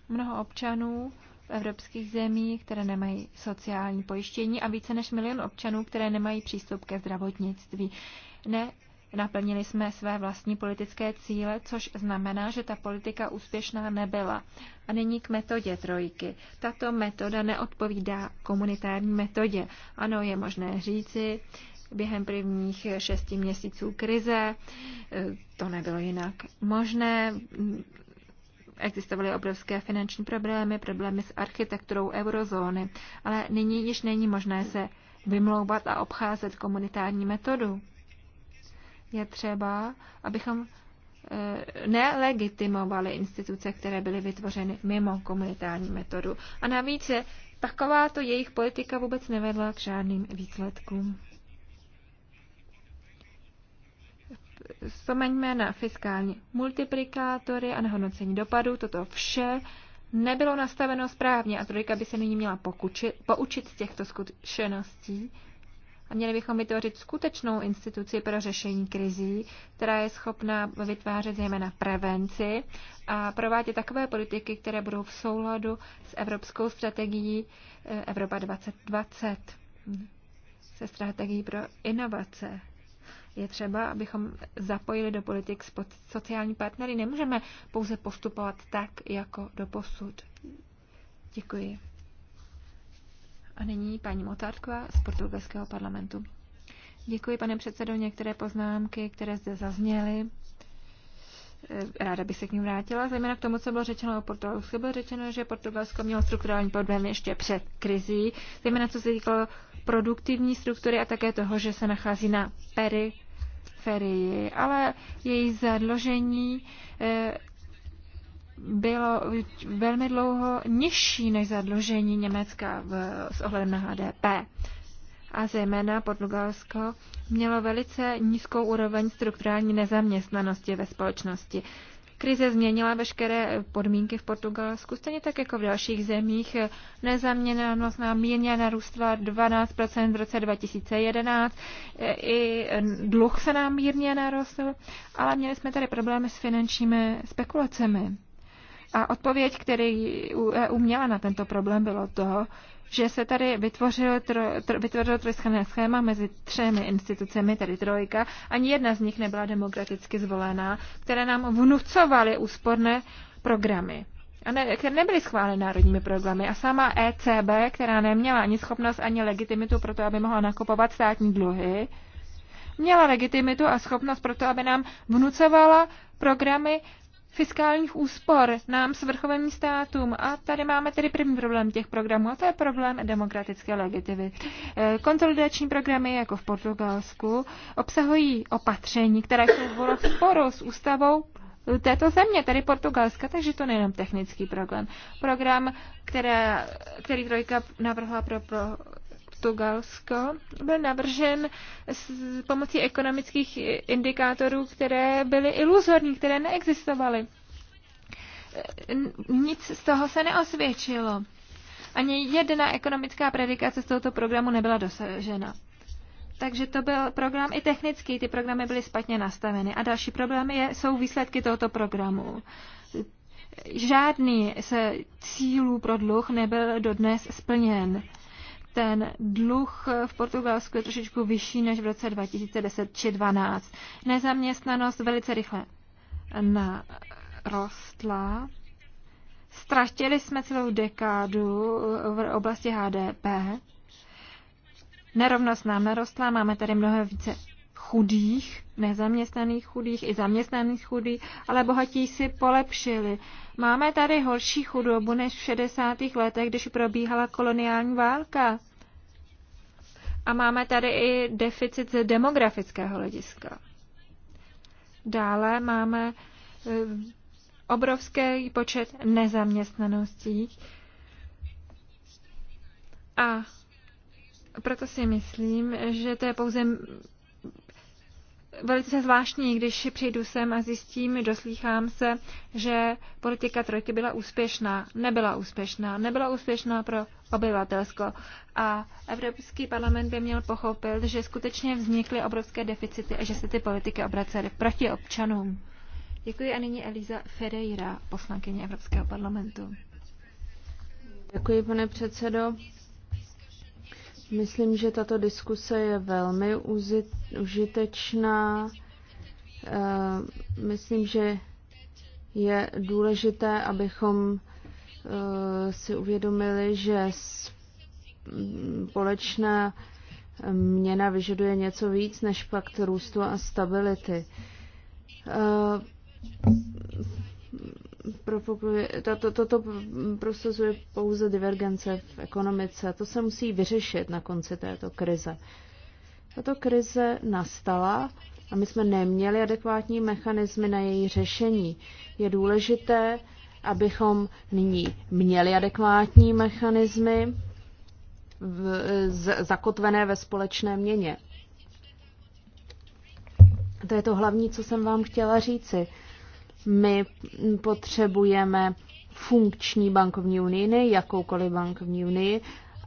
mnoho občanů v evropských zemích, které nemají sociální pojištění a více než milion občanů, které nemají přístup ke zdravotnictví. Ne, Naplnili jsme své vlastní politické cíle, což znamená, že ta politika úspěšná nebyla. A nyní k metodě trojky. Tato metoda neodpovídá komunitární metodě. Ano, je možné říci, během prvních šesti měsíců krize. Eh, to nebylo jinak možné. Existovaly obrovské finanční problémy, problémy s architekturou eurozóny, ale nyní již není možné se vymlouvat a obcházet komunitární metodu je třeba, abychom eh, nelegitimovali instituce, které byly vytvořeny mimo komunitární metodu. A navíc je takováto jejich politika vůbec nevedla k žádným výsledkům. Vzpomeňme na fiskální multiplikátory a na hodnocení dopadů. Toto vše nebylo nastaveno správně a trojka by se nyní měla pokučit, poučit z těchto zkušeností měli bychom vytvořit skutečnou instituci pro řešení krizí, která je schopná vytvářet zejména prevenci a provádět takové politiky, které budou v souladu s evropskou strategií eh, Evropa 2020, mm, se strategií pro inovace je třeba, abychom zapojili do politik sociální partnery. Nemůžeme pouze postupovat tak, jako do posud. Děkuji. A nyní paní Motárková z portugalského parlamentu. Děkuji, pane předsedo. Některé poznámky, které zde zazněly, eh, ráda bych se k ním vrátila, zejména k tomu, co bylo řečeno o Portugalsku. Bylo řečeno, že Portugalsko mělo strukturální problémy ještě před krizí, zejména co se týkalo produktivní struktury a také toho, že se nachází na periferii, ale její zadložení eh, bylo velmi dlouho nižší než zadlužení Německa v, s ohledem na HDP. A zejména Portugalsko mělo velice nízkou úroveň strukturální nezaměstnanosti ve společnosti. Krize změnila veškeré podmínky v Portugalsku, stejně tak jako v dalších zemích. Nezaměnanost nám mírně narůstla 12% v roce 2011, i dluh se nám mírně narostl, ale měli jsme tady problémy s finančními spekulacemi. A odpověď, který EU e měla na tento problém, bylo to, že se tady vytvořilo, tro, tro, vytvořilo trojstranné schéma mezi třemi institucemi, tedy trojka. Ani jedna z nich nebyla demokraticky zvolená, které nám vnucovaly úsporné programy. A ne, které nebyly schváleny národními programy. A sama ECB, která neměla ani schopnost, ani legitimitu pro to, aby mohla nakupovat státní dluhy, měla legitimitu a schopnost pro to, aby nám vnucovala programy fiskálních úspor nám vrchovým státům. A tady máme tedy první problém těch programů, a to je problém demokratické legitimity. Eh, konsolidační programy, jako v Portugalsku, obsahují opatření, které jsou v sporu s ústavou této země, tedy Portugalska, takže to nejenom technický program. Program, které, který Trojka navrhla pro, pro Portugalsko byl navržen s pomocí ekonomických indikátorů, které byly iluzorní, které neexistovaly. Nic z toho se neosvědčilo. Ani jedna ekonomická predikace z tohoto programu nebyla dosažena. Takže to byl program i technický, ty programy byly špatně nastaveny. A další problémy je, jsou výsledky tohoto programu. Žádný se cílů pro dluh nebyl dodnes splněn ten dluh v Portugalsku je trošičku vyšší než v roce 2010 či 2012. Nezaměstnanost velice rychle narostla. Ztratili jsme celou dekádu v oblasti HDP. Nerovnost nám narostla, máme tady mnohem více chudých, nezaměstnaných chudých i zaměstnaných chudých, ale bohatí si polepšili. Máme tady horší chudobu než v 60. letech, když probíhala koloniální válka. A máme tady i deficit z demografického hlediska. Dále máme eh, obrovský počet nezaměstnaností. A proto si myslím, že to je pouze velice zvláštní, když přijdu sem a zjistím, doslýchám se, že politika trojky byla úspěšná. Nebyla úspěšná. Nebyla úspěšná pro obyvatelsko. A Evropský parlament by měl pochopit, že skutečně vznikly obrovské deficity a že se ty politiky obracely proti občanům. Děkuji a nyní Eliza Ferreira, poslankyně Evropského parlamentu. Děkuji, pane předsedo. Myslím, že tato diskuse je velmi užitečná. Eh, myslím, že je důležité, abychom eh, si uvědomili, že společná měna vyžaduje něco víc než pakt růstu a stability. Eh, toto to, to prosazuje pouze divergence v ekonomice. To se musí vyřešit na konci této krize. Tato krize nastala a my jsme neměli adekvátní mechanismy na její řešení. Je důležité, abychom nyní měli adekvátní mechanismy v, z, zakotvené ve společné měně. To je to hlavní, co jsem vám chtěla říci. My potřebujeme funkční bankovní unii, jakoukoliv bankovní unii,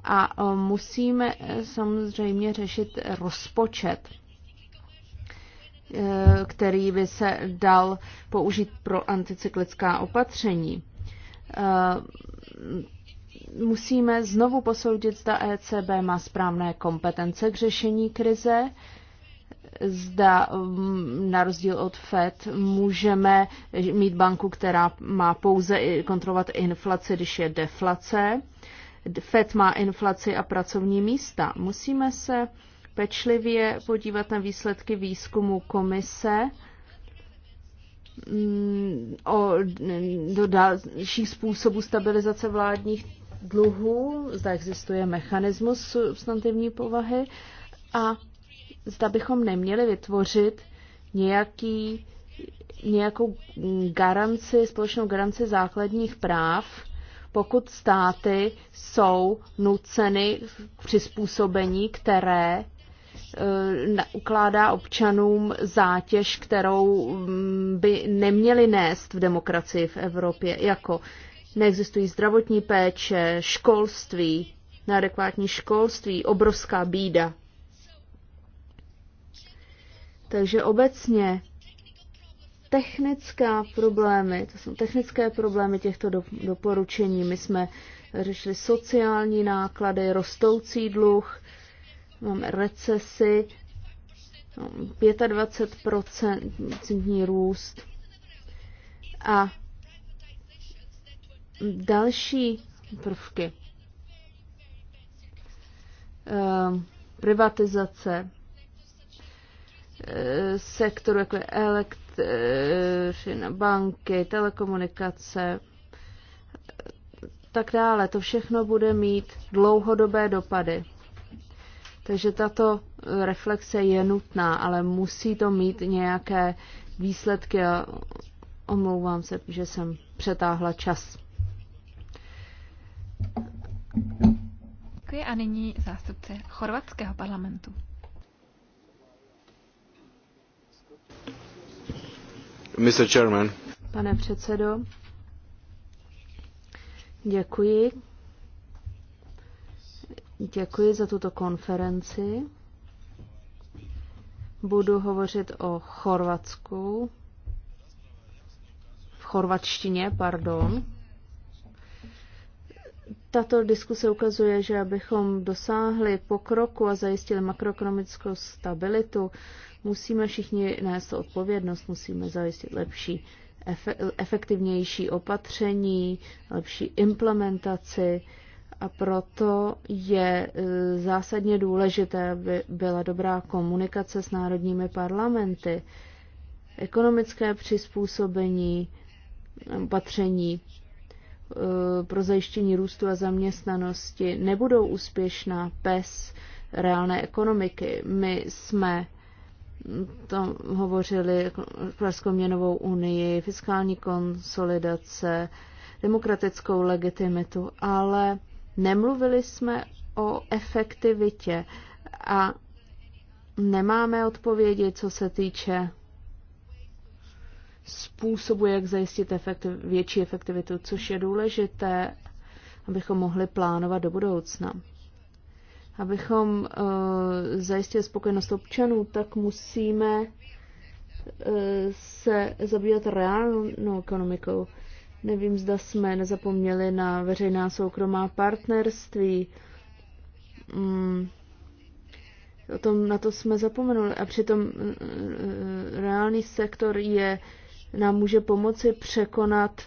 a e, musíme e, samozřejmě řešit rozpočet, e, který by se dal použít pro anticyklická opatření. Musíme znovu posoudit, zda ECB má správné kompetence k řešení krize zda mm, na rozdíl od FED můžeme mít banku, která má pouze kontrolovat inflaci, když je deflace. FED má inflaci a pracovní místa. Musíme se pečlivě podívat na výsledky výzkumu komise mm, o mm, do dalších způsobů stabilizace vládních dluhů, zda existuje mechanismus substantivní povahy a zda bychom neměli vytvořit nějaký, nějakou garanci, společnou garanci základních práv, pokud státy jsou nuceny k přizpůsobení, které eh, ukládá občanům zátěž, kterou mm, by neměli nést v demokracii v Evropě, jako neexistují zdravotní péče, školství, neadekvátní školství, obrovská bída takže obecně technická problémy, to jsou technické problémy těchto do, doporučení. My jsme řešili sociální náklady, rostoucí dluh, máme recesi, 25% růst a další prvky. Ehm, privatizace, sektoru, jako je elektřina, banky, telekomunikace, tak dále. To všechno bude mít dlouhodobé dopady. Takže tato reflexe je nutná, ale musí to mít nějaké výsledky a omlouvám se, že jsem přetáhla čas. Děkuji a nyní zástupce chorvatského parlamentu. Pane předsedo, děkuji. Děkuji za tuto konferenci. Budu hovořit o Chorvatsku. V chorvatštině, pardon. Tato diskuse ukazuje, že abychom dosáhli pokroku a zajistili makroekonomickou stabilitu, Musíme všichni nést odpovědnost, musíme zajistit lepší, efektivnější opatření, lepší implementaci a proto je e, zásadně důležité, aby byla dobrá komunikace s národními parlamenty, ekonomické přizpůsobení, e, opatření e, pro zajištění růstu a zaměstnanosti nebudou úspěšná bez reálné ekonomiky. My jsme tam hovořili Pražskou měnovou unii, fiskální konsolidace, demokratickou legitimitu, ale nemluvili jsme o efektivitě a nemáme odpovědi, co se týče způsobu, jak zajistit efektiv, větší efektivitu, což je důležité, abychom mohli plánovat do budoucna. Abychom uh, zajistili spokojenost občanů, tak musíme uh, se zabývat reálnou ekonomikou. Nevím, zda jsme nezapomněli na veřejná soukromá partnerství. Mm. O tom, na to jsme zapomenuli. A přitom eh, reálný sektor je, nám může pomoci překonat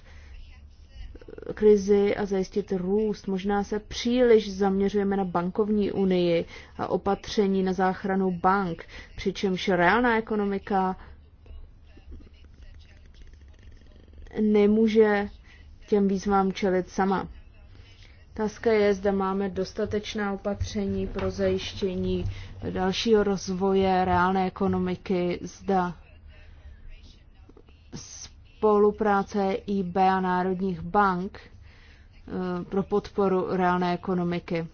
krizi a zajistit růst. Možná se příliš zaměřujeme na bankovní unii a opatření na záchranu bank, přičemž reálná ekonomika nemůže těm výzvám čelit sama. Otázka je, zda máme dostatečná opatření pro zajištění dalšího rozvoje reálné ekonomiky, zda spolupráce IB a národních bank eh, pro podporu reálné ekonomiky.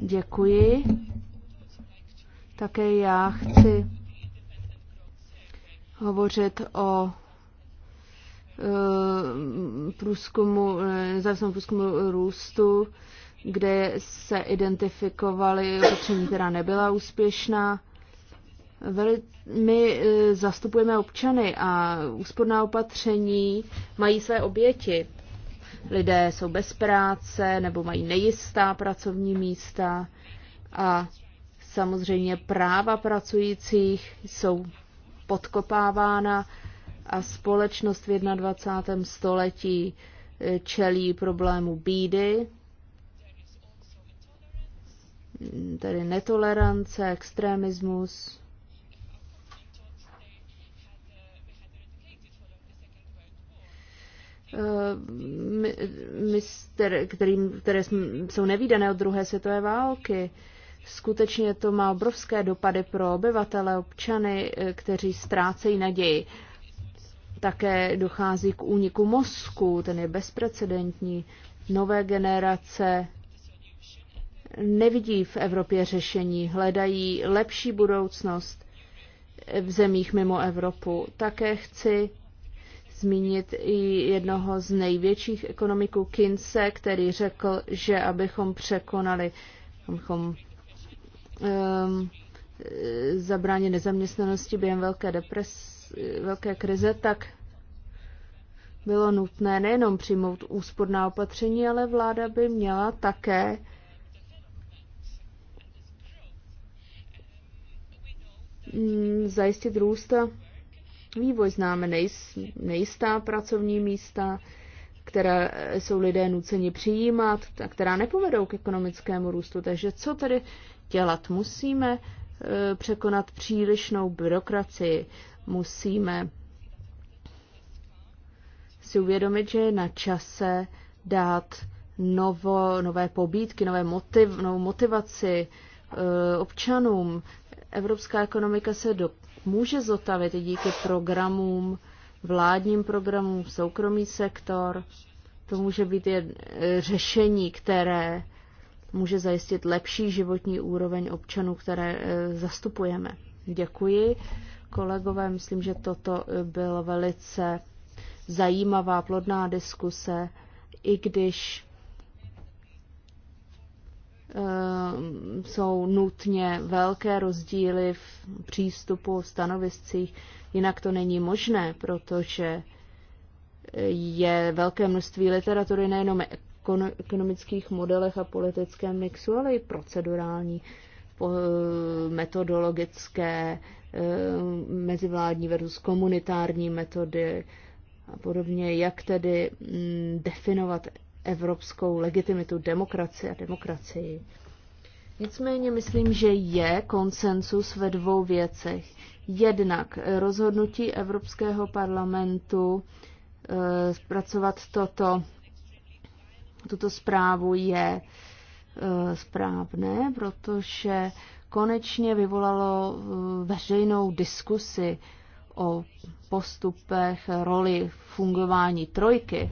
Děkuji. Také já chci hovořit o eh, průzkumu, nezávislém průzkumu růstu, kde se identifikovaly opatření, která nebyla úspěšná. Veli, my e, zastupujeme občany a úsporná opatření mají své oběti. Lidé jsou bez práce nebo mají nejistá pracovní místa a samozřejmě práva pracujících jsou podkopávána a společnost v 21. století e, čelí problému bídy, tedy netolerance, extremismus, Eh, mister, který, které jsou nevýdané od druhé světové války. Skutečně to má obrovské dopady pro obyvatele, občany, eh, kteří ztrácejí naději. Také dochází k úniku mozku, ten je bezprecedentní. Nové generace nevidí v Evropě řešení, hledají lepší budoucnost v zemích mimo Evropu. Také chci zmínit i jednoho z největších ekonomiků Kince, který řekl, že abychom překonali, abychom um, zabránili nezaměstnanosti během velké, depres, velké krize, tak bylo nutné nejenom přijmout úsporná opatření, ale vláda by měla také mm, zajistit růst vývoj. Známe nejistá pracovní místa, které jsou lidé nuceni přijímat a která nepovedou k ekonomickému růstu. Takže co tedy dělat? Musíme eh, překonat přílišnou byrokracii, musíme si uvědomit, že je na čase dát novo, nové pobídky, nové motiv, novou motivaci eh, občanům. Evropská ekonomika se do, může zotavit i díky programům, vládním programům, soukromý sektor. To může být je, e, řešení, které může zajistit lepší životní úroveň občanů, které e, zastupujeme. Děkuji, kolegové. Myslím, že toto e, byla velice zajímavá, plodná diskuse, i když Eh, jsou nutně velké rozdíly v přístupu, v stanoviscích, jinak to není možné, protože je velké množství literatury nejenom ekonomických modelech a politickém mixu, ale i procedurální, eh, metodologické, eh, mezivládní versus komunitární metody a podobně, jak tedy mm, definovat evropskou legitimitu demokracie a demokracii. Nicméně myslím, že je konsensus ve dvou věcech. Jednak rozhodnutí Evropského parlamentu eh, zpracovat toto, tuto zprávu je eh, správné, protože konečně vyvolalo eh, veřejnou diskusi o postupech, roli fungování trojky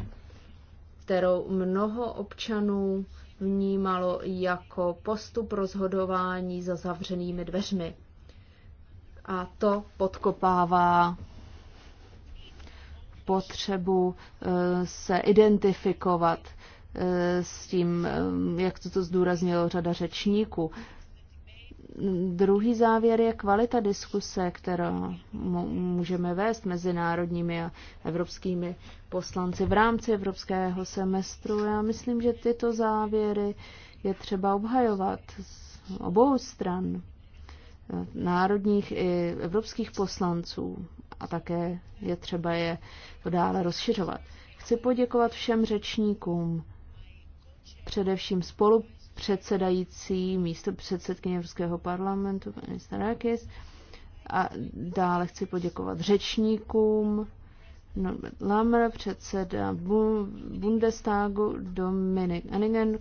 kterou mnoho občanů vnímalo jako postup rozhodování za zavřenými dveřmi. A to podkopává potřebu eh, se identifikovat eh, s tím, eh, jak to, to zdůraznilo řada řečníků, Druhý závěr je kvalita diskuse, kterou můžeme vést mezi národními a evropskými poslanci v rámci evropského semestru. Já myslím, že tyto závěry je třeba obhajovat z obou stran eh, národních i evropských poslanců a také je třeba je to dále rozšiřovat. Chci poděkovat všem řečníkům, především spolu předsedající místo předsedkyně Evropského parlamentu, paní Starakis. A dále chci poděkovat řečníkům, Norbert Lammer, předseda Bundestagu, Dominik Anningen,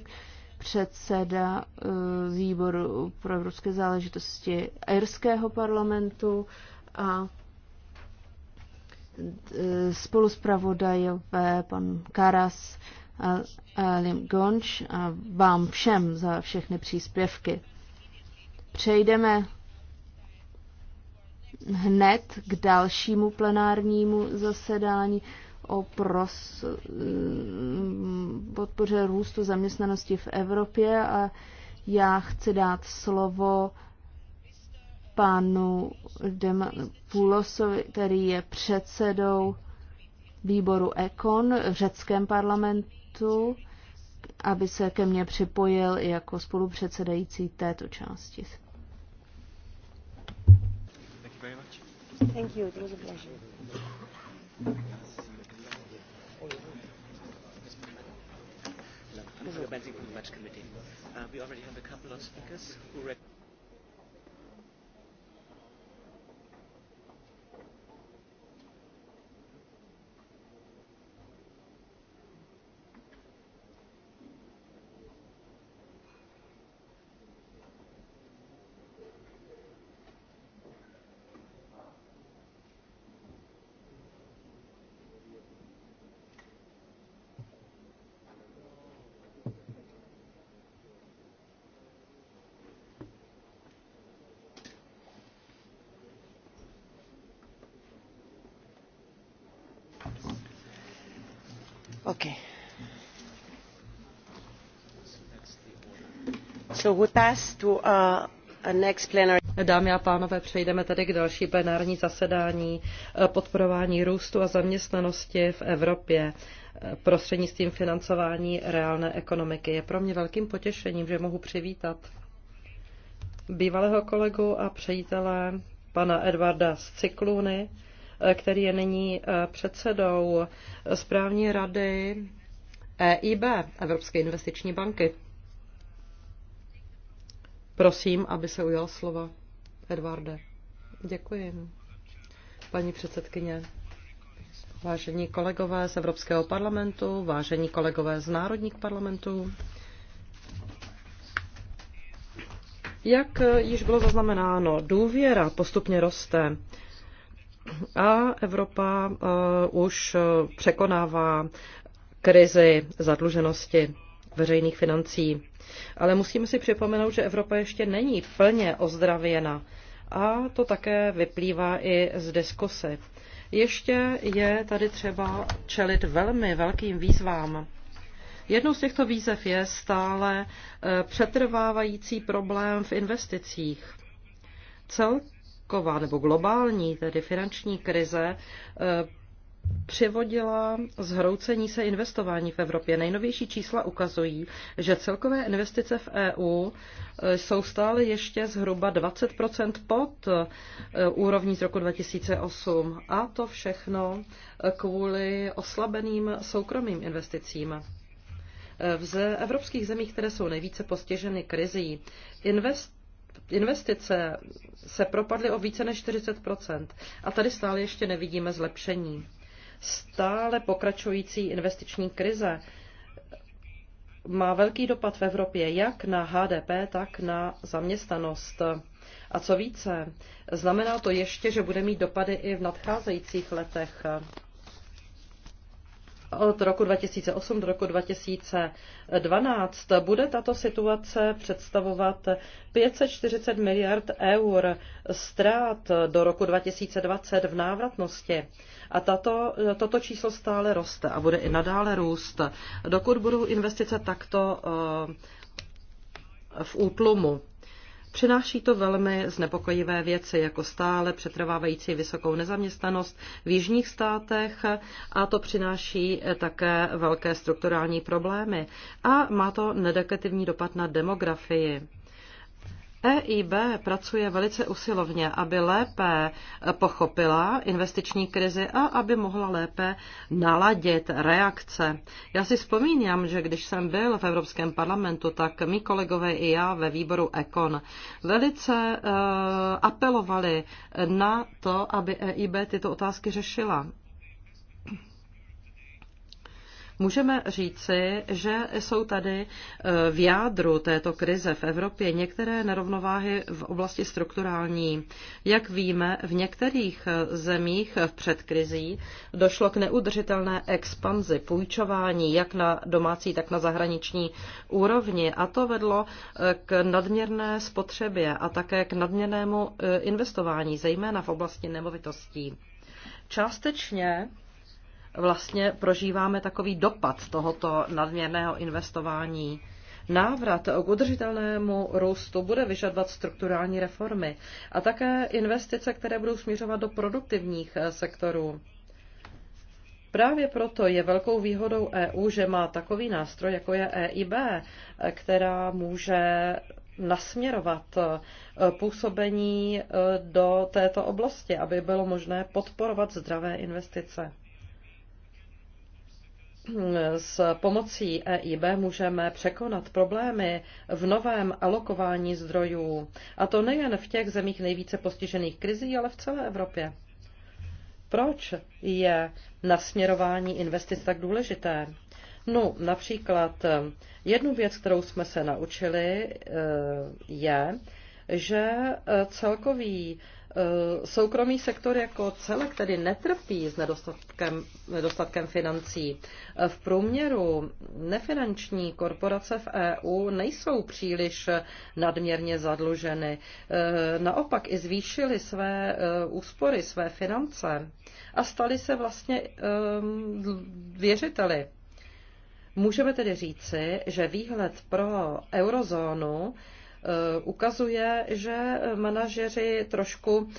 předseda eh, výboru pro evropské záležitosti irského parlamentu a eh, spoluspravodajové pan Karas, Lim Gonč a vám všem za všechny příspěvky. Přejdeme hned k dalšímu plenárnímu zasedání o pros, mm, podpoře růstu zaměstnanosti v Evropě a já chci dát slovo panu Pulosovi, který je předsedou výboru Ekon v řeckém parlamentu Schmidtu, aby se ke mně připojil i jako spolupředsedající této části. Thank you. It was a pleasure. Much committee. Uh, we already have a couple of speakers who. Okay. So pass to, uh, next plenary. Dámy a pánové, přejdeme tedy k další plenární zasedání eh, podporování růstu a zaměstnanosti v Evropě eh, prostřednictvím financování reálné ekonomiky. Je pro mě velkým potěšením, že mohu přivítat bývalého kolegu a přejítele pana Edvarda z Cykluny, který je nyní eh, předsedou správní rady EIB, Evropské investiční banky. Prosím, aby se ujal slova. Edvarde. Děkuji. Paní předsedkyně, vážení kolegové z Evropského parlamentu, vážení kolegové z národních parlamentů, jak již bylo zaznamenáno, důvěra postupně roste a Evropa eh, už eh, překonává krizi zadluženosti veřejných financí. Ale musíme si připomenout, že Evropa ještě není plně ozdravěna. A to také vyplývá i z diskusy. Ještě je tady třeba čelit velmi velkým výzvám. Jednou z těchto výzev je stále eh, přetrvávající problém v investicích. Cel, celková nebo globální, tedy finanční krize, eh, přivodila zhroucení se investování v Evropě. Nejnovější čísla ukazují, že celkové investice v EU eh, jsou stále ještě zhruba 20 pod eh, úrovní z roku 2008 a to všechno kvůli oslabeným soukromým investicím. V evropských zemích, které jsou nejvíce postiženy krizí, invest investice se propadly o více než 40 a tady stále ještě nevidíme zlepšení. Stále pokračující investiční krize má velký dopad v Evropě jak na HDP, tak na zaměstnanost. A co více, znamená to ještě, že bude mít dopady i v nadcházejících letech od roku 2008 do roku 2012 bude tato situace představovat 540 miliard eur ztrát do roku 2020 v návratnosti. A tato, toto číslo stále roste a bude i nadále růst, dokud budou investice takto eh, v útlumu. Přináší to velmi znepokojivé věci, jako stále přetrvávající vysokou nezaměstnanost v jižních státech a to přináší také velké strukturální problémy a má to negativní dopad na demografii. EIB pracuje velice usilovně, aby lépe pochopila investiční krizi a aby mohla lépe naladit reakce. Já si vzpomínám, že když jsem byl v Evropském parlamentu, tak mý kolegové i já ve výboru Econ velice eh, apelovali na to, aby EIB tyto otázky řešila. Můžeme říci, že jsou tady e, v jádru této krize v Evropě některé nerovnováhy v oblasti strukturální. Jak víme, v některých e, zemích v předkrizí došlo k neudržitelné expanzi půjčování jak na domácí, tak na zahraniční úrovni a to vedlo e, k nadměrné spotřebě a také k nadměrnému investování, zejména v oblasti nemovitostí. Částečně vlastně prožíváme takový dopad tohoto nadměrného investování. Návrat k udržitelnému růstu bude vyžadovat strukturální reformy a také investice, které budou směřovat do produktivních eh, sektorů. Právě proto je velkou výhodou EU, že má takový nástroj, jako je EIB, eh, která může nasměrovat eh, působení do této oblasti, aby bylo možné podporovat zdravé investice s pomocí EIB můžeme překonat problémy v novém alokování zdrojů. A to nejen v těch zemích nejvíce postižených krizí, ale v celé Evropě. Proč je nasměrování investic tak důležité? No, například eh, jednu věc, kterou jsme se naučili, eh, je, že eh, celkový Eh, soukromý sektor jako celek tedy netrpí s nedostatkem, nedostatkem financí. Eh, v průměru nefinanční korporace v EU nejsou příliš nadměrně zadluženy. Eh, naopak i zvýšily své úspory, své finance a staly se vlastně věřiteli. Můžeme tedy říci, že výhled pro eurozónu Eh, ukazuje, že manažeři trošku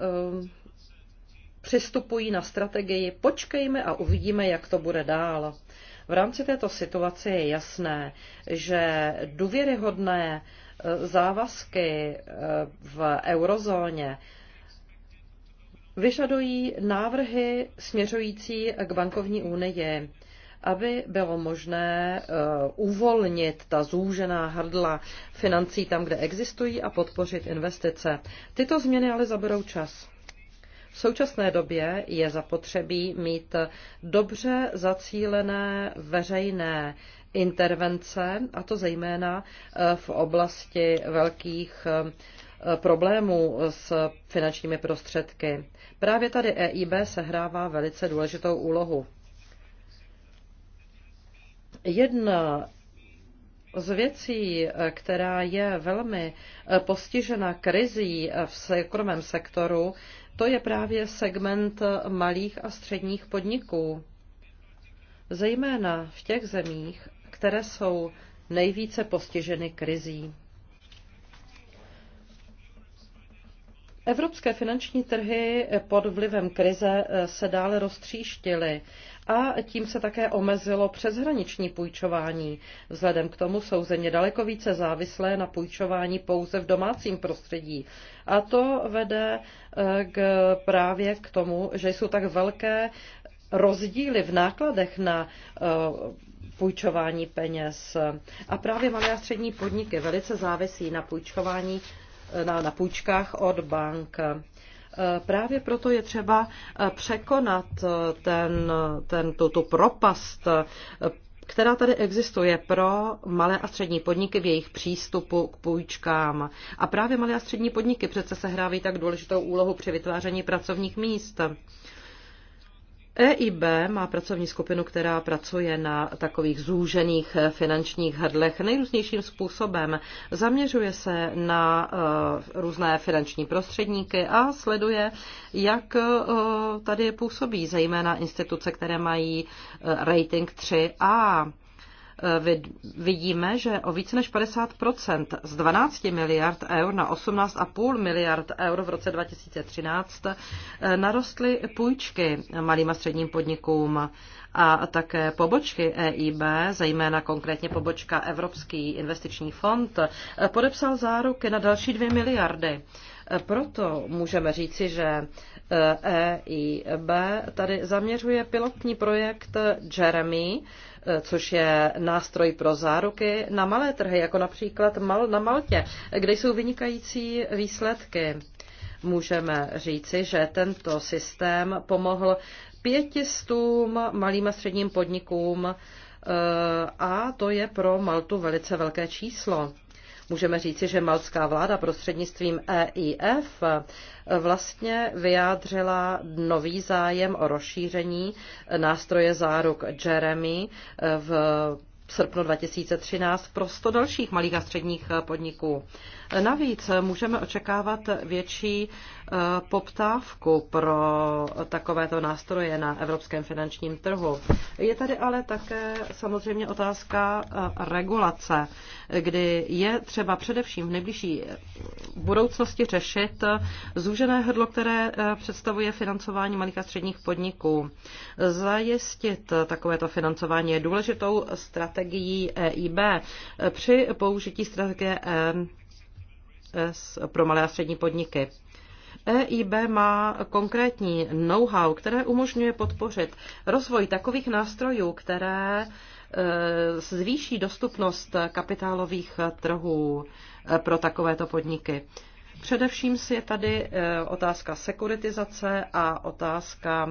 eh, přistupují na strategii počkejme a uvidíme, jak to bude dál. V rámci této situace je jasné, že důvěryhodné eh, závazky v eurozóně vyžadují návrhy směřující k bankovní unii aby bylo možné eh, uvolnit ta zúžená hrdla financí tam, kde existují a podpořit investice. Tyto změny ale zaberou čas. V současné době je zapotřebí mít dobře zacílené veřejné intervence, a to zejména eh, v oblasti velkých eh, problémů s finančními prostředky. Právě tady EIB sehrává velice důležitou úlohu. Jedna z věcí, která je velmi eh, postižena krizí eh, v soukromém sektoru, to je právě segment eh, malých a středních podniků. Zejména v těch zemích, které jsou nejvíce postiženy krizí. Evropské finanční trhy pod vlivem krize se dále roztříštily a tím se také omezilo přeshraniční půjčování. Vzhledem k tomu jsou země daleko více závislé na půjčování pouze v domácím prostředí. A to vede eh, k, právě k tomu, že jsou tak velké rozdíly v nákladech na eh, půjčování peněz. A právě malé a střední podniky velice závisí na půjčování eh, na, na půjčkách od bank. Eh, právě proto je třeba eh, překonat eh, ten, ten, tu, tu propast která tady existuje pro malé a střední podniky v jejich přístupu k půjčkám. A právě malé a střední podniky přece sehrávají tak důležitou úlohu při vytváření pracovních míst. EIB má pracovní skupinu, která pracuje na takových zúžených finančních hrdlech nejrůznějším způsobem. Zaměřuje se na eh, různé finanční prostředníky a sleduje, jak eh, tady působí zejména instituce, které mají eh, rating 3A. Eh, vidíme, že o více než 50 z 12 miliard eur na 18,5 miliard eur v roce 2013 eh, narostly půjčky malým a středním podnikům a také pobočky EIB, zejména konkrétně pobočka Evropský investiční fond, eh, podepsal záruky na další 2 miliardy. Proto můžeme říci, že EIB e tady zaměřuje pilotní projekt Jeremy Eh, což je nástroj pro záruky na malé trhy, jako například mal na Maltě, kde jsou vynikající výsledky. Můžeme říci, že tento systém pomohl pětistům malým a středním podnikům eh, a to je pro Maltu velice velké číslo. Můžeme říci, že maltská vláda prostřednictvím EIF vlastně vyjádřila nový zájem o rozšíření nástroje záruk Jeremy v srpnu 2013 pro 100 dalších malých a středních podniků. Navíc můžeme očekávat větší Eh, poptávku pro takovéto nástroje na evropském finančním trhu. Je tady ale také samozřejmě otázka eh, regulace, kdy je třeba především v nejbližší budoucnosti řešit zúžené hrdlo, které eh, představuje financování malých a středních podniků. Zajistit takovéto financování je důležitou strategií EIB při použití strategie e pro malé a střední podniky. EIB má konkrétní know-how, které umožňuje podpořit rozvoj takových nástrojů, které eh, zvýší dostupnost kapitálových trhů eh, pro takovéto podniky. Především si je tady eh, otázka sekuritizace a otázka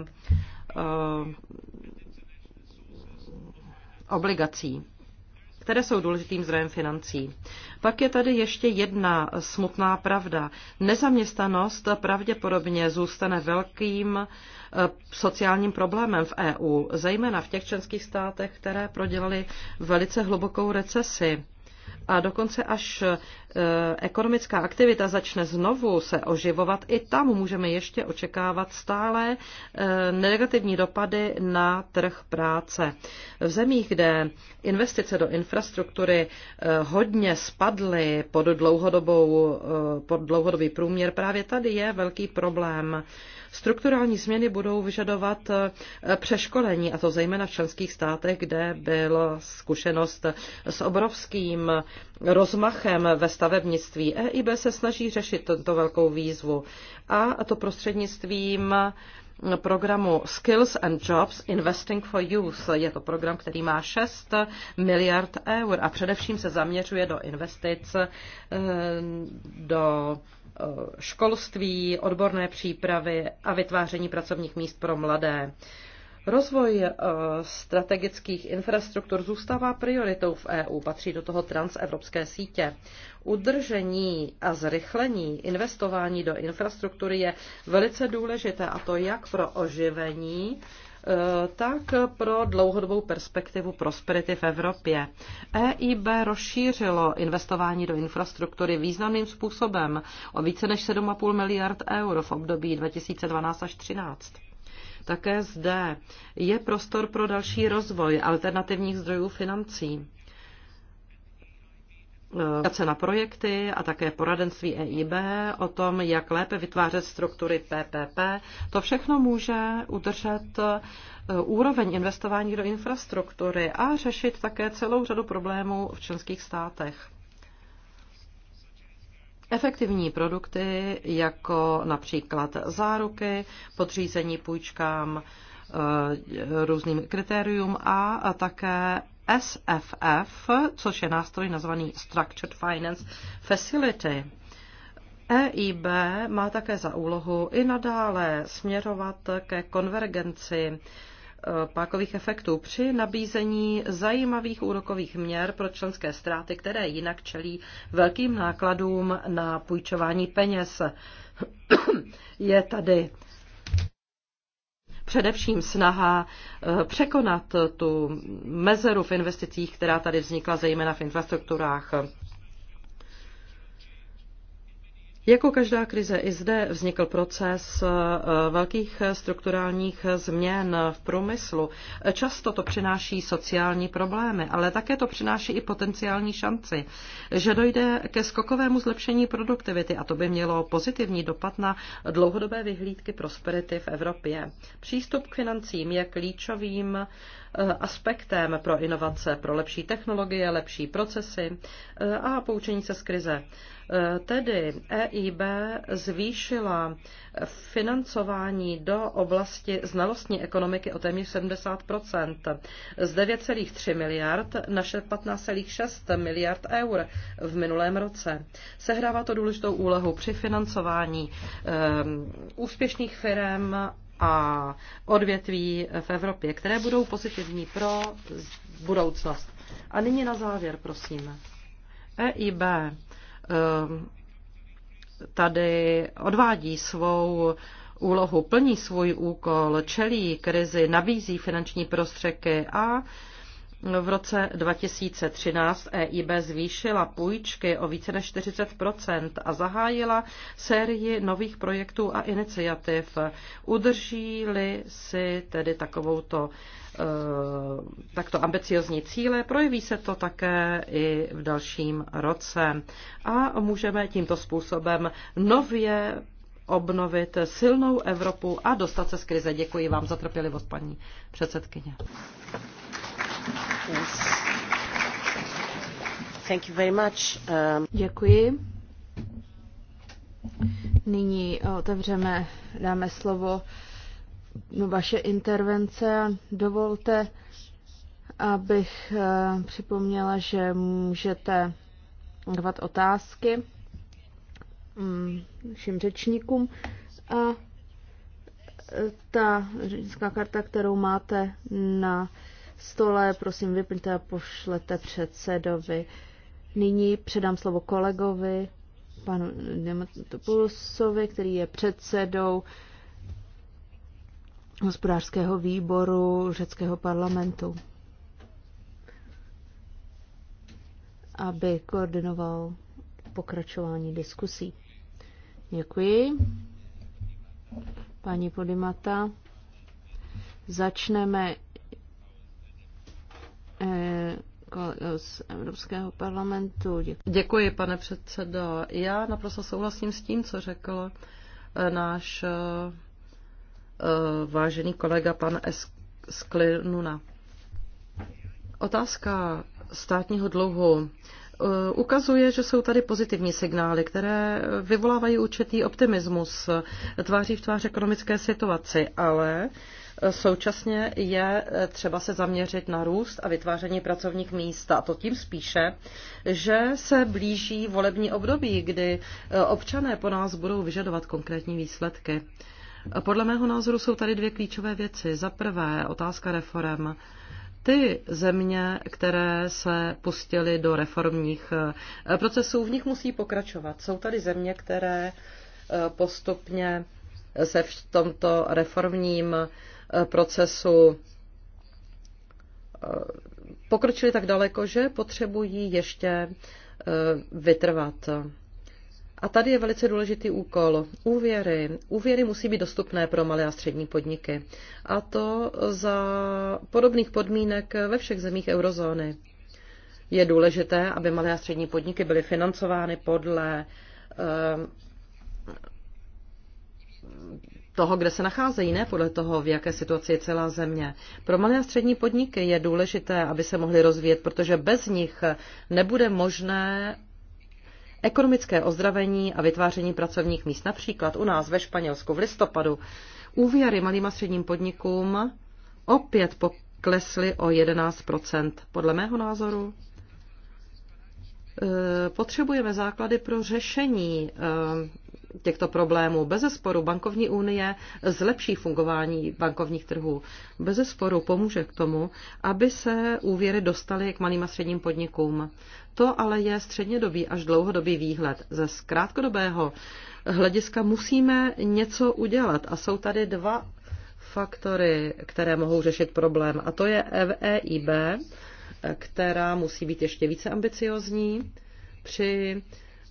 obligací které jsou důležitým zdrojem financí. Pak je tady ještě jedna smutná pravda. Nezaměstnanost pravděpodobně zůstane velkým eh, sociálním problémem v EU, zejména v těch členských státech, které prodělaly velice hlubokou recesi a dokonce až e, ekonomická aktivita začne znovu se oživovat, i tam můžeme ještě očekávat stále e, negativní dopady na trh práce. V zemích, kde investice do infrastruktury e, hodně spadly pod, dlouhodobou, pod dlouhodobý průměr, právě tady je velký problém. Strukturální změny budou vyžadovat eh, přeškolení, a to zejména v členských státech, kde byla zkušenost s obrovským rozmachem ve stavebnictví. EIB se snaží řešit tento velkou výzvu a to prostřednictvím programu Skills and Jobs Investing for Youth. Je to program, který má 6 miliard eur a především se zaměřuje do investic eh, do Eh, školství, odborné přípravy a vytváření pracovních míst pro mladé. Rozvoj eh, strategických infrastruktur zůstává prioritou v EU, patří do toho transevropské sítě. Udržení a zrychlení investování do infrastruktury je velice důležité, a to jak pro oživení Eh, tak pro dlouhodobou perspektivu prosperity v Evropě. EIB rozšířilo investování do infrastruktury významným způsobem o více než 7,5 miliard eur v období 2012 až 2013. Také zde je prostor pro další rozvoj alternativních zdrojů financí na projekty a také poradenství EIB o tom, jak lépe vytvářet struktury PPP. To všechno může udržet e, úroveň investování do infrastruktury a řešit také celou řadu problémů v členských státech. Efektivní produkty, jako například záruky, podřízení půjčkám, e, různým kritériům a také SFF, což je nástroj nazvaný Structured Finance Facility. EIB má také za úlohu i nadále směrovat ke konvergenci eh, pákových efektů při nabízení zajímavých úrokových měr pro členské ztráty, které jinak čelí velkým nákladům na půjčování peněz. Je tady především snaha eh, překonat tu mezeru v investicích, která tady vznikla zejména v infrastrukturách. Jako každá krize i zde vznikl proces eh, velkých eh, strukturálních eh, změn v průmyslu. Často to přináší sociální problémy, ale také to přináší i potenciální šanci, že dojde ke skokovému zlepšení produktivity a to by mělo pozitivní dopad na dlouhodobé vyhlídky prosperity v Evropě. Přístup k financím je klíčovým Eh, aspektem pro inovace, pro lepší technologie, lepší procesy eh, a poučení se z krize. Eh, tedy EIB zvýšila financování do oblasti znalostní ekonomiky o téměř 70 z 9,3 miliard na 15,6 miliard eur v minulém roce. Sehrává to důležitou úlohu při financování úspěšných firm a odvětví v Evropě, které budou pozitivní pro budoucnost. A nyní na závěr, prosím. EIB ehm, tady odvádí svou úlohu, plní svůj úkol, čelí krizi, nabízí finanční prostředky a v roce 2013 EIB zvýšila půjčky o více než 40 a zahájila sérii nových projektů a iniciativ. Udrží-li si tedy takovouto eh, takto ambiciozní cíle. Projeví se to také i v dalším roce. A můžeme tímto způsobem nově obnovit silnou Evropu a dostat se z krize. Děkuji vám za trpělivost, paní předsedkyně. Thank you very much. Um... Děkuji. Nyní otevřeme, dáme slovo no, vaše intervence a dovolte, abych eh, připomněla, že můžete dávat otázky našim mm, řečníkům. A e, ta řečnická karta, kterou máte na stole, prosím vyplňte a pošlete předsedovi. Nyní předám slovo kolegovi, panu Nematopoulosovi, který je předsedou hospodářského výboru řeckého parlamentu, aby koordinoval pokračování diskusí. Děkuji. Paní Podimata, začneme eh, z Evropského parlamentu. Děkuji. Děkuji, pane předsedo. Já naprosto souhlasím s tím, co řekl eh, náš eh, vážený kolega pan Sklinuna. Otázka státního dluhu Eh, ukazuje, že jsou tady pozitivní signály, které vyvolávají určitý optimismus tváří v tvář ekonomické situaci, ale eh, Současně je eh, třeba se zaměřit na růst a vytváření pracovních míst. A to tím spíše, že se blíží volební období, kdy občané po nás budou vyžadovat konkrétní výsledky. Podle mého názoru jsou tady dvě klíčové věci. Za prvé otázka reform ty země, které se pustily do reformních eh, procesů, v nich musí pokračovat. Jsou tady země, které eh, postupně se v tomto reformním eh, procesu pokročili tak daleko, že potřebují ještě vytrvat. A tady je velice důležitý úkol. Úvěry. Úvěry musí být dostupné pro malé a střední podniky. A to za podobných podmínek ve všech zemích eurozóny. Je důležité, aby malé a střední podniky byly financovány podle eh, toho, kde se nacházejí, ne podle toho, v jaké situaci je celá země. Pro malé a střední podniky je důležité, aby se mohly rozvíjet, protože bez nich nebude možné ekonomické ozdravení a vytváření pracovních míst. Například u nás ve Španělsku v listopadu úvěry malým a středním podnikům opět poklesly o 11 Podle mého názoru e, potřebujeme základy pro řešení e, těchto problémů. Bez zesporu bankovní unie zlepší fungování bankovních trhů. Bez zesporu pomůže k tomu, aby se úvěry dostaly k malým a středním podnikům. To ale je střednědobý až dlouhodobý výhled. Ze zkrátkodobého hlediska musíme něco udělat a jsou tady dva faktory, které mohou řešit problém. A to je EIB, která musí být ještě více ambiciozní při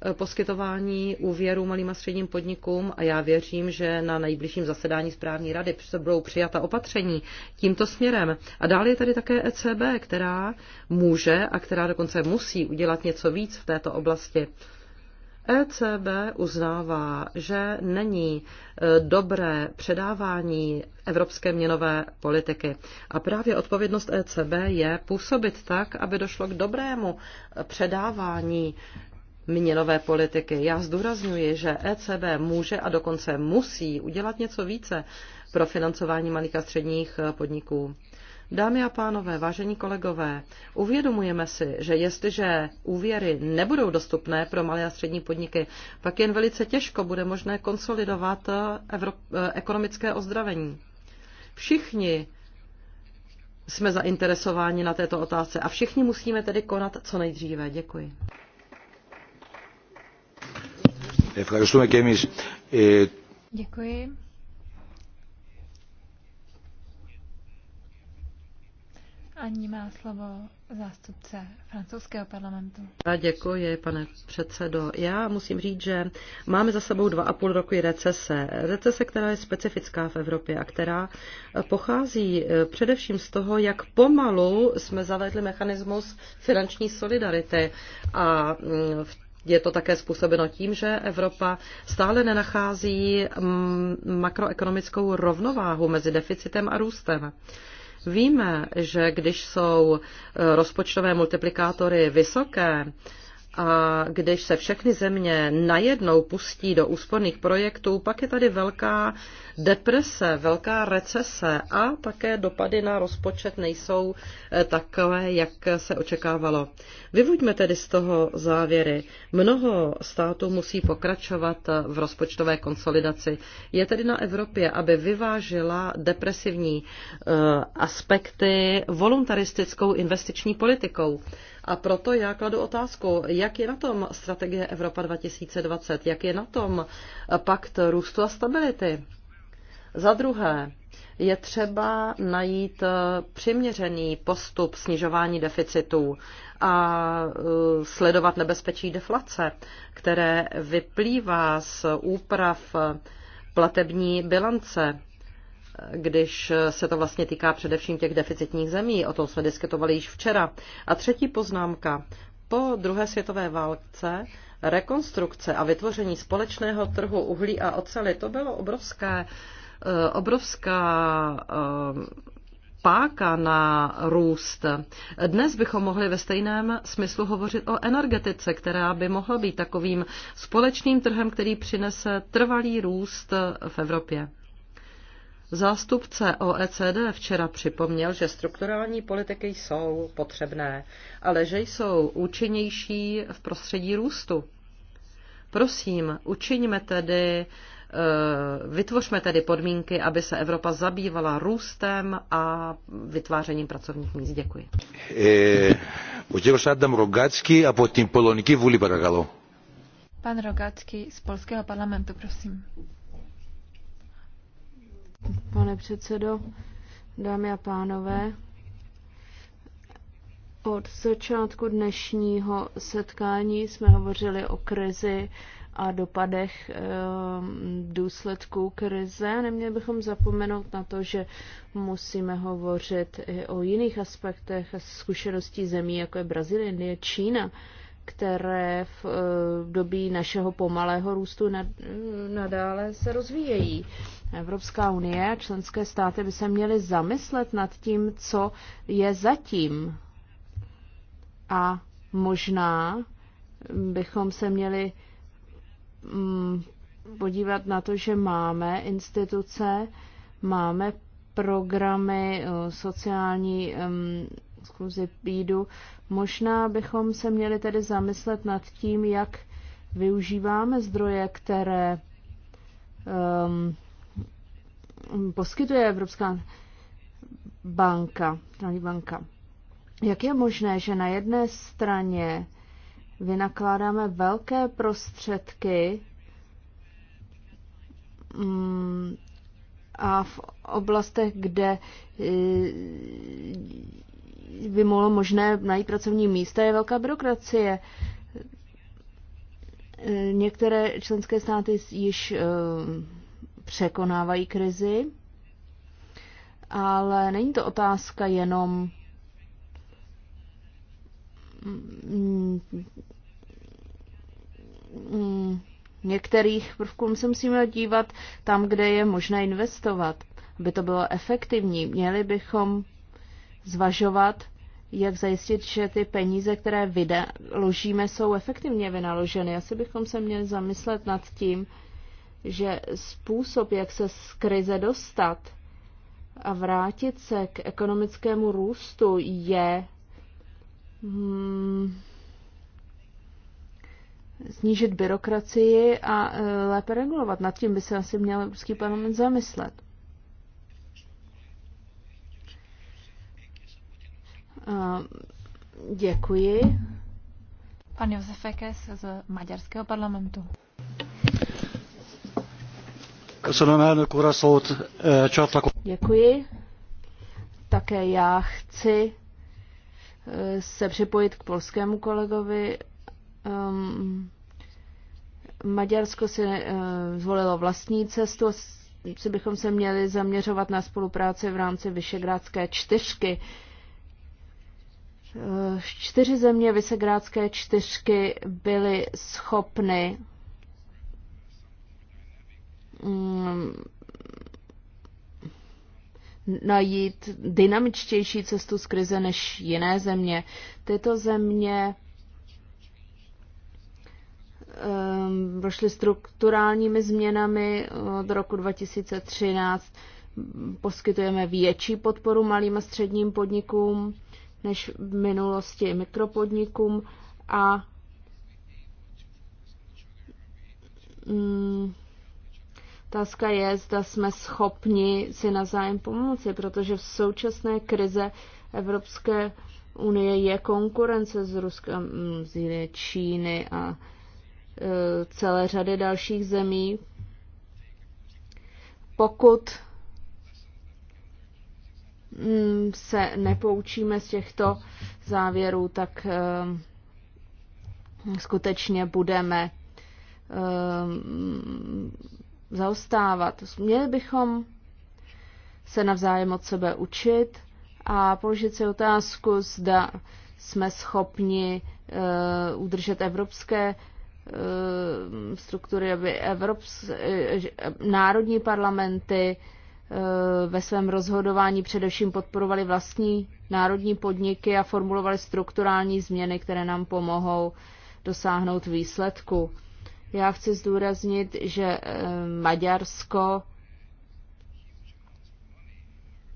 Eh, poskytování úvěru malým a středním podnikům a já věřím, že na nejbližším zasedání správní rady budou přijata opatření tímto směrem. A dále je tady také ECB, která může a která dokonce musí udělat něco víc v této oblasti. ECB uznává, že není eh, dobré předávání evropské měnové politiky. A právě odpovědnost ECB je působit tak, aby došlo k dobrému eh, předávání měnové politiky. Já zdůrazňuji, že ECB může a dokonce musí udělat něco více pro financování malých a středních eh, podniků. Dámy a pánové, vážení kolegové, uvědomujeme si, že jestliže úvěry nebudou dostupné pro malé a střední podniky, pak jen velice těžko bude možné konsolidovat eh, eh, ekonomické ozdravení. Všichni jsme zainteresováni na této otázce a všichni musíme tedy konat co nejdříve. Děkuji. Děkuji. Ani má slovo zástupce francouzského parlamentu. děkuji, pane předsedo. Já musím říct, že máme za sebou dva a půl roku recese. Recese, která je specifická v Evropě a která pochází eh, především z toho, jak pomalu jsme zavedli mechanismus finanční solidarity. A mm, v je to také způsobeno tím, že Evropa stále nenachází mm, makroekonomickou rovnováhu mezi deficitem a růstem. Víme, že když jsou e, rozpočtové multiplikátory vysoké, a když se všechny země najednou pustí do úsporných projektů, pak je tady velká deprese, velká recese a také dopady na rozpočet nejsou eh, takové, jak se očekávalo. Vyvuďme tedy z toho závěry. Mnoho států musí pokračovat eh, v rozpočtové konsolidaci. Je tedy na Evropě, aby vyvážila depresivní eh, aspekty voluntaristickou investiční politikou. A proto já kladu otázku, jak je na tom strategie Evropa 2020, jak je na tom pakt růstu a stability. Za druhé, je třeba najít eh, přiměřený postup snižování deficitů a eh, sledovat nebezpečí deflace, které vyplývá z úprav eh, platební bilance, když se to vlastně týká především těch deficitních zemí. O tom jsme diskutovali již včera. A třetí poznámka. Po druhé světové válce rekonstrukce a vytvoření společného trhu uhlí a oceli, to bylo obrovské uh, Eh, obrovská eh, páka na růst. Dnes bychom mohli ve stejném smyslu hovořit o energetice, která by mohla být takovým společným trhem, který přinese trvalý růst v Evropě. Zástupce OECD včera připomněl, že strukturální politiky jsou potřebné, ale že jsou účinnější v prostředí růstu. Prosím, učiňme tedy Eh, vytvořme tedy podmínky, aby se Evropa zabývala růstem a vytvářením pracovních míst. Děkuji. O eh, se Adam Rogacký a pod tím Poloniky vůli, paragalo. Pan Rogacký z Polského parlamentu, prosím. Pane předsedo, dámy a pánové, od začátku dnešního setkání jsme hovořili o krizi a dopadech ehm, důsledků krize. Neměli bychom zapomenout na to, že musíme hovořit i o jiných aspektech zkušeností zemí, jako je Brazílie, Indie, Čína, které v eh, době našeho pomalého růstu eh, nadále se rozvíjejí. Evropská unie a členské státy by se měly zamyslet nad tím, co je zatím. A možná bychom se měli Mm, podívat na to, že máme instituce, máme programy eh, sociální zkuzi pídu. Možná bychom se měli tedy zamyslet nad tím, jak využíváme zdroje, které um, poskytuje Evropská banka, banka. Jak je možné, že na jedné straně vynakládáme velké prostředky mm, a v oblastech, kde eh, by mohlo možné najít pracovní místa, je velká byrokracie. Eh, některé členské státy již eh, překonávají krizi, ale není to otázka jenom Mm, mm, některých prvků se musíme dívat tam, kde je možné investovat, aby to bylo efektivní. Měli bychom zvažovat, jak zajistit, že ty peníze, které vynaložíme, jsou efektivně vynaloženy. Asi bychom se měli zamyslet nad tím, že způsob, jak se z krize dostat a vrátit se k ekonomickému růstu, je Hmm. snížit byrokracii a e, lépe regulovat. Nad tím by se asi měl Evropský parlament zamyslet. E, děkuji. Pan Josef Ekes z Maďarského parlamentu. E, děkuji. Také já chci se připojit k polskému kolegovi. Um, Maďarsko si uh, zvolilo vlastní cestu, si bychom se měli zaměřovat na spolupráci v rámci Vyšegrádské čtyřky. Uh, čtyři země Vyšegrádské čtyřky byly schopny um, najít dynamičtější cestu z krize než jiné země. Tyto země ehm, prošly strukturálními změnami od roku 2013. Poskytujeme větší podporu malým a středním podnikům než v minulosti mikropodnikům a mm, Otázka je, zda jsme schopni si zájem pomoci, protože v současné krize Evropské unie je konkurence z Ruska, mm, z Jiné Číny a e, celé řady dalších zemí. Pokud mm, se nepoučíme z těchto závěrů, tak e, skutečně budeme e, zaostávat. Měli bychom se navzájem od sebe učit a položit si otázku, zda jsme schopni uh, udržet evropské uh, struktury, aby Evrops, uh, národní parlamenty uh, ve svém rozhodování především podporovali vlastní národní podniky a formulovali strukturální změny, které nám pomohou dosáhnout výsledku. Já chci zdůraznit, že eh, Maďarsko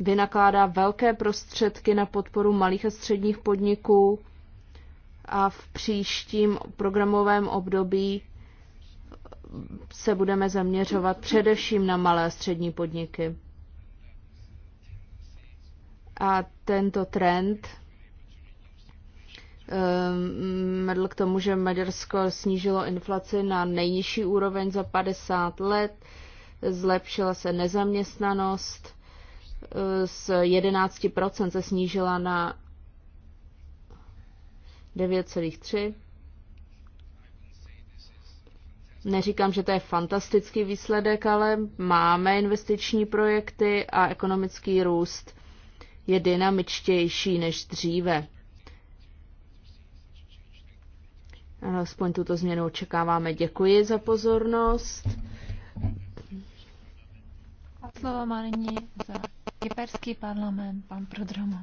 vynakládá velké prostředky na podporu malých a středních podniků a v příštím programovém období se budeme zaměřovat především na malé a střední podniky. A tento trend medl ehm, k tomu, že Maďarsko snížilo inflaci na nejnižší úroveň za 50 let, zlepšila se nezaměstnanost, eh, z 11% se snížila na 9,3%. Neříkám, že to je fantastický výsledek, ale máme investiční projekty a ekonomický růst je dynamičtější než dříve. Alespoň tuto změnu očekáváme. Děkuji za pozornost. A slovo má nyní za Kyperský parlament pan Prodromo.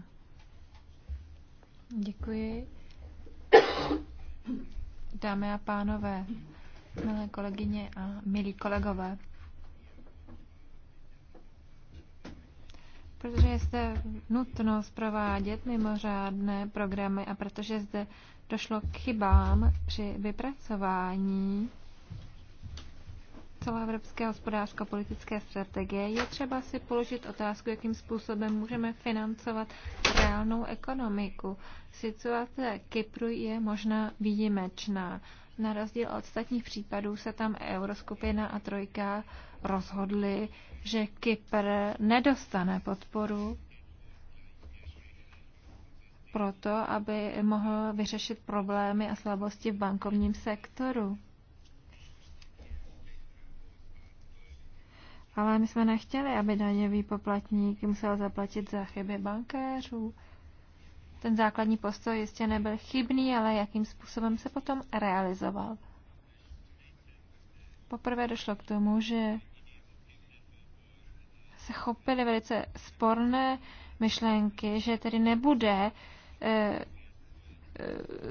Děkuji. Dámy a pánové, milé kolegyně a milí kolegové, protože je zde nutno zprovádět mimořádné programy a protože zde došlo k chybám při vypracování celoevropské hospodářsko-politické strategie, je třeba si položit otázku, jakým způsobem můžeme financovat reálnou ekonomiku. Situace Kypru je možná výjimečná. Na rozdíl od ostatních případů se tam Euroskupina a Trojka rozhodly, že Kypr nedostane podporu proto, aby mohl vyřešit problémy a slabosti v bankovním sektoru. Ale my jsme nechtěli, aby daňový poplatník musel zaplatit za chyby bankéřů. Ten základní postoj jistě nebyl chybný, ale jakým způsobem se potom realizoval. Poprvé došlo k tomu, že se chopili velice sporné myšlenky, že tedy nebude Eh,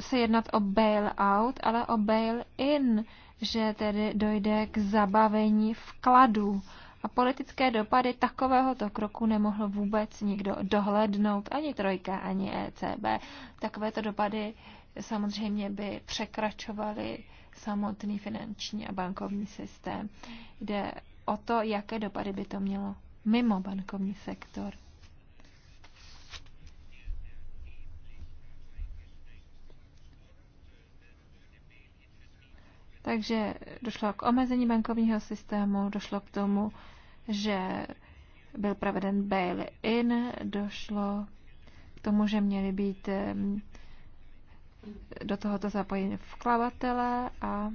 se jednat o bail-out, ale o bail-in, že tedy dojde k zabavení vkladů. A politické dopady takovéhoto kroku nemohl vůbec nikdo dohlednout, ani Trojka, ani ECB. Takovéto dopady samozřejmě by překračovaly samotný finanční a bankovní systém. Jde o to, jaké dopady by to mělo mimo bankovní sektor. Takže došlo k omezení bankovního systému, došlo k tomu, že byl proveden bail-in, došlo k tomu, že měli být do tohoto zapojení vkladatele a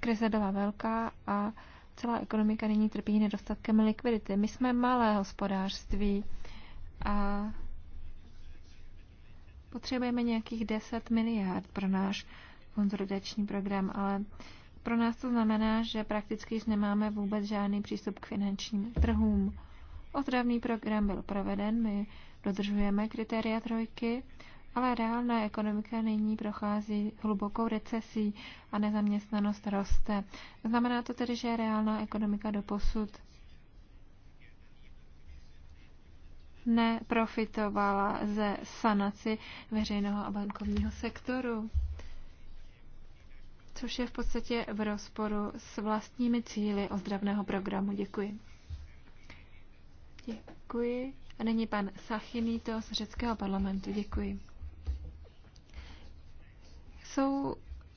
krize byla velká a celá ekonomika nyní trpí nedostatkem likvidity. My jsme malé hospodářství a potřebujeme nějakých 10 miliard pro náš konzolidační program, ale pro nás to znamená, že prakticky již nemáme vůbec žádný přístup k finančním trhům. Ozdravný program byl proveden, my dodržujeme kritéria trojky, ale reálná ekonomika nyní prochází hlubokou recesí a nezaměstnanost roste. Znamená to tedy, že reálná ekonomika doposud neprofitovala ze sanaci veřejného a bankovního sektoru což je v podstatě v rozporu s vlastními cíly ozdravného programu. Děkuji. Děkuji. A nyní pan Sachinito z řeckého parlamentu. Děkuji. Jsou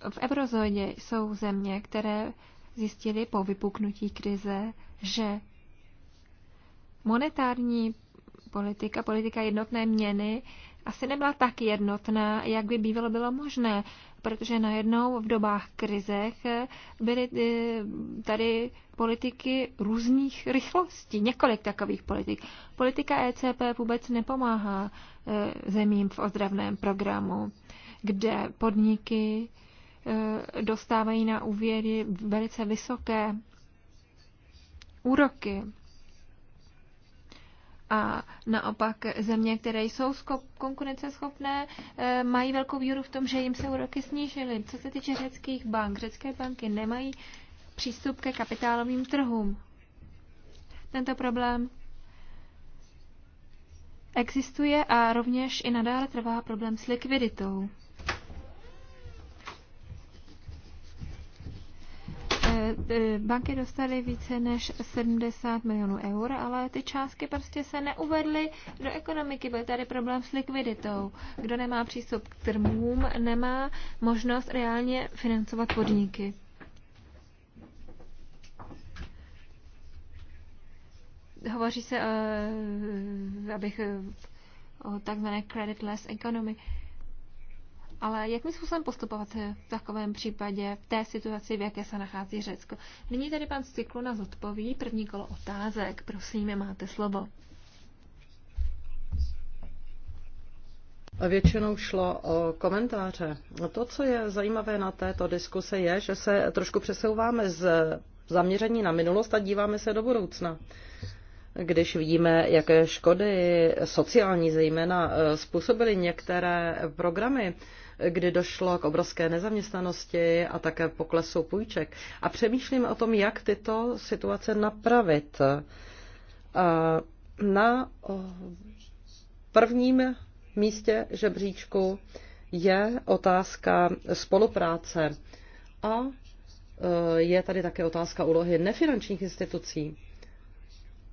v eurozóně jsou země, které zjistili po vypuknutí krize, že monetární politika, politika jednotné měny asi nebyla tak jednotná, jak by bývalo bylo možné protože najednou v dobách krizech byly eh, tady politiky různých rychlostí, několik takových politik. Politika ECP vůbec nepomáhá eh, zemím v ozdravném programu, kde podniky eh, dostávají na úvěry velice vysoké úroky. A naopak země, které jsou konkurenceschopné, eh, mají velkou výhodu v tom, že jim se úroky snížily. Co se týče řeckých bank, řecké banky nemají přístup ke kapitálovým trhům. Tento problém existuje a rovněž i nadále trvá problém s likviditou. E, banky dostaly více než 70 milionů eur, ale ty částky prostě se neuvedly do ekonomiky. Byl tady problém s likviditou. Kdo nemá přístup k trmům, nemá možnost reálně financovat podniky. Hovoří se, e, abych o takzvané creditless economy. Ale jakým způsobem postupovat v takovém případě, v té situaci, v jaké se nachází Řecko? Nyní tady pan nás odpoví. první kolo otázek. Prosím, máte slovo. Většinou šlo o komentáře. To, co je zajímavé na této diskuse, je, že se trošku přesouváme z zaměření na minulost a díváme se do budoucna. Když vidíme, jaké škody sociální zejména eh, způsobily některé programy, kdy došlo k obrovské nezaměstnanosti a také poklesu půjček. A přemýšlím o tom, jak tyto situace napravit. Na prvním místě žebříčku je otázka spolupráce a e, je tady také otázka úlohy nefinančních institucí.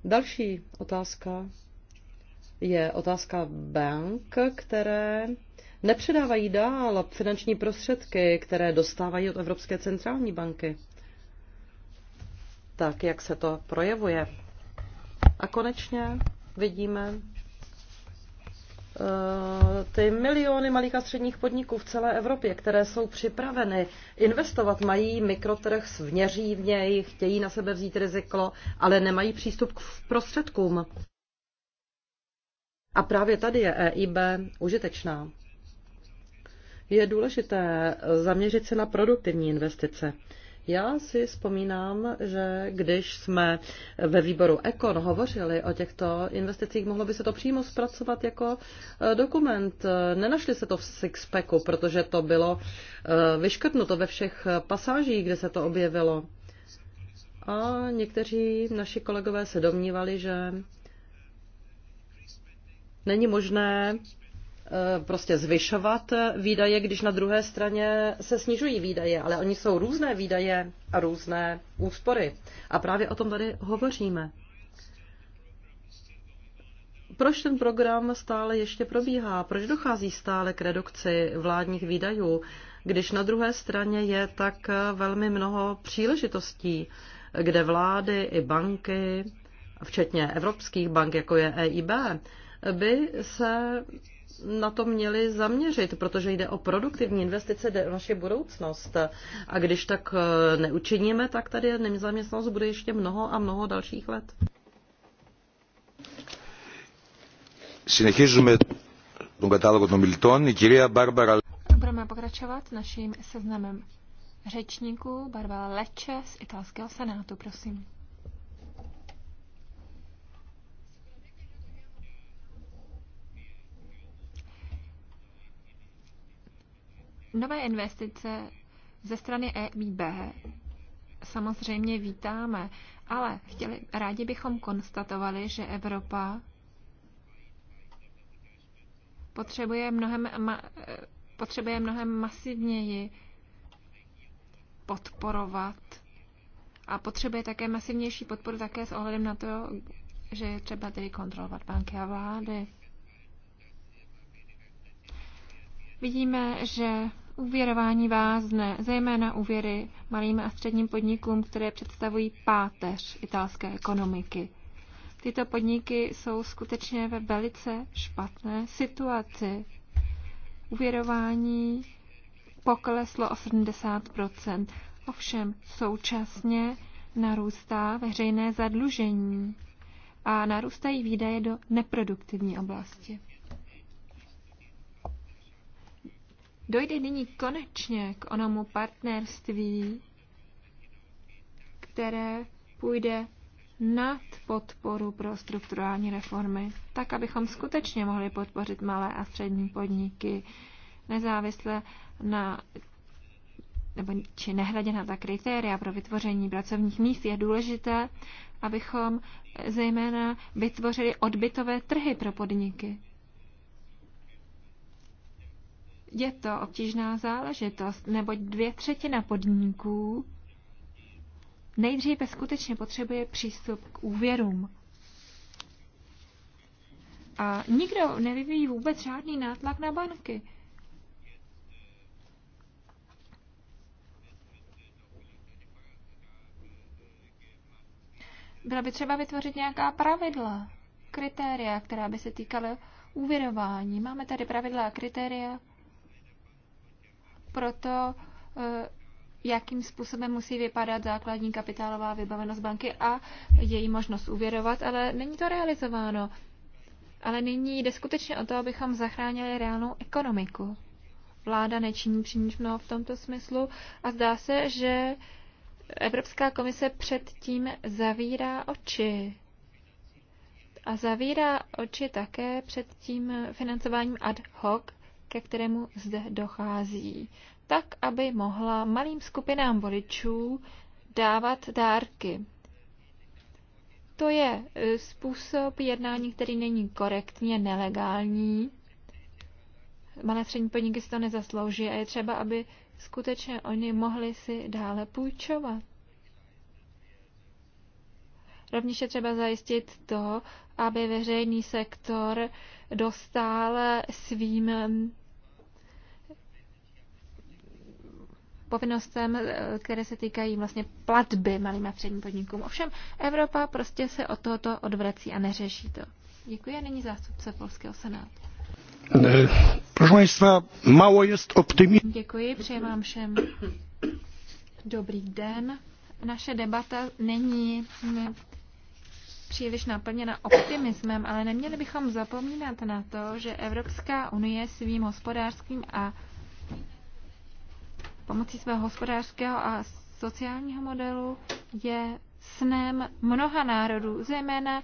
Další otázka je otázka bank, které nepředávají dál finanční prostředky, které dostávají od Evropské centrální banky. Tak, jak se to projevuje. A konečně vidíme eh, ty miliony malých a středních podniků v celé Evropě, které jsou připraveny investovat, mají mikrotrh, svněří v něj, chtějí na sebe vzít riziko, ale nemají přístup k prostředkům. A právě tady je EIB užitečná je důležité zaměřit se na produktivní investice. Já si vzpomínám, že když jsme ve výboru Econ hovořili o těchto investicích, mohlo by se to přímo zpracovat jako eh, dokument. Nenašli se to v Sixpacku, protože to bylo eh, vyškrtnuto ve všech pasážích, kde se to objevilo. A někteří naši kolegové se domnívali, že není možné Eh, prostě zvyšovat výdaje, když na druhé straně se snižují výdaje, ale oni jsou různé výdaje a různé úspory. A právě o tom tady hovoříme. Proč ten program stále ještě probíhá? Proč dochází stále k redukci vládních výdajů, když na druhé straně je tak velmi mnoho příležitostí, kde vlády i banky, včetně evropských bank, jako je EIB, by se na to měli zaměřit, protože jde o produktivní investice, jde o naši budoucnost. A když tak eh, neučiníme, tak tady nezaměstnanost bude ještě mnoho a mnoho dalších let. Συνεχίζουμε τον κατάλογο των μιλητών. Η κυρία Μπάρμπαρα... Budeme pokračovat naším seznamem řečníků Barbara Leče z italského senátu, prosím. Nové investice ze strany EIB samozřejmě vítáme, ale chtěli, rádi bychom konstatovali, že Evropa potřebuje mnohem, ma, potřebuje mnohem masivněji podporovat a potřebuje také masivnější podporu také s ohledem na to, že je třeba tedy kontrolovat banky a vlády. Vidíme, že Uvěrování vázne, zejména uvěry malým a středním podnikům, které představují páteř italské ekonomiky. Tyto podniky jsou skutečně ve velice špatné situaci. Uvěrování pokleslo o 70 Ovšem současně narůstá veřejné zadlužení a narůstají výdaje do neproduktivní oblasti. Dojde nyní konečně k onomu partnerství, které půjde nad podporu pro strukturální reformy, tak abychom skutečně mohli podpořit malé a střední podniky nezávisle na nebo či nehledě na ta kritéria pro vytvoření pracovních míst, je důležité, abychom zejména vytvořili odbytové trhy pro podniky. Je to obtížná záležitost, neboť dvě třetina podniků nejdříve skutečně potřebuje přístup k úvěrům. A nikdo nevyvíjí vůbec žádný nátlak na banky. Byla by třeba vytvořit nějaká pravidla, kritéria, která by se týkala úvěrování. Máme tady pravidla a kritéria, pro to, eh, jakým způsobem musí vypadat základní kapitálová vybavenost banky a její možnost uvěrovat, ale není to realizováno. Ale nyní jde skutečně o to, abychom zachránili reálnou ekonomiku. Vláda nečiní příliš mnoho v tomto smyslu a zdá se, že Evropská komise předtím zavírá oči. A zavírá oči také před tím financováním ad hoc ke kterému zde dochází, tak, aby mohla malým skupinám voličů dávat dárky. To je e, způsob jednání, který není korektně nelegální. Malé střední podniky si to nezaslouží a je třeba, aby skutečně oni mohli si dále půjčovat. Rovněž je třeba zajistit to, aby veřejný sektor dostal svým povinnostem, eh, které se týkají vlastně platby malým a středním podnikům. Ovšem Evropa prostě se od tohoto odvrací a neřeší to. Děkuji a nyní zástupce Polského senátu. Eh, proszę Państwa, málo jest optimist. Děkuji, přeji vám všem dobrý den. Naše debata není hm, příliš naplněna optimismem, ale neměli bychom zapomínat na to, že Evropská unie svým hospodářským a pomocí svého hospodářského a sociálního modelu je snem mnoha národů, zejména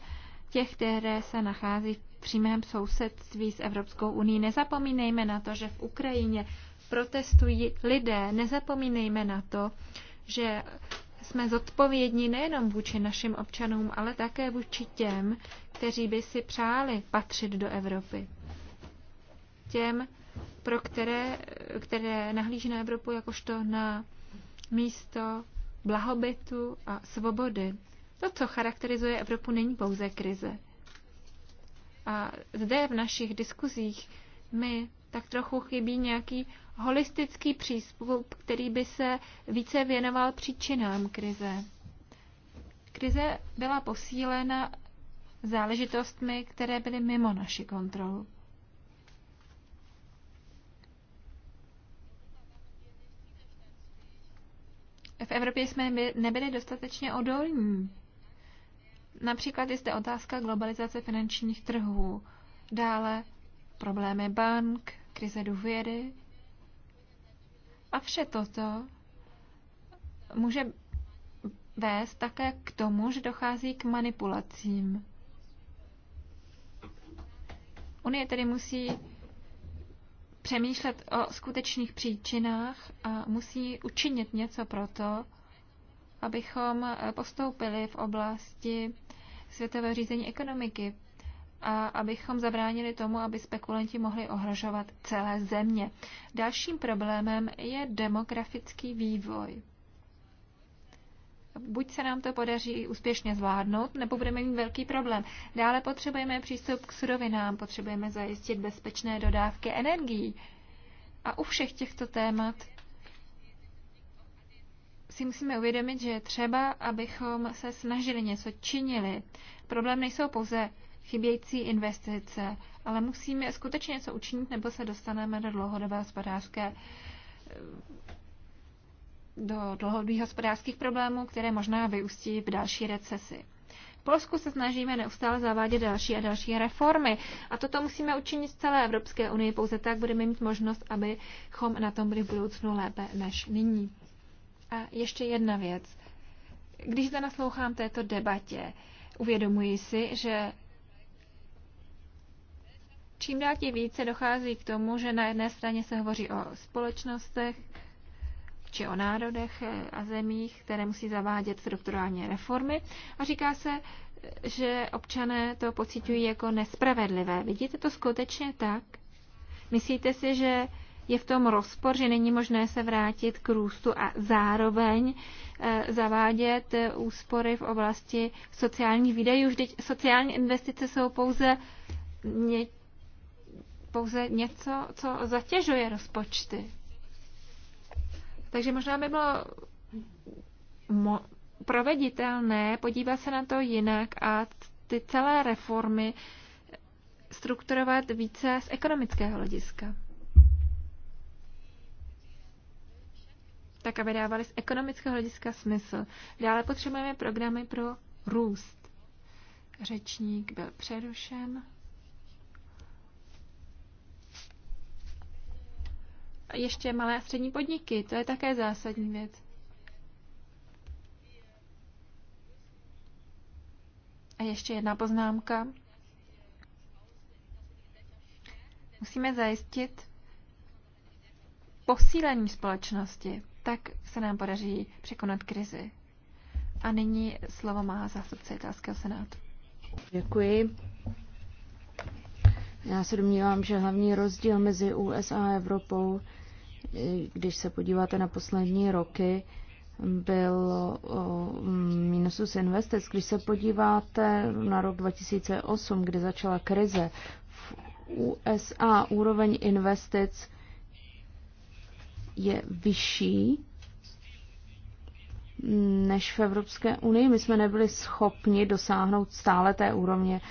těch, které se nachází v přímém sousedství s Evropskou unii. Nezapomínejme na to, že v Ukrajině protestují lidé. Nezapomínejme na to, že jsme zodpovědní nejenom vůči našim občanům, ale také vůči těm, kteří by si přáli patřit do Evropy. Těm, pro které, které nahlíží na Evropu jakožto na místo blahobytu a svobody. To, co charakterizuje Evropu, není pouze krize. A zde v našich diskuzích mi tak trochu chybí nějaký holistický přístup, který by se více věnoval příčinám krize. Krize byla posílena záležitostmi, které byly mimo naši kontrolu. v Evropě jsme nebyli dostatečně odolní. Například je zde otázka globalizace finančních trhů, dále problémy bank, krize důvěry. A vše toto může vést také k tomu, že dochází k manipulacím. Unie tedy musí přemýšlet o skutečných příčinách a musí učinit něco proto, abychom postoupili v oblasti světové řízení ekonomiky a abychom zabránili tomu, aby spekulanti mohli ohrožovat celé země. Dalším problémem je demografický vývoj buď se nám to podaří úspěšně zvládnout, nebo budeme mít velký problém. Dále potřebujeme přístup k surovinám, potřebujeme zajistit bezpečné dodávky energií. A u všech těchto témat si musíme uvědomit, že je třeba, abychom se snažili něco činili. Problém nejsou pouze chybějící investice, ale musíme skutečně něco učinit, nebo se dostaneme do dlouhodobé hospodářské do dlouhodobých hospodářských problémů, které možná vyústí v další recesi. V Polsku se snažíme neustále zavádět další a další reformy a toto musíme učinit z celé Evropské unii, pouze tak budeme mít možnost, abychom na tom byli v budoucnu lépe než nyní. A ještě jedna věc. Když se naslouchám této debatě, uvědomuji si, že čím dál tím více dochází k tomu, že na jedné straně se hovoří o společnostech, či o národech eh, a zemích, které musí zavádět strukturální reformy. A říká se, že občané to pocitují jako nespravedlivé. Vidíte to skutečně tak? Myslíte si, že je v tom rozpor, že není možné se vrátit k růstu a zároveň eh, zavádět eh, úspory v oblasti sociálních výdajů. Vždyť sociální investice jsou pouze, ně, pouze něco, co zatěžuje rozpočty. Takže možná by bylo mo- proveditelné podívat se na to jinak a ty celé reformy strukturovat více z ekonomického hlediska. Tak, aby dávaly z ekonomického hlediska smysl. Dále potřebujeme programy pro růst. Řečník byl přerušen. ještě malé a střední podniky. To je také zásadní věc. A ještě jedna poznámka. Musíme zajistit posílení společnosti. Tak se nám podaří překonat krizi. A nyní slovo má zástupce italského senátu. Děkuji. Já se domnívám, že hlavní rozdíl mezi USA a Evropou, když se podíváte na poslední roky, o minusu z investic. Když se podíváte na rok 2008, kdy začala krize, v USA úroveň investic je vyšší než v Evropské unii. My jsme nebyli schopni dosáhnout stále té úrovně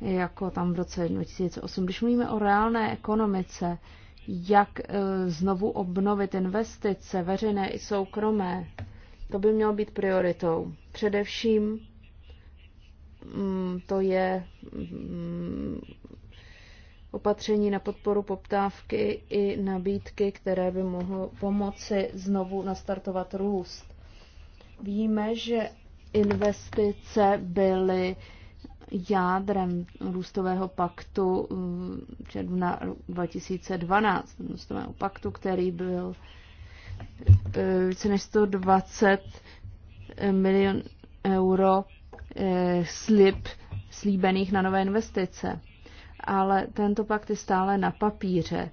jako tam v roce 2008. Když mluvíme o reálné ekonomice, jak e, znovu obnovit investice veřejné i soukromé, to by mělo být prioritou. Především mm, to je mm, opatření na podporu poptávky i nabídky, které by mohlo pomoci znovu nastartovat růst. Víme, že investice byly jádrem růstového paktu eh, června 2012, růstového paktu, který byl eh, více než 120 eh, milion euro slib slíbených na nové investice. Ale tento pakt je stále na papíře.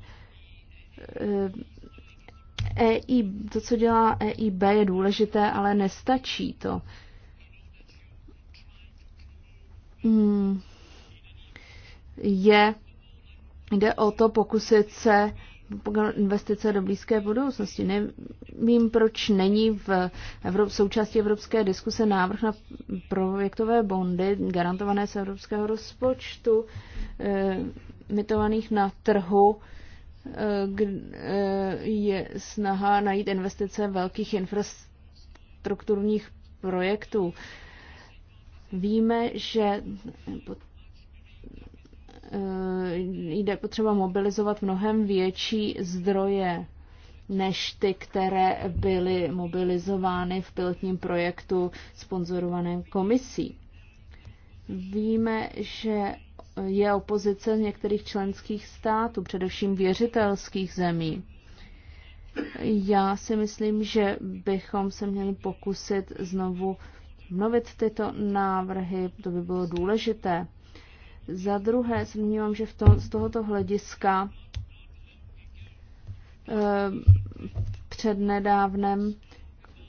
EIB, e to, co dělá EIB, je důležité, ale nestačí to. Hmm. je, jde o to pokusit se investice do blízké budoucnosti. Nevím, proč není v Evrop, součástí evropské diskuse návrh na projektové bondy garantované z evropského rozpočtu, eh, mitovaných na trhu, eh, eh, je snaha najít investice velkých infrastrukturních projektů. Víme, že eh, jde potřeba mobilizovat mnohem větší zdroje než ty, které byly mobilizovány v pilotním projektu sponzorovaném komisí. Víme, že je opozice z některých členských států, především věřitelských zemí. Já si myslím, že bychom se měli pokusit znovu obnovit tyto návrhy, to by bylo důležité. Za druhé, se že v to, z tohoto hlediska eh, přednedávnem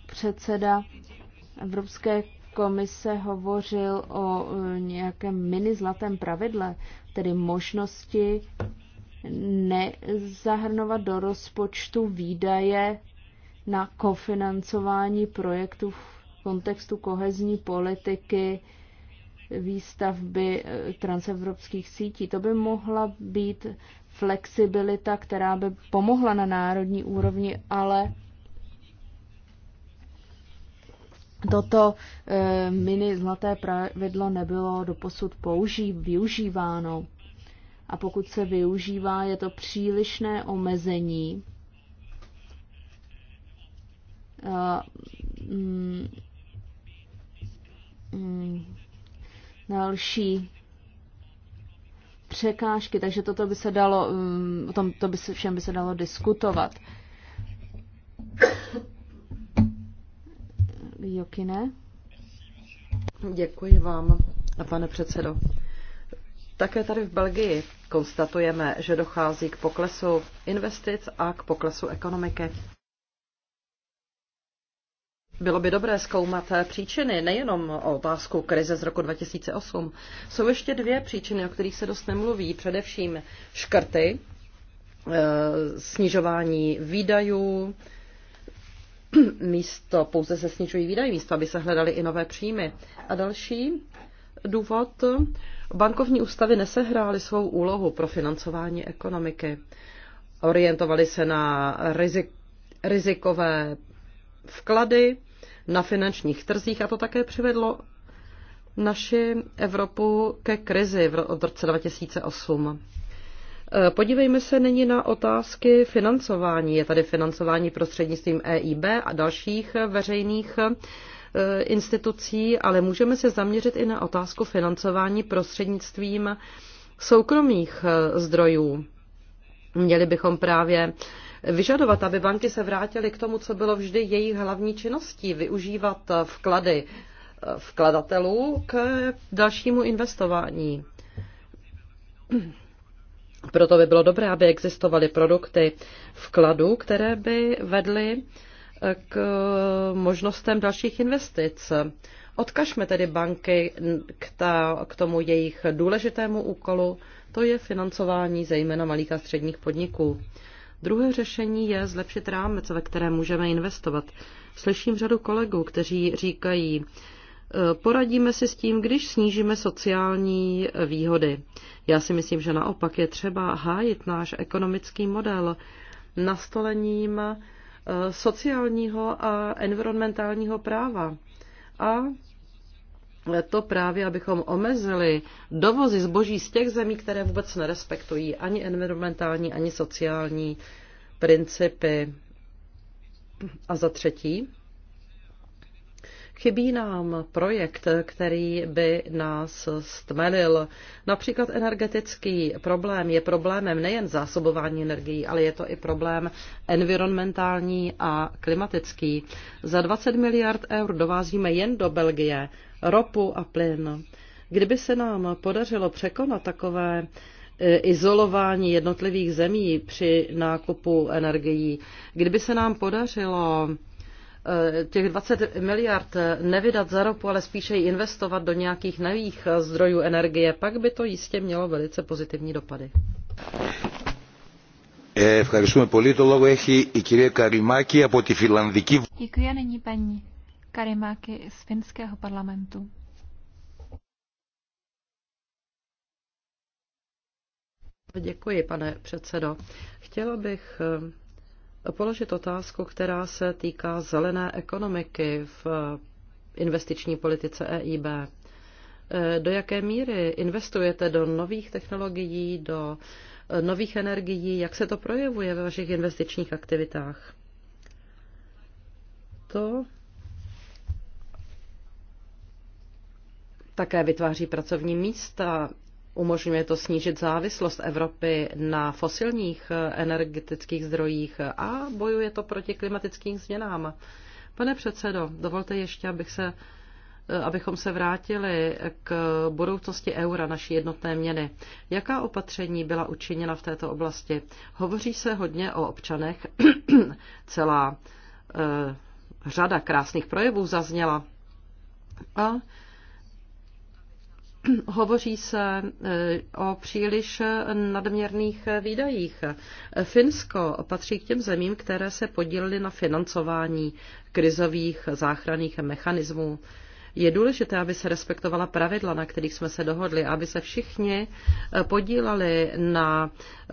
předseda Evropské komise hovořil o eh, nějakém mini zlatém pravidle, tedy možnosti nezahrnovat do rozpočtu výdaje na kofinancování projektů v kontextu kohezní politiky, výstavby eh, transevropských sítí. To by mohla být flexibilita, která by pomohla na národní úrovni, ale toto e, mini zlaté pravidlo nebylo doposud použí, využíváno. A pokud se využívá, je to přílišné omezení. mm, další mm, překážky, takže toto by se dalo, mm, o tom to by se, všem by se dalo diskutovat. Jokine? Děkuji vám, pane předsedo. Také tady v Belgii konstatujeme, že dochází k poklesu investic a k poklesu ekonomiky. Bylo by dobré zkoumat eh, příčiny, nejenom o otázku krize z roku 2008. Jsou ještě dvě příčiny, o kterých se dost nemluví. Především škrty, eh, snižování výdajů, místo, pouze se snižují výdaje místo, aby se hledaly i nové příjmy. A další důvod, bankovní ústavy nesehrály svou úlohu pro financování ekonomiky. Orientovali se na rizik, rizikové vklady na finančních trzích a to také přivedlo naši Evropu ke krizi od roce 2008. E, podívejme se nyní na otázky financování. Je tady financování prostřednictvím EIB a dalších veřejných e, institucí, ale můžeme se zaměřit i na otázku financování prostřednictvím soukromých e, zdrojů. Měli bychom právě vyžadovat, aby banky se vrátily k tomu, co bylo vždy jejich hlavní činností, využívat vklady eh, vkladatelů k dalšímu investování. Proto by bylo dobré, aby existovaly produkty vkladu, které by vedly eh, k možnostem dalších investic. Odkažme tedy banky k, ta, k tomu jejich důležitému úkolu, to je financování zejména malých a středních podniků. Druhé řešení je zlepšit rámec, ve kterém můžeme investovat. Slyším řadu kolegů, kteří říkají, e, poradíme si s tím, když snížíme sociální výhody. Já si myslím, že naopak je třeba hájit náš ekonomický model nastolením e, sociálního a environmentálního práva a to právě, abychom omezili dovozy zboží z těch zemí, které vůbec nerespektují ani environmentální, ani sociální principy. A za třetí, chybí nám projekt, který by nás stmelil. Například energetický problém je problémem nejen zásobování energií, ale je to i problém environmentální a klimatický. Za 20 miliard eur dovázíme jen do Belgie ropu a plyn. Kdyby se nám podařilo překonat takové e, izolování jednotlivých zemí při nákupu energií, kdyby se nám podařilo e, těch 20 miliard nevydat za ropu, ale spíše ji investovat do nějakých nových zdrojů energie, pak by to jistě mělo velice pozitivní dopady. Eh, Děkuji, nyní paní Karimáky z finského parlamentu. Děkuji, pane předsedo. Chtěla bych eh, položit otázku, která se týká zelené ekonomiky v investiční politice EIB. Eh, do jaké míry investujete do nových technologií, do eh, nových energií? Jak se to projevuje ve vašich investičních aktivitách? To Také vytváří pracovní místa, umožňuje to snížit závislost Evropy na fosilních energetických zdrojích a bojuje to proti klimatickým změnám. Pane předsedo, dovolte ještě, abych se, abychom se vrátili k budoucnosti eura, naší jednotné měny. Jaká opatření byla učiněna v této oblasti? Hovoří se hodně o občanech. Celá eh, řada krásných projevů zazněla. A Hovoří se eh, o příliš nadměrných výdajích. Finsko patří k těm zemím, které se podílely na financování krizových záchranných mechanismů. Je důležité, aby se respektovala pravidla, na kterých jsme se dohodli, aby se všichni eh, podílali na eh,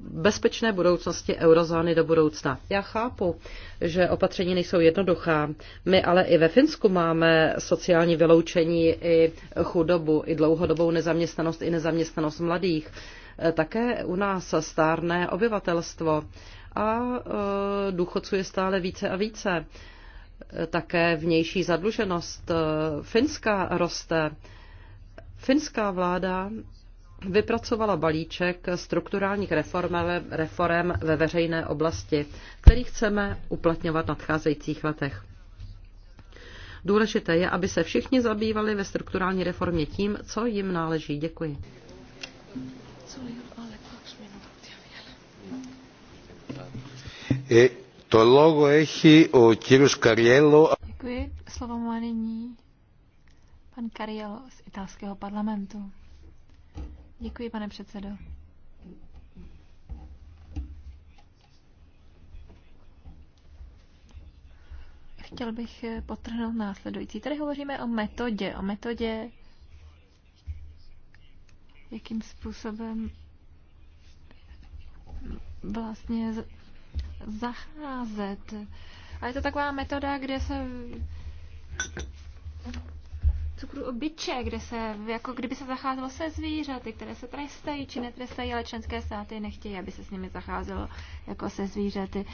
bezpečné budoucnosti eurozóny do budoucna. Já chápu, že opatření nejsou jednoduchá. My ale i ve Finsku máme sociální vyloučení i chudobu, i dlouhodobou nezaměstnanost, i nezaměstnanost mladých. Eh, také u nás stárné obyvatelstvo a důchodců je stále více a více. Také vnější zadluženost Finska roste. Finská vláda vypracovala balíček strukturálních reform, reform ve veřejné oblasti, který chceme uplatňovat v nadcházejících letech. Důležité je, aby se všichni zabývali ve strukturální reformě tím, co jim náleží. Děkuji. Je eh, to logo echi o kýrus Děkuji. Slovo má nyní pan Kariello z italského parlamentu. Děkuji, pane předsedo. Chtěl bych potrhnout následující. Tady hovoříme o metodě, o metodě, jakým způsobem vlastně zacházet. A je to taková metoda, kde se cukru obyče, kde se, jako kdyby se zacházelo se zvířaty, které se trestají či netrestají, ale členské státy nechtějí, aby se s nimi zacházelo jako se zvířaty.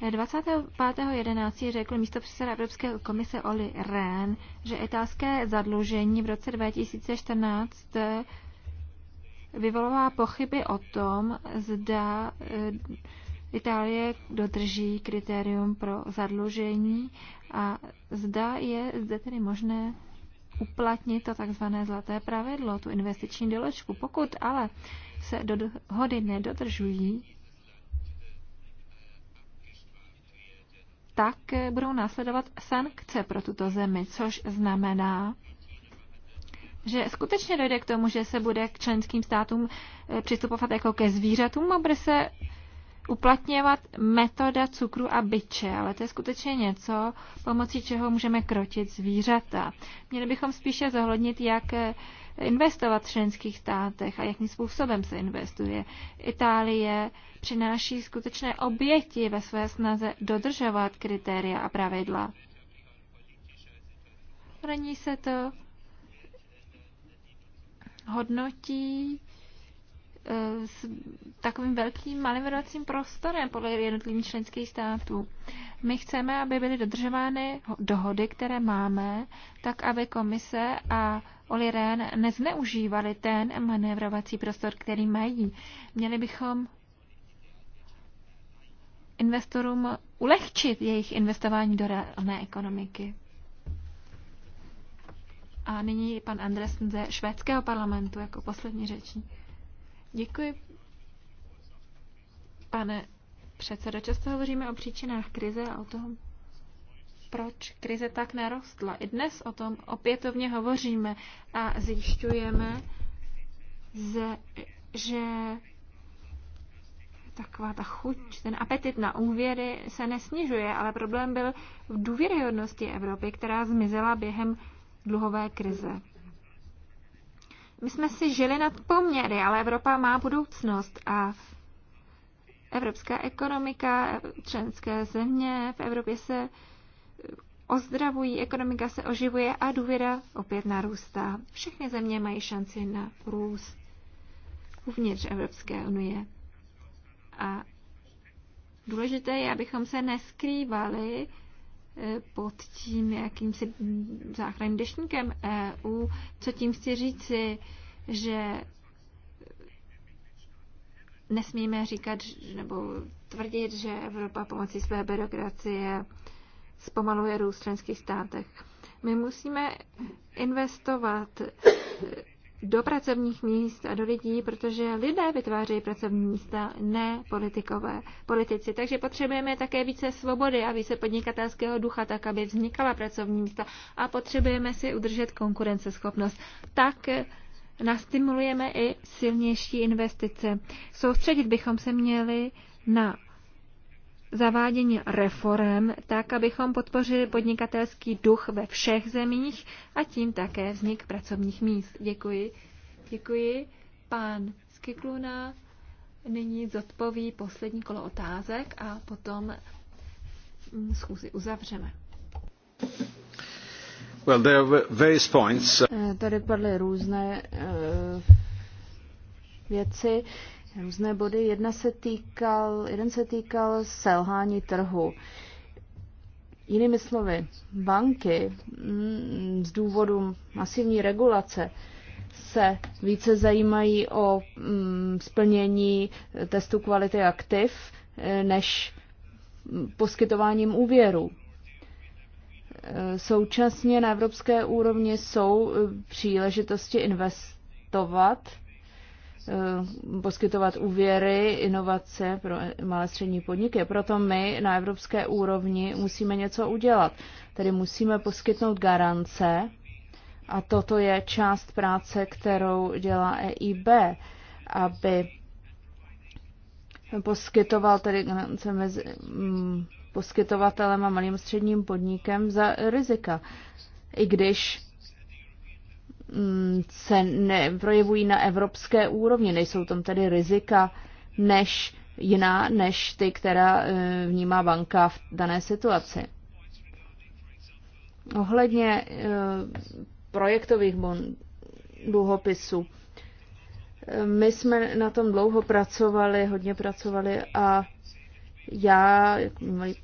25.11. řekl místo předseda Evropské komise Oli Rehn, že italské zadlužení v roce 2014 vyvolová pochyby o tom, zda Itálie dodrží kritérium pro zadlužení a zda je zde tedy možné uplatnit to takzvané zlaté pravidlo, tu investiční doložku. Pokud ale se dohody nedodržují, tak budou následovat sankce pro tuto zemi, což znamená, že skutečně dojde k tomu, že se bude k členským státům eh, přistupovat jako ke zvířatům a bude se uplatňovat metoda cukru a byče, ale to je skutečně něco, pomocí čeho můžeme krotit zvířata. Měli bychom spíše zohlednit, jak eh, investovat v členských státech a jakým způsobem se investuje. Itálie přináší skutečné oběti ve své snaze dodržovat kritéria a pravidla. Raní se to hodnotí Eh, s takovým velkým manevrovacím prostorem podle jednotlivých členských států. My chceme, aby byly dodržovány dohody, které máme, tak aby komise a Oli Rehn nezneužívali ten manévrovací prostor, který mají. Měli bychom investorům ulehčit jejich investování do reálné ekonomiky. A nyní pan Andresen ze švédského parlamentu jako poslední řečník. Děkuji. Pane předsedo, často hovoříme o příčinách krize a o tom, proč krize tak narostla. I dnes o tom opětovně hovoříme a zjišťujeme, že taková ta chuť, ten apetit na úvěry se nesnižuje, ale problém byl v důvěryhodnosti Evropy, která zmizela během dluhové krize. My jsme si žili nad poměry, ale Evropa má budoucnost a evropská ekonomika, členské země v Evropě se ozdravují, ekonomika se oživuje a důvěra opět narůstá. Všechny země mají šanci na růst uvnitř Evropské unie. A důležité je, abychom se neskrývali Eh, pod tím jakýmsi záchranným deštníkem EU. Co tím chci říci, že nesmíme říkat nebo tvrdit, že Evropa pomocí své byrokracie zpomaluje růst v členských státech. My musíme investovat do pracovních míst a do lidí, protože lidé vytvářejí pracovní místa, ne politikové, politici. Takže potřebujeme také více svobody a více podnikatelského ducha, tak aby vznikala pracovní místa a potřebujeme si udržet konkurenceschopnost. Tak eh, nastimulujeme i silnější investice. Soustředit bychom se měli na zavádění reform tak, abychom podpořili podnikatelský duch ve všech zemích a tím také vznik pracovních míst. Děkuji. Děkuji. Pán Skikluna nyní zodpoví poslední kolo otázek a potom mm, schůzi uzavřeme. Well, there are points. Eh, tady padly různé uh, věci. Uh, různé body. Jedna se týkal, jeden se týkal selhání trhu. Jinými slovy, banky mm, z důvodu masivní regulace se více zajímají o mm, splnění testu kvality aktiv eh, než poskytováním úvěru. Eh, současně na evropské úrovni jsou eh, příležitosti investovat Eh, poskytovat úvěry, inovace pro malé střední podniky. Proto my na evropské úrovni musíme něco udělat. Tedy musíme poskytnout garance a toto je část práce, kterou dělá EIB, aby poskytoval tedy garance mezi mm, poskytovatelem a malým středním podnikem za rizika. I když Mm, se neprojevují na evropské úrovni. Nejsou tam tedy rizika než jiná, než ty, která eh, vnímá banka v dané situaci. Ohledně eh, projektových dluhopisů. My jsme na tom dlouho pracovali, hodně pracovali a já, jako můj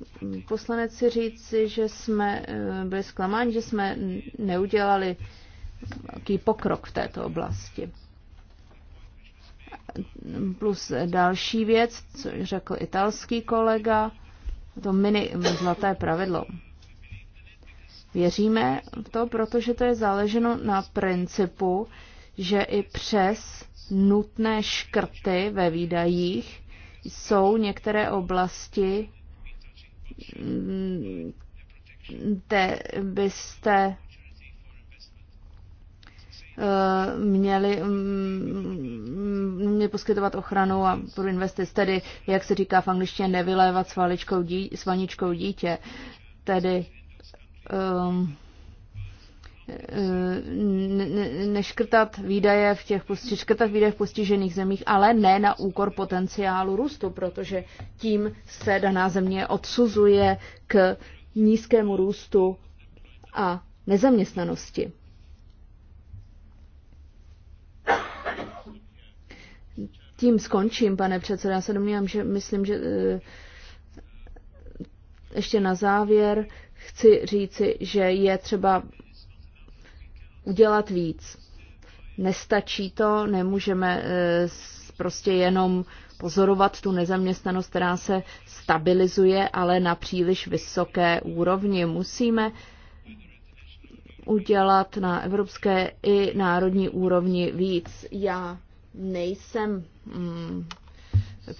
poslanec si říci, že jsme eh, byli zklamáni, že jsme neudělali velký pokrok v této oblasti. Plus další věc, co řekl italský kolega, to mini zlaté pravidlo. Věříme v to, protože to je záleženo na principu, že i přes nutné škrty ve výdajích jsou některé oblasti, kde byste Eh, měli mm, mm, mě poskytovat ochranu a pro investice, tedy, jak se říká v angličtině, nevylévat s, vaničkou dí, dítě, tedy um, neškrtat výdaje v těch škrtat výdaje v postižených zemích, ale ne na úkor potenciálu růstu, protože tím se daná země odsuzuje k nízkému růstu a nezaměstnanosti. tím skončím, pane předsedo. Já se domnívám, že myslím, že eh, ještě na závěr chci říci, že je třeba udělat víc. Nestačí to, nemůžeme eh, prostě jenom pozorovat tu nezaměstnanost, která se stabilizuje, ale na příliš vysoké úrovni. Musíme udělat na evropské i národní úrovni víc. Já nejsem mm,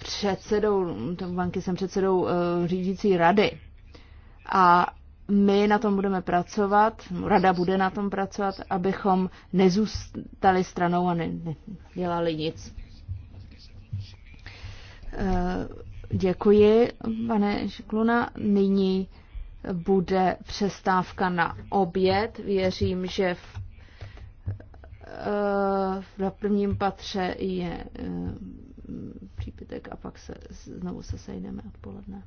předsedou banky, jsem předsedou uh, řídící rady. A my na tom budeme pracovat, rada bude na tom pracovat, abychom nezůstali stranou a nedělali nic. Eh, děkuji, pane Škluna. Nyní bude přestávka na oběd. Věřím, že v Eh, na prvním patře je eh, přípitek a pak se znovu se sejdeme odpoledne.